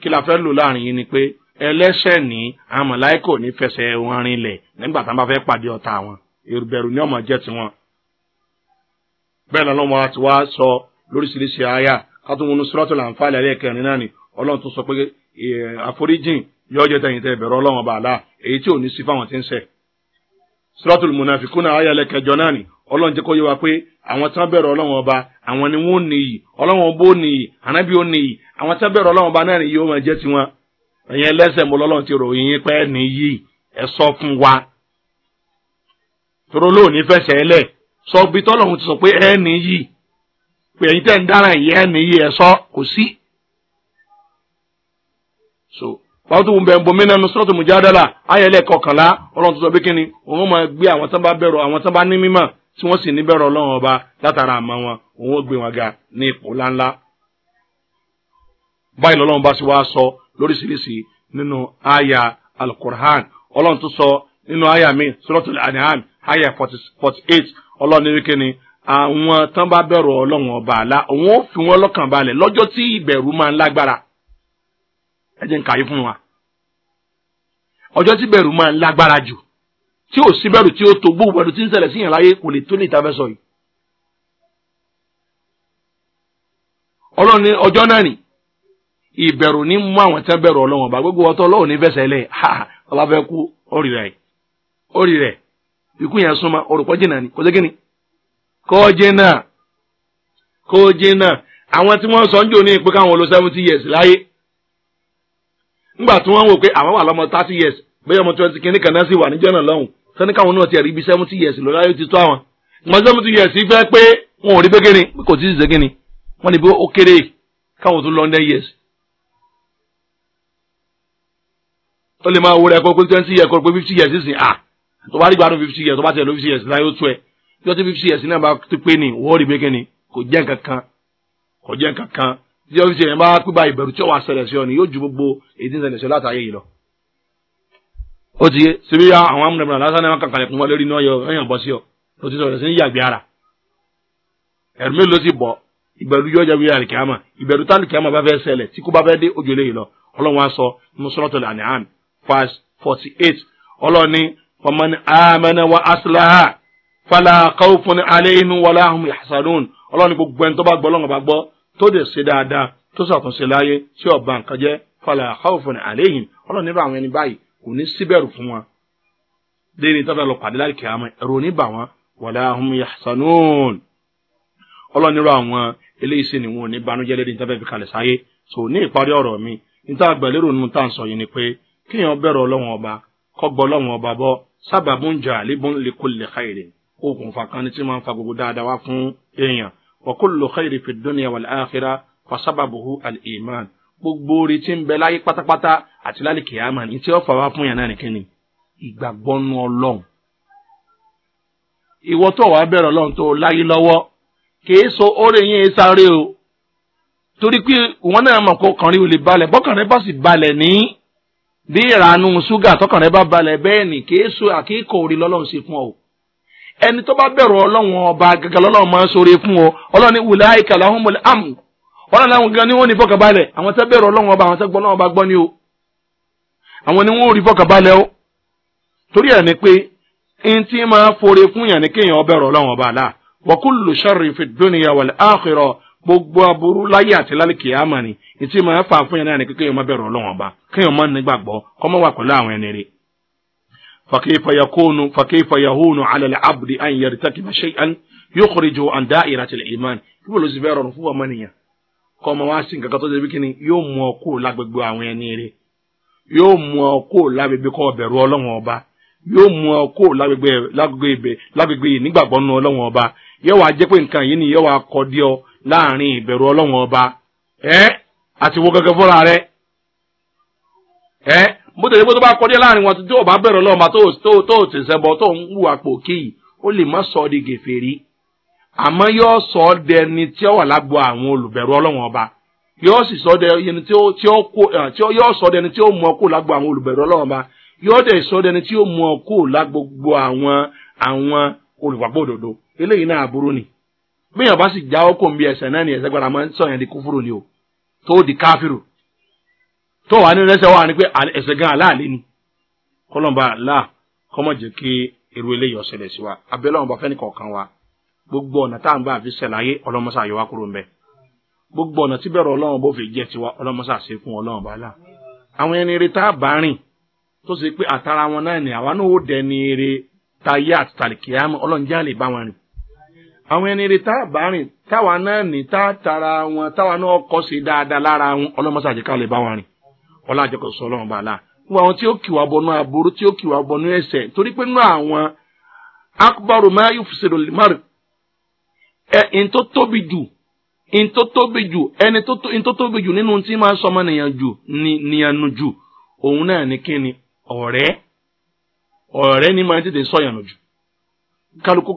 kí la fẹ́ lò láàrin yìí ni pé ẹlẹ́ṣẹ̀ ní àwọn ní fẹsẹ̀ wọn rinlẹ̀ nígbà tí wọ́n bá fẹ́ pàdé ọ̀tá wọn ìbẹ̀rù ni ọmọ jẹ́ tiwọn. bẹ́ẹ̀ ni ọlọ́mọ àti wá sọ lóríṣiríṣi àyà kátó suratul náà ni ọlọ́run tó sọ pé àforíjìn tẹ̀yìn tẹ̀ bẹ̀rẹ̀ ọlọ́run bàálà èyí tí ò ní sí fáwọn tí ń náà ọlọ́run jẹ́ kó yẹ wa pé àwọn tí wọ́n ọlọ́run ọba àwọn ni wọ́n nìyí ọlọ́run ọba ò nìyí ànábì ò nìyí àwọn tí wọ́n niyi ọlọ́run ọba náà nìyí ó máa jẹ́ tiwọn ẹ̀yin ẹlẹ́sẹ̀ mo lọ́lọ́run ti ròyìn yín pé nìyí ẹ sọ fún wa lóò ní fẹsẹ̀ sọ bí tọ́lọ́run ti sọ pé ẹ nìyí pé ẹ̀yin tẹ̀ ń dára ẹ nìyí ẹ sọ kò sí. so pàtó sọ́tò kọkànlá ọlọ́run ti sọ pé kíni òun máa gbé àwọn tán bá bẹ̀rù àwọn tán bá tí wọ́n sì bẹ̀rọ ọlọ́run ọba látara àmọ́ wọn òun ó gbé wọn ga ní ipò ńláńlá. báyìí lọ́lọ́run bá sì wá sọ lóríṣiríṣi nínú àyà alukur'an ọlọ́run tó sọ nínú àyà mi suratul an'am àyà forty eight ọlọ́run tán bá ọlọ́run ọba àlá òun ó fi wọn lọ́kàn balẹ̀ lọ́jọ́ tí ìbẹ̀rù tí ìbẹ̀rù tí ò síbẹ̀rù tí ó tó gbogbo ẹ̀rù tí ń ṣẹlẹ̀ sí yàn láyé kò lè tó ní ìtafẹ́ sọ yìí. ọlọ́run ní ọjọ́ náà nì ìbẹ̀rù ní mú àwọn tẹ́ bẹ̀rù ọlọ́run ọba gbogbo ọtọ́ ọlọ́run ní fẹsẹ̀ lẹ̀ ha kú rẹ̀ orúkọ jìnnà ni kò kò jìnnà kò jìnnà àwọn tí wọ́n sọ ń jò ní lo seventy years láyé tí wọ́n wò pé wà lọ́mọ thirty years bẹ́ẹ̀ ọmọ twenty kìíní kan náà sì wà sani káwọn náà ti ẹ̀rí ibi seventy years lọ láyé ti tó àwọn ìmọ̀ seventy years fẹ́ pé wọn ò rí pé kíni kò tí ì ṣe kíni wọn ni pé ó kéré káwọn tó lọ ten years. ó lè máa wo rẹ̀ kọ́ pé twenty years kọ́ pé fifty years sì à tó bá rí gbàdún fifty years tó bá ti ẹ̀ lọ fifty years láyé ó tó ẹ̀ yóò ti fifty years náà bá ti pé ni wọ́n rí pé kíni kò jẹ́ nǹkan kan kò jẹ́ nǹkan kan tí ọ́fíìsì yẹn bá pípa ìbẹ̀rù tí ó wà ṣẹlẹ̀ sí ọ ni yóò ju gbogbo èdè ìṣẹ̀lẹ̀ sí ọ látàyè yìí lọ ó ti yé síbi ya àwọn amúnẹ̀múnẹ̀ lásán náà kankan ẹ̀kún wọlé rí náà yọ ẹ̀yàn bọ́ sí ọ ló ti sọ̀rọ̀ sí ní yàgbé ara ẹ̀rù mélòó sì bọ̀ ìbẹ̀rù yóò jẹ́ wíyà àlìkíyàmà ìbẹ̀rù tá àlìkíyàmà bá fẹ́ ṣẹlẹ̀ tí kò bá fẹ́ dé ojú lè lọ ọlọ́run á sọ nínú suratul An'am verse forty eight ọlọ́run ní faman amana wa aslaha fala khawfun alayhim wala hum yahzanun ọlọ́run gbogbo ẹni tó bá gbọ́ ọlọ́run bá gbọ́ tó dẹ̀ ṣe dáadáa tó ṣàtúnṣe láyé tí ó ba nǹkan jẹ́ fala khawfun alayhim ọlọ́run nírú àwọn ẹni báyìí kò ní síbẹ̀rù fún wọn léèrè tọ́fẹ́ lọ pàdé láì kíámà ẹ̀rù ní bà wọ́n wala hum yahsanun ọlọ́ni rọ àwọn eléyìí sì ni wọn ò ní banújẹ́ léèrè tọ́fẹ́ fi kalẹ̀ sáyé so ní ìparí ọ̀rọ̀ mi níta àgbẹ̀lérò nínú tá à ń sọ yìí ni pé kéèyàn bẹ̀rù ọlọ́wọ́n ọba kọ́gbọ́ ọlọ́wọ́n ọba bọ́ sábàbùn jalibun li kulli khairin okùnfà kan tí máa ń fa gbogbo dáadáa wá fún èèyàn wa kullu khairi fi dunya wal akhirah fa sababuhu al iman gbogbo orí tí ń bẹ láyé pátápátá àti lálẹ́ kìámà ní tí ó fà wá fún ni ọlọ́run ìwọ tó wàá bẹ̀rẹ̀ ọlọ́run tó láyé lọ́wọ́ kìí so orí yín sáré o torí pé wọn náà mọ̀ kó kàn rí olè balẹ̀ bọ́kàn rẹ bá sì balẹ̀ ní bí ṣúgà tọkàn rẹ bá ni kìí so orí lọ́lọ́run fún ọ ẹni tó bá bẹ̀rù ọlọ́run ọba gàgà lọ́lọ́run máa ń sọ̀rọ̀ ọ ọlọ́run ni wùlẹ́ àìkàlà ọ̀hún mọ̀lẹ́ àmù kọ́lá làwọn gan ni wọ́n ní fọkànbalẹ̀ àwọn tẹ́ bẹ̀rẹ̀ ọlọ́wọ́n ọba àwọn tẹ́ gbọ́ ọlọ́wọ́n ọba gbọ́ ni o àwọn ni wọ́n rí fọkànbalẹ̀ o torí ẹ̀ ni pé n tí máa fore fún yàn ní kéèyàn ọbẹ̀rẹ̀ ọlọ́wọ́n ọba àlá wa kullu sharri fi dunya wal akhirah gbogbo aburú láyé àti lálẹ́ kìámà ni n tí máa fà fún yàn ni kéèyàn má bẹ̀rẹ̀ ọba kéèyàn má nígbàgbọ́ kó má wà pẹ̀lú àwọn ẹni rẹ̀ فكيف يكون فكيف على العبد أن يرتكب شيئا يخرجه عن دائرة الإيمان يقول زبير رفوة منية kọ́ ọmọ wa sí nǹkan kan tó ṣe bí kíni yóò mú ọ kúrò lágbègbè àwọn ẹni rẹ yóò mú ọ kúrò lágbègbè kọ́ ọbẹ̀rù ọlọ́wọ́n ọba yóò mú ọ kúrò lágbègbè yìí nígbàgbọ́ nù ọlọ́wọ́n ọba yóò wá jẹ́ pé nǹkan yìí ni yóò wá kọ́ dí ọ láàrin ìbẹ̀rù ọlọ́wọ́n ọba ẹ́ àti wo gẹ́gẹ́ fúnra rẹ ẹ́ àmọ́ yóò sọ ọ́ dẹni tí ó wà lágbo àwọn olùbẹ̀rù ọlọ́wọ́n ọba yóò sì sọ dẹni tí ó tí ó kó eh, tí ó yóò sọ dẹni tí ó mú ọ kó lágbo àwọn olùbẹ̀rù ọlọ́wọ́n ọba yóò dẹ̀ sọ dẹni tí ó mú ọ kó lágbogbo àwọn àwọn olùgbàgbọ́ òdodo eléyìí náà aburú ni bíyàn bá sì já ọkọ̀ ń ẹsẹ̀ náà ni ẹsẹ̀ gbọ́dọ̀ máa sọ yẹn di kúfúrú ni o tó di káfíru tó wà nínú ẹsẹ̀ wà ní pé ẹsẹ̀ gan aláàlẹ́ ni kọ́lọ́mbà aláà kọ́mọ̀jẹ̀ kí irú eléyìí ọ̀sẹ̀ lẹ̀ sí wa abẹ́lẹ́ wọn bá fẹ́ nìkan kan wa. gbogbo ọ̀nà tá à ń gbà fi ṣẹ̀láyé ọlọ́mọṣà kúrò ńbẹ gbogbo ọ̀nà tí bẹ̀rù ọlọ́run bó fi jẹ́ tiwa ọlọ́mọṣà ṣe fún ọlọ́run bá là àwọn ẹni rẹ tá a bá rìn tó ṣe pé àtàrà wọn náà ni àwa náà ó dẹni rẹ tayé àti ọlọ́run lè bá wọn rìn àwọn ẹni tá a bá rìn táwa wọn táwa náà kọ́ ẹ ntó tóbi jù ntó tóbi jù ẹni tó tóbi jù nínú tí máa sọmọ nìyàn jù nìyànnú jù òun náà ní kíni ọ̀rẹ́ ọ̀rẹ́ ni máa tètè sọ yànnú jù kálukú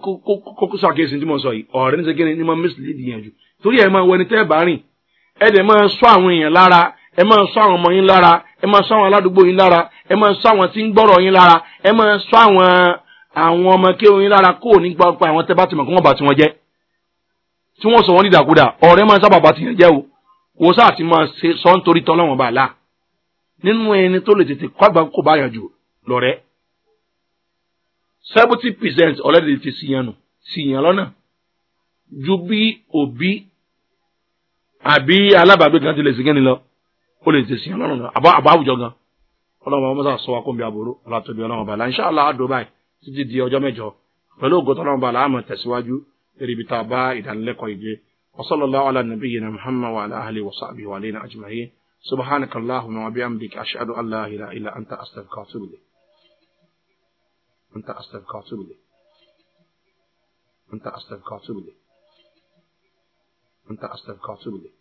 kókó sàkíyèsí tí mo sọ yìí ọ̀rẹ́ ní sẹ́kẹ́ni ni máa mísìlì dìyàn jù torí ẹ̀ máa wọ ẹni tẹ́ ẹ̀ bá rìn ẹ̀ dẹ̀ máa sọ àwọn èèyàn lára ẹ máa sọ àwọn ọmọ yín lára ẹ máa sọ àwọn aládùúgbò yín lára ẹ máa sọ àwọn tí ń gbọ́rọ̀ yín lára ẹ máa sọ àwọn àwọn ọmọ kéwọn yín lára kó o ní gbàgbọ́ àwọn tẹ́ bá ti mọ̀ kó wọ́n bá tiwọn jẹ́ tí wọ́n sọ wọ́n nídàkúdà ọ̀rẹ́ máa ń sábà bá tìyàn jẹ́ o wò sáà ti máa ṣe sọ nítorí tán láwọn bá a la nínú ẹni tó lè tètè kọ́ àgbà kó bá yàn jù lọ́rẹ́ seventy percent ọ̀lẹ́dẹ̀ ti sì yàn nù sì yàn lọ́nà ju bí òbí àbí alábàágbé gan ti lè sìnkẹ́ni lọ ó lè tètè sì lọ́nà àbá àwùjọ gan ọlọ́run ọmọ sọ wa kó n bí aburú ọlọ́run tóbi ọlọ́run bá a la inṣàlá àdó báyìí títí di ọjọ́ mẹ́jọ pẹ̀lú ògùn tọ́lọ́run bá a la àmọ̀ tẹ̀síwájú. ربطا با إذا يجي وصلى الله على نبينا محمد وعلى أهله وصحبه وعلينا أجمعين سبحانك اللهم وبحمدك أشهد أن لا إله إلا أنت أستغفرك وأتوب إليك أنت أستغفرك وأتوب إليك أنت أستغفرك وأتوب إليك أنت أستغفرك وأتوب إليك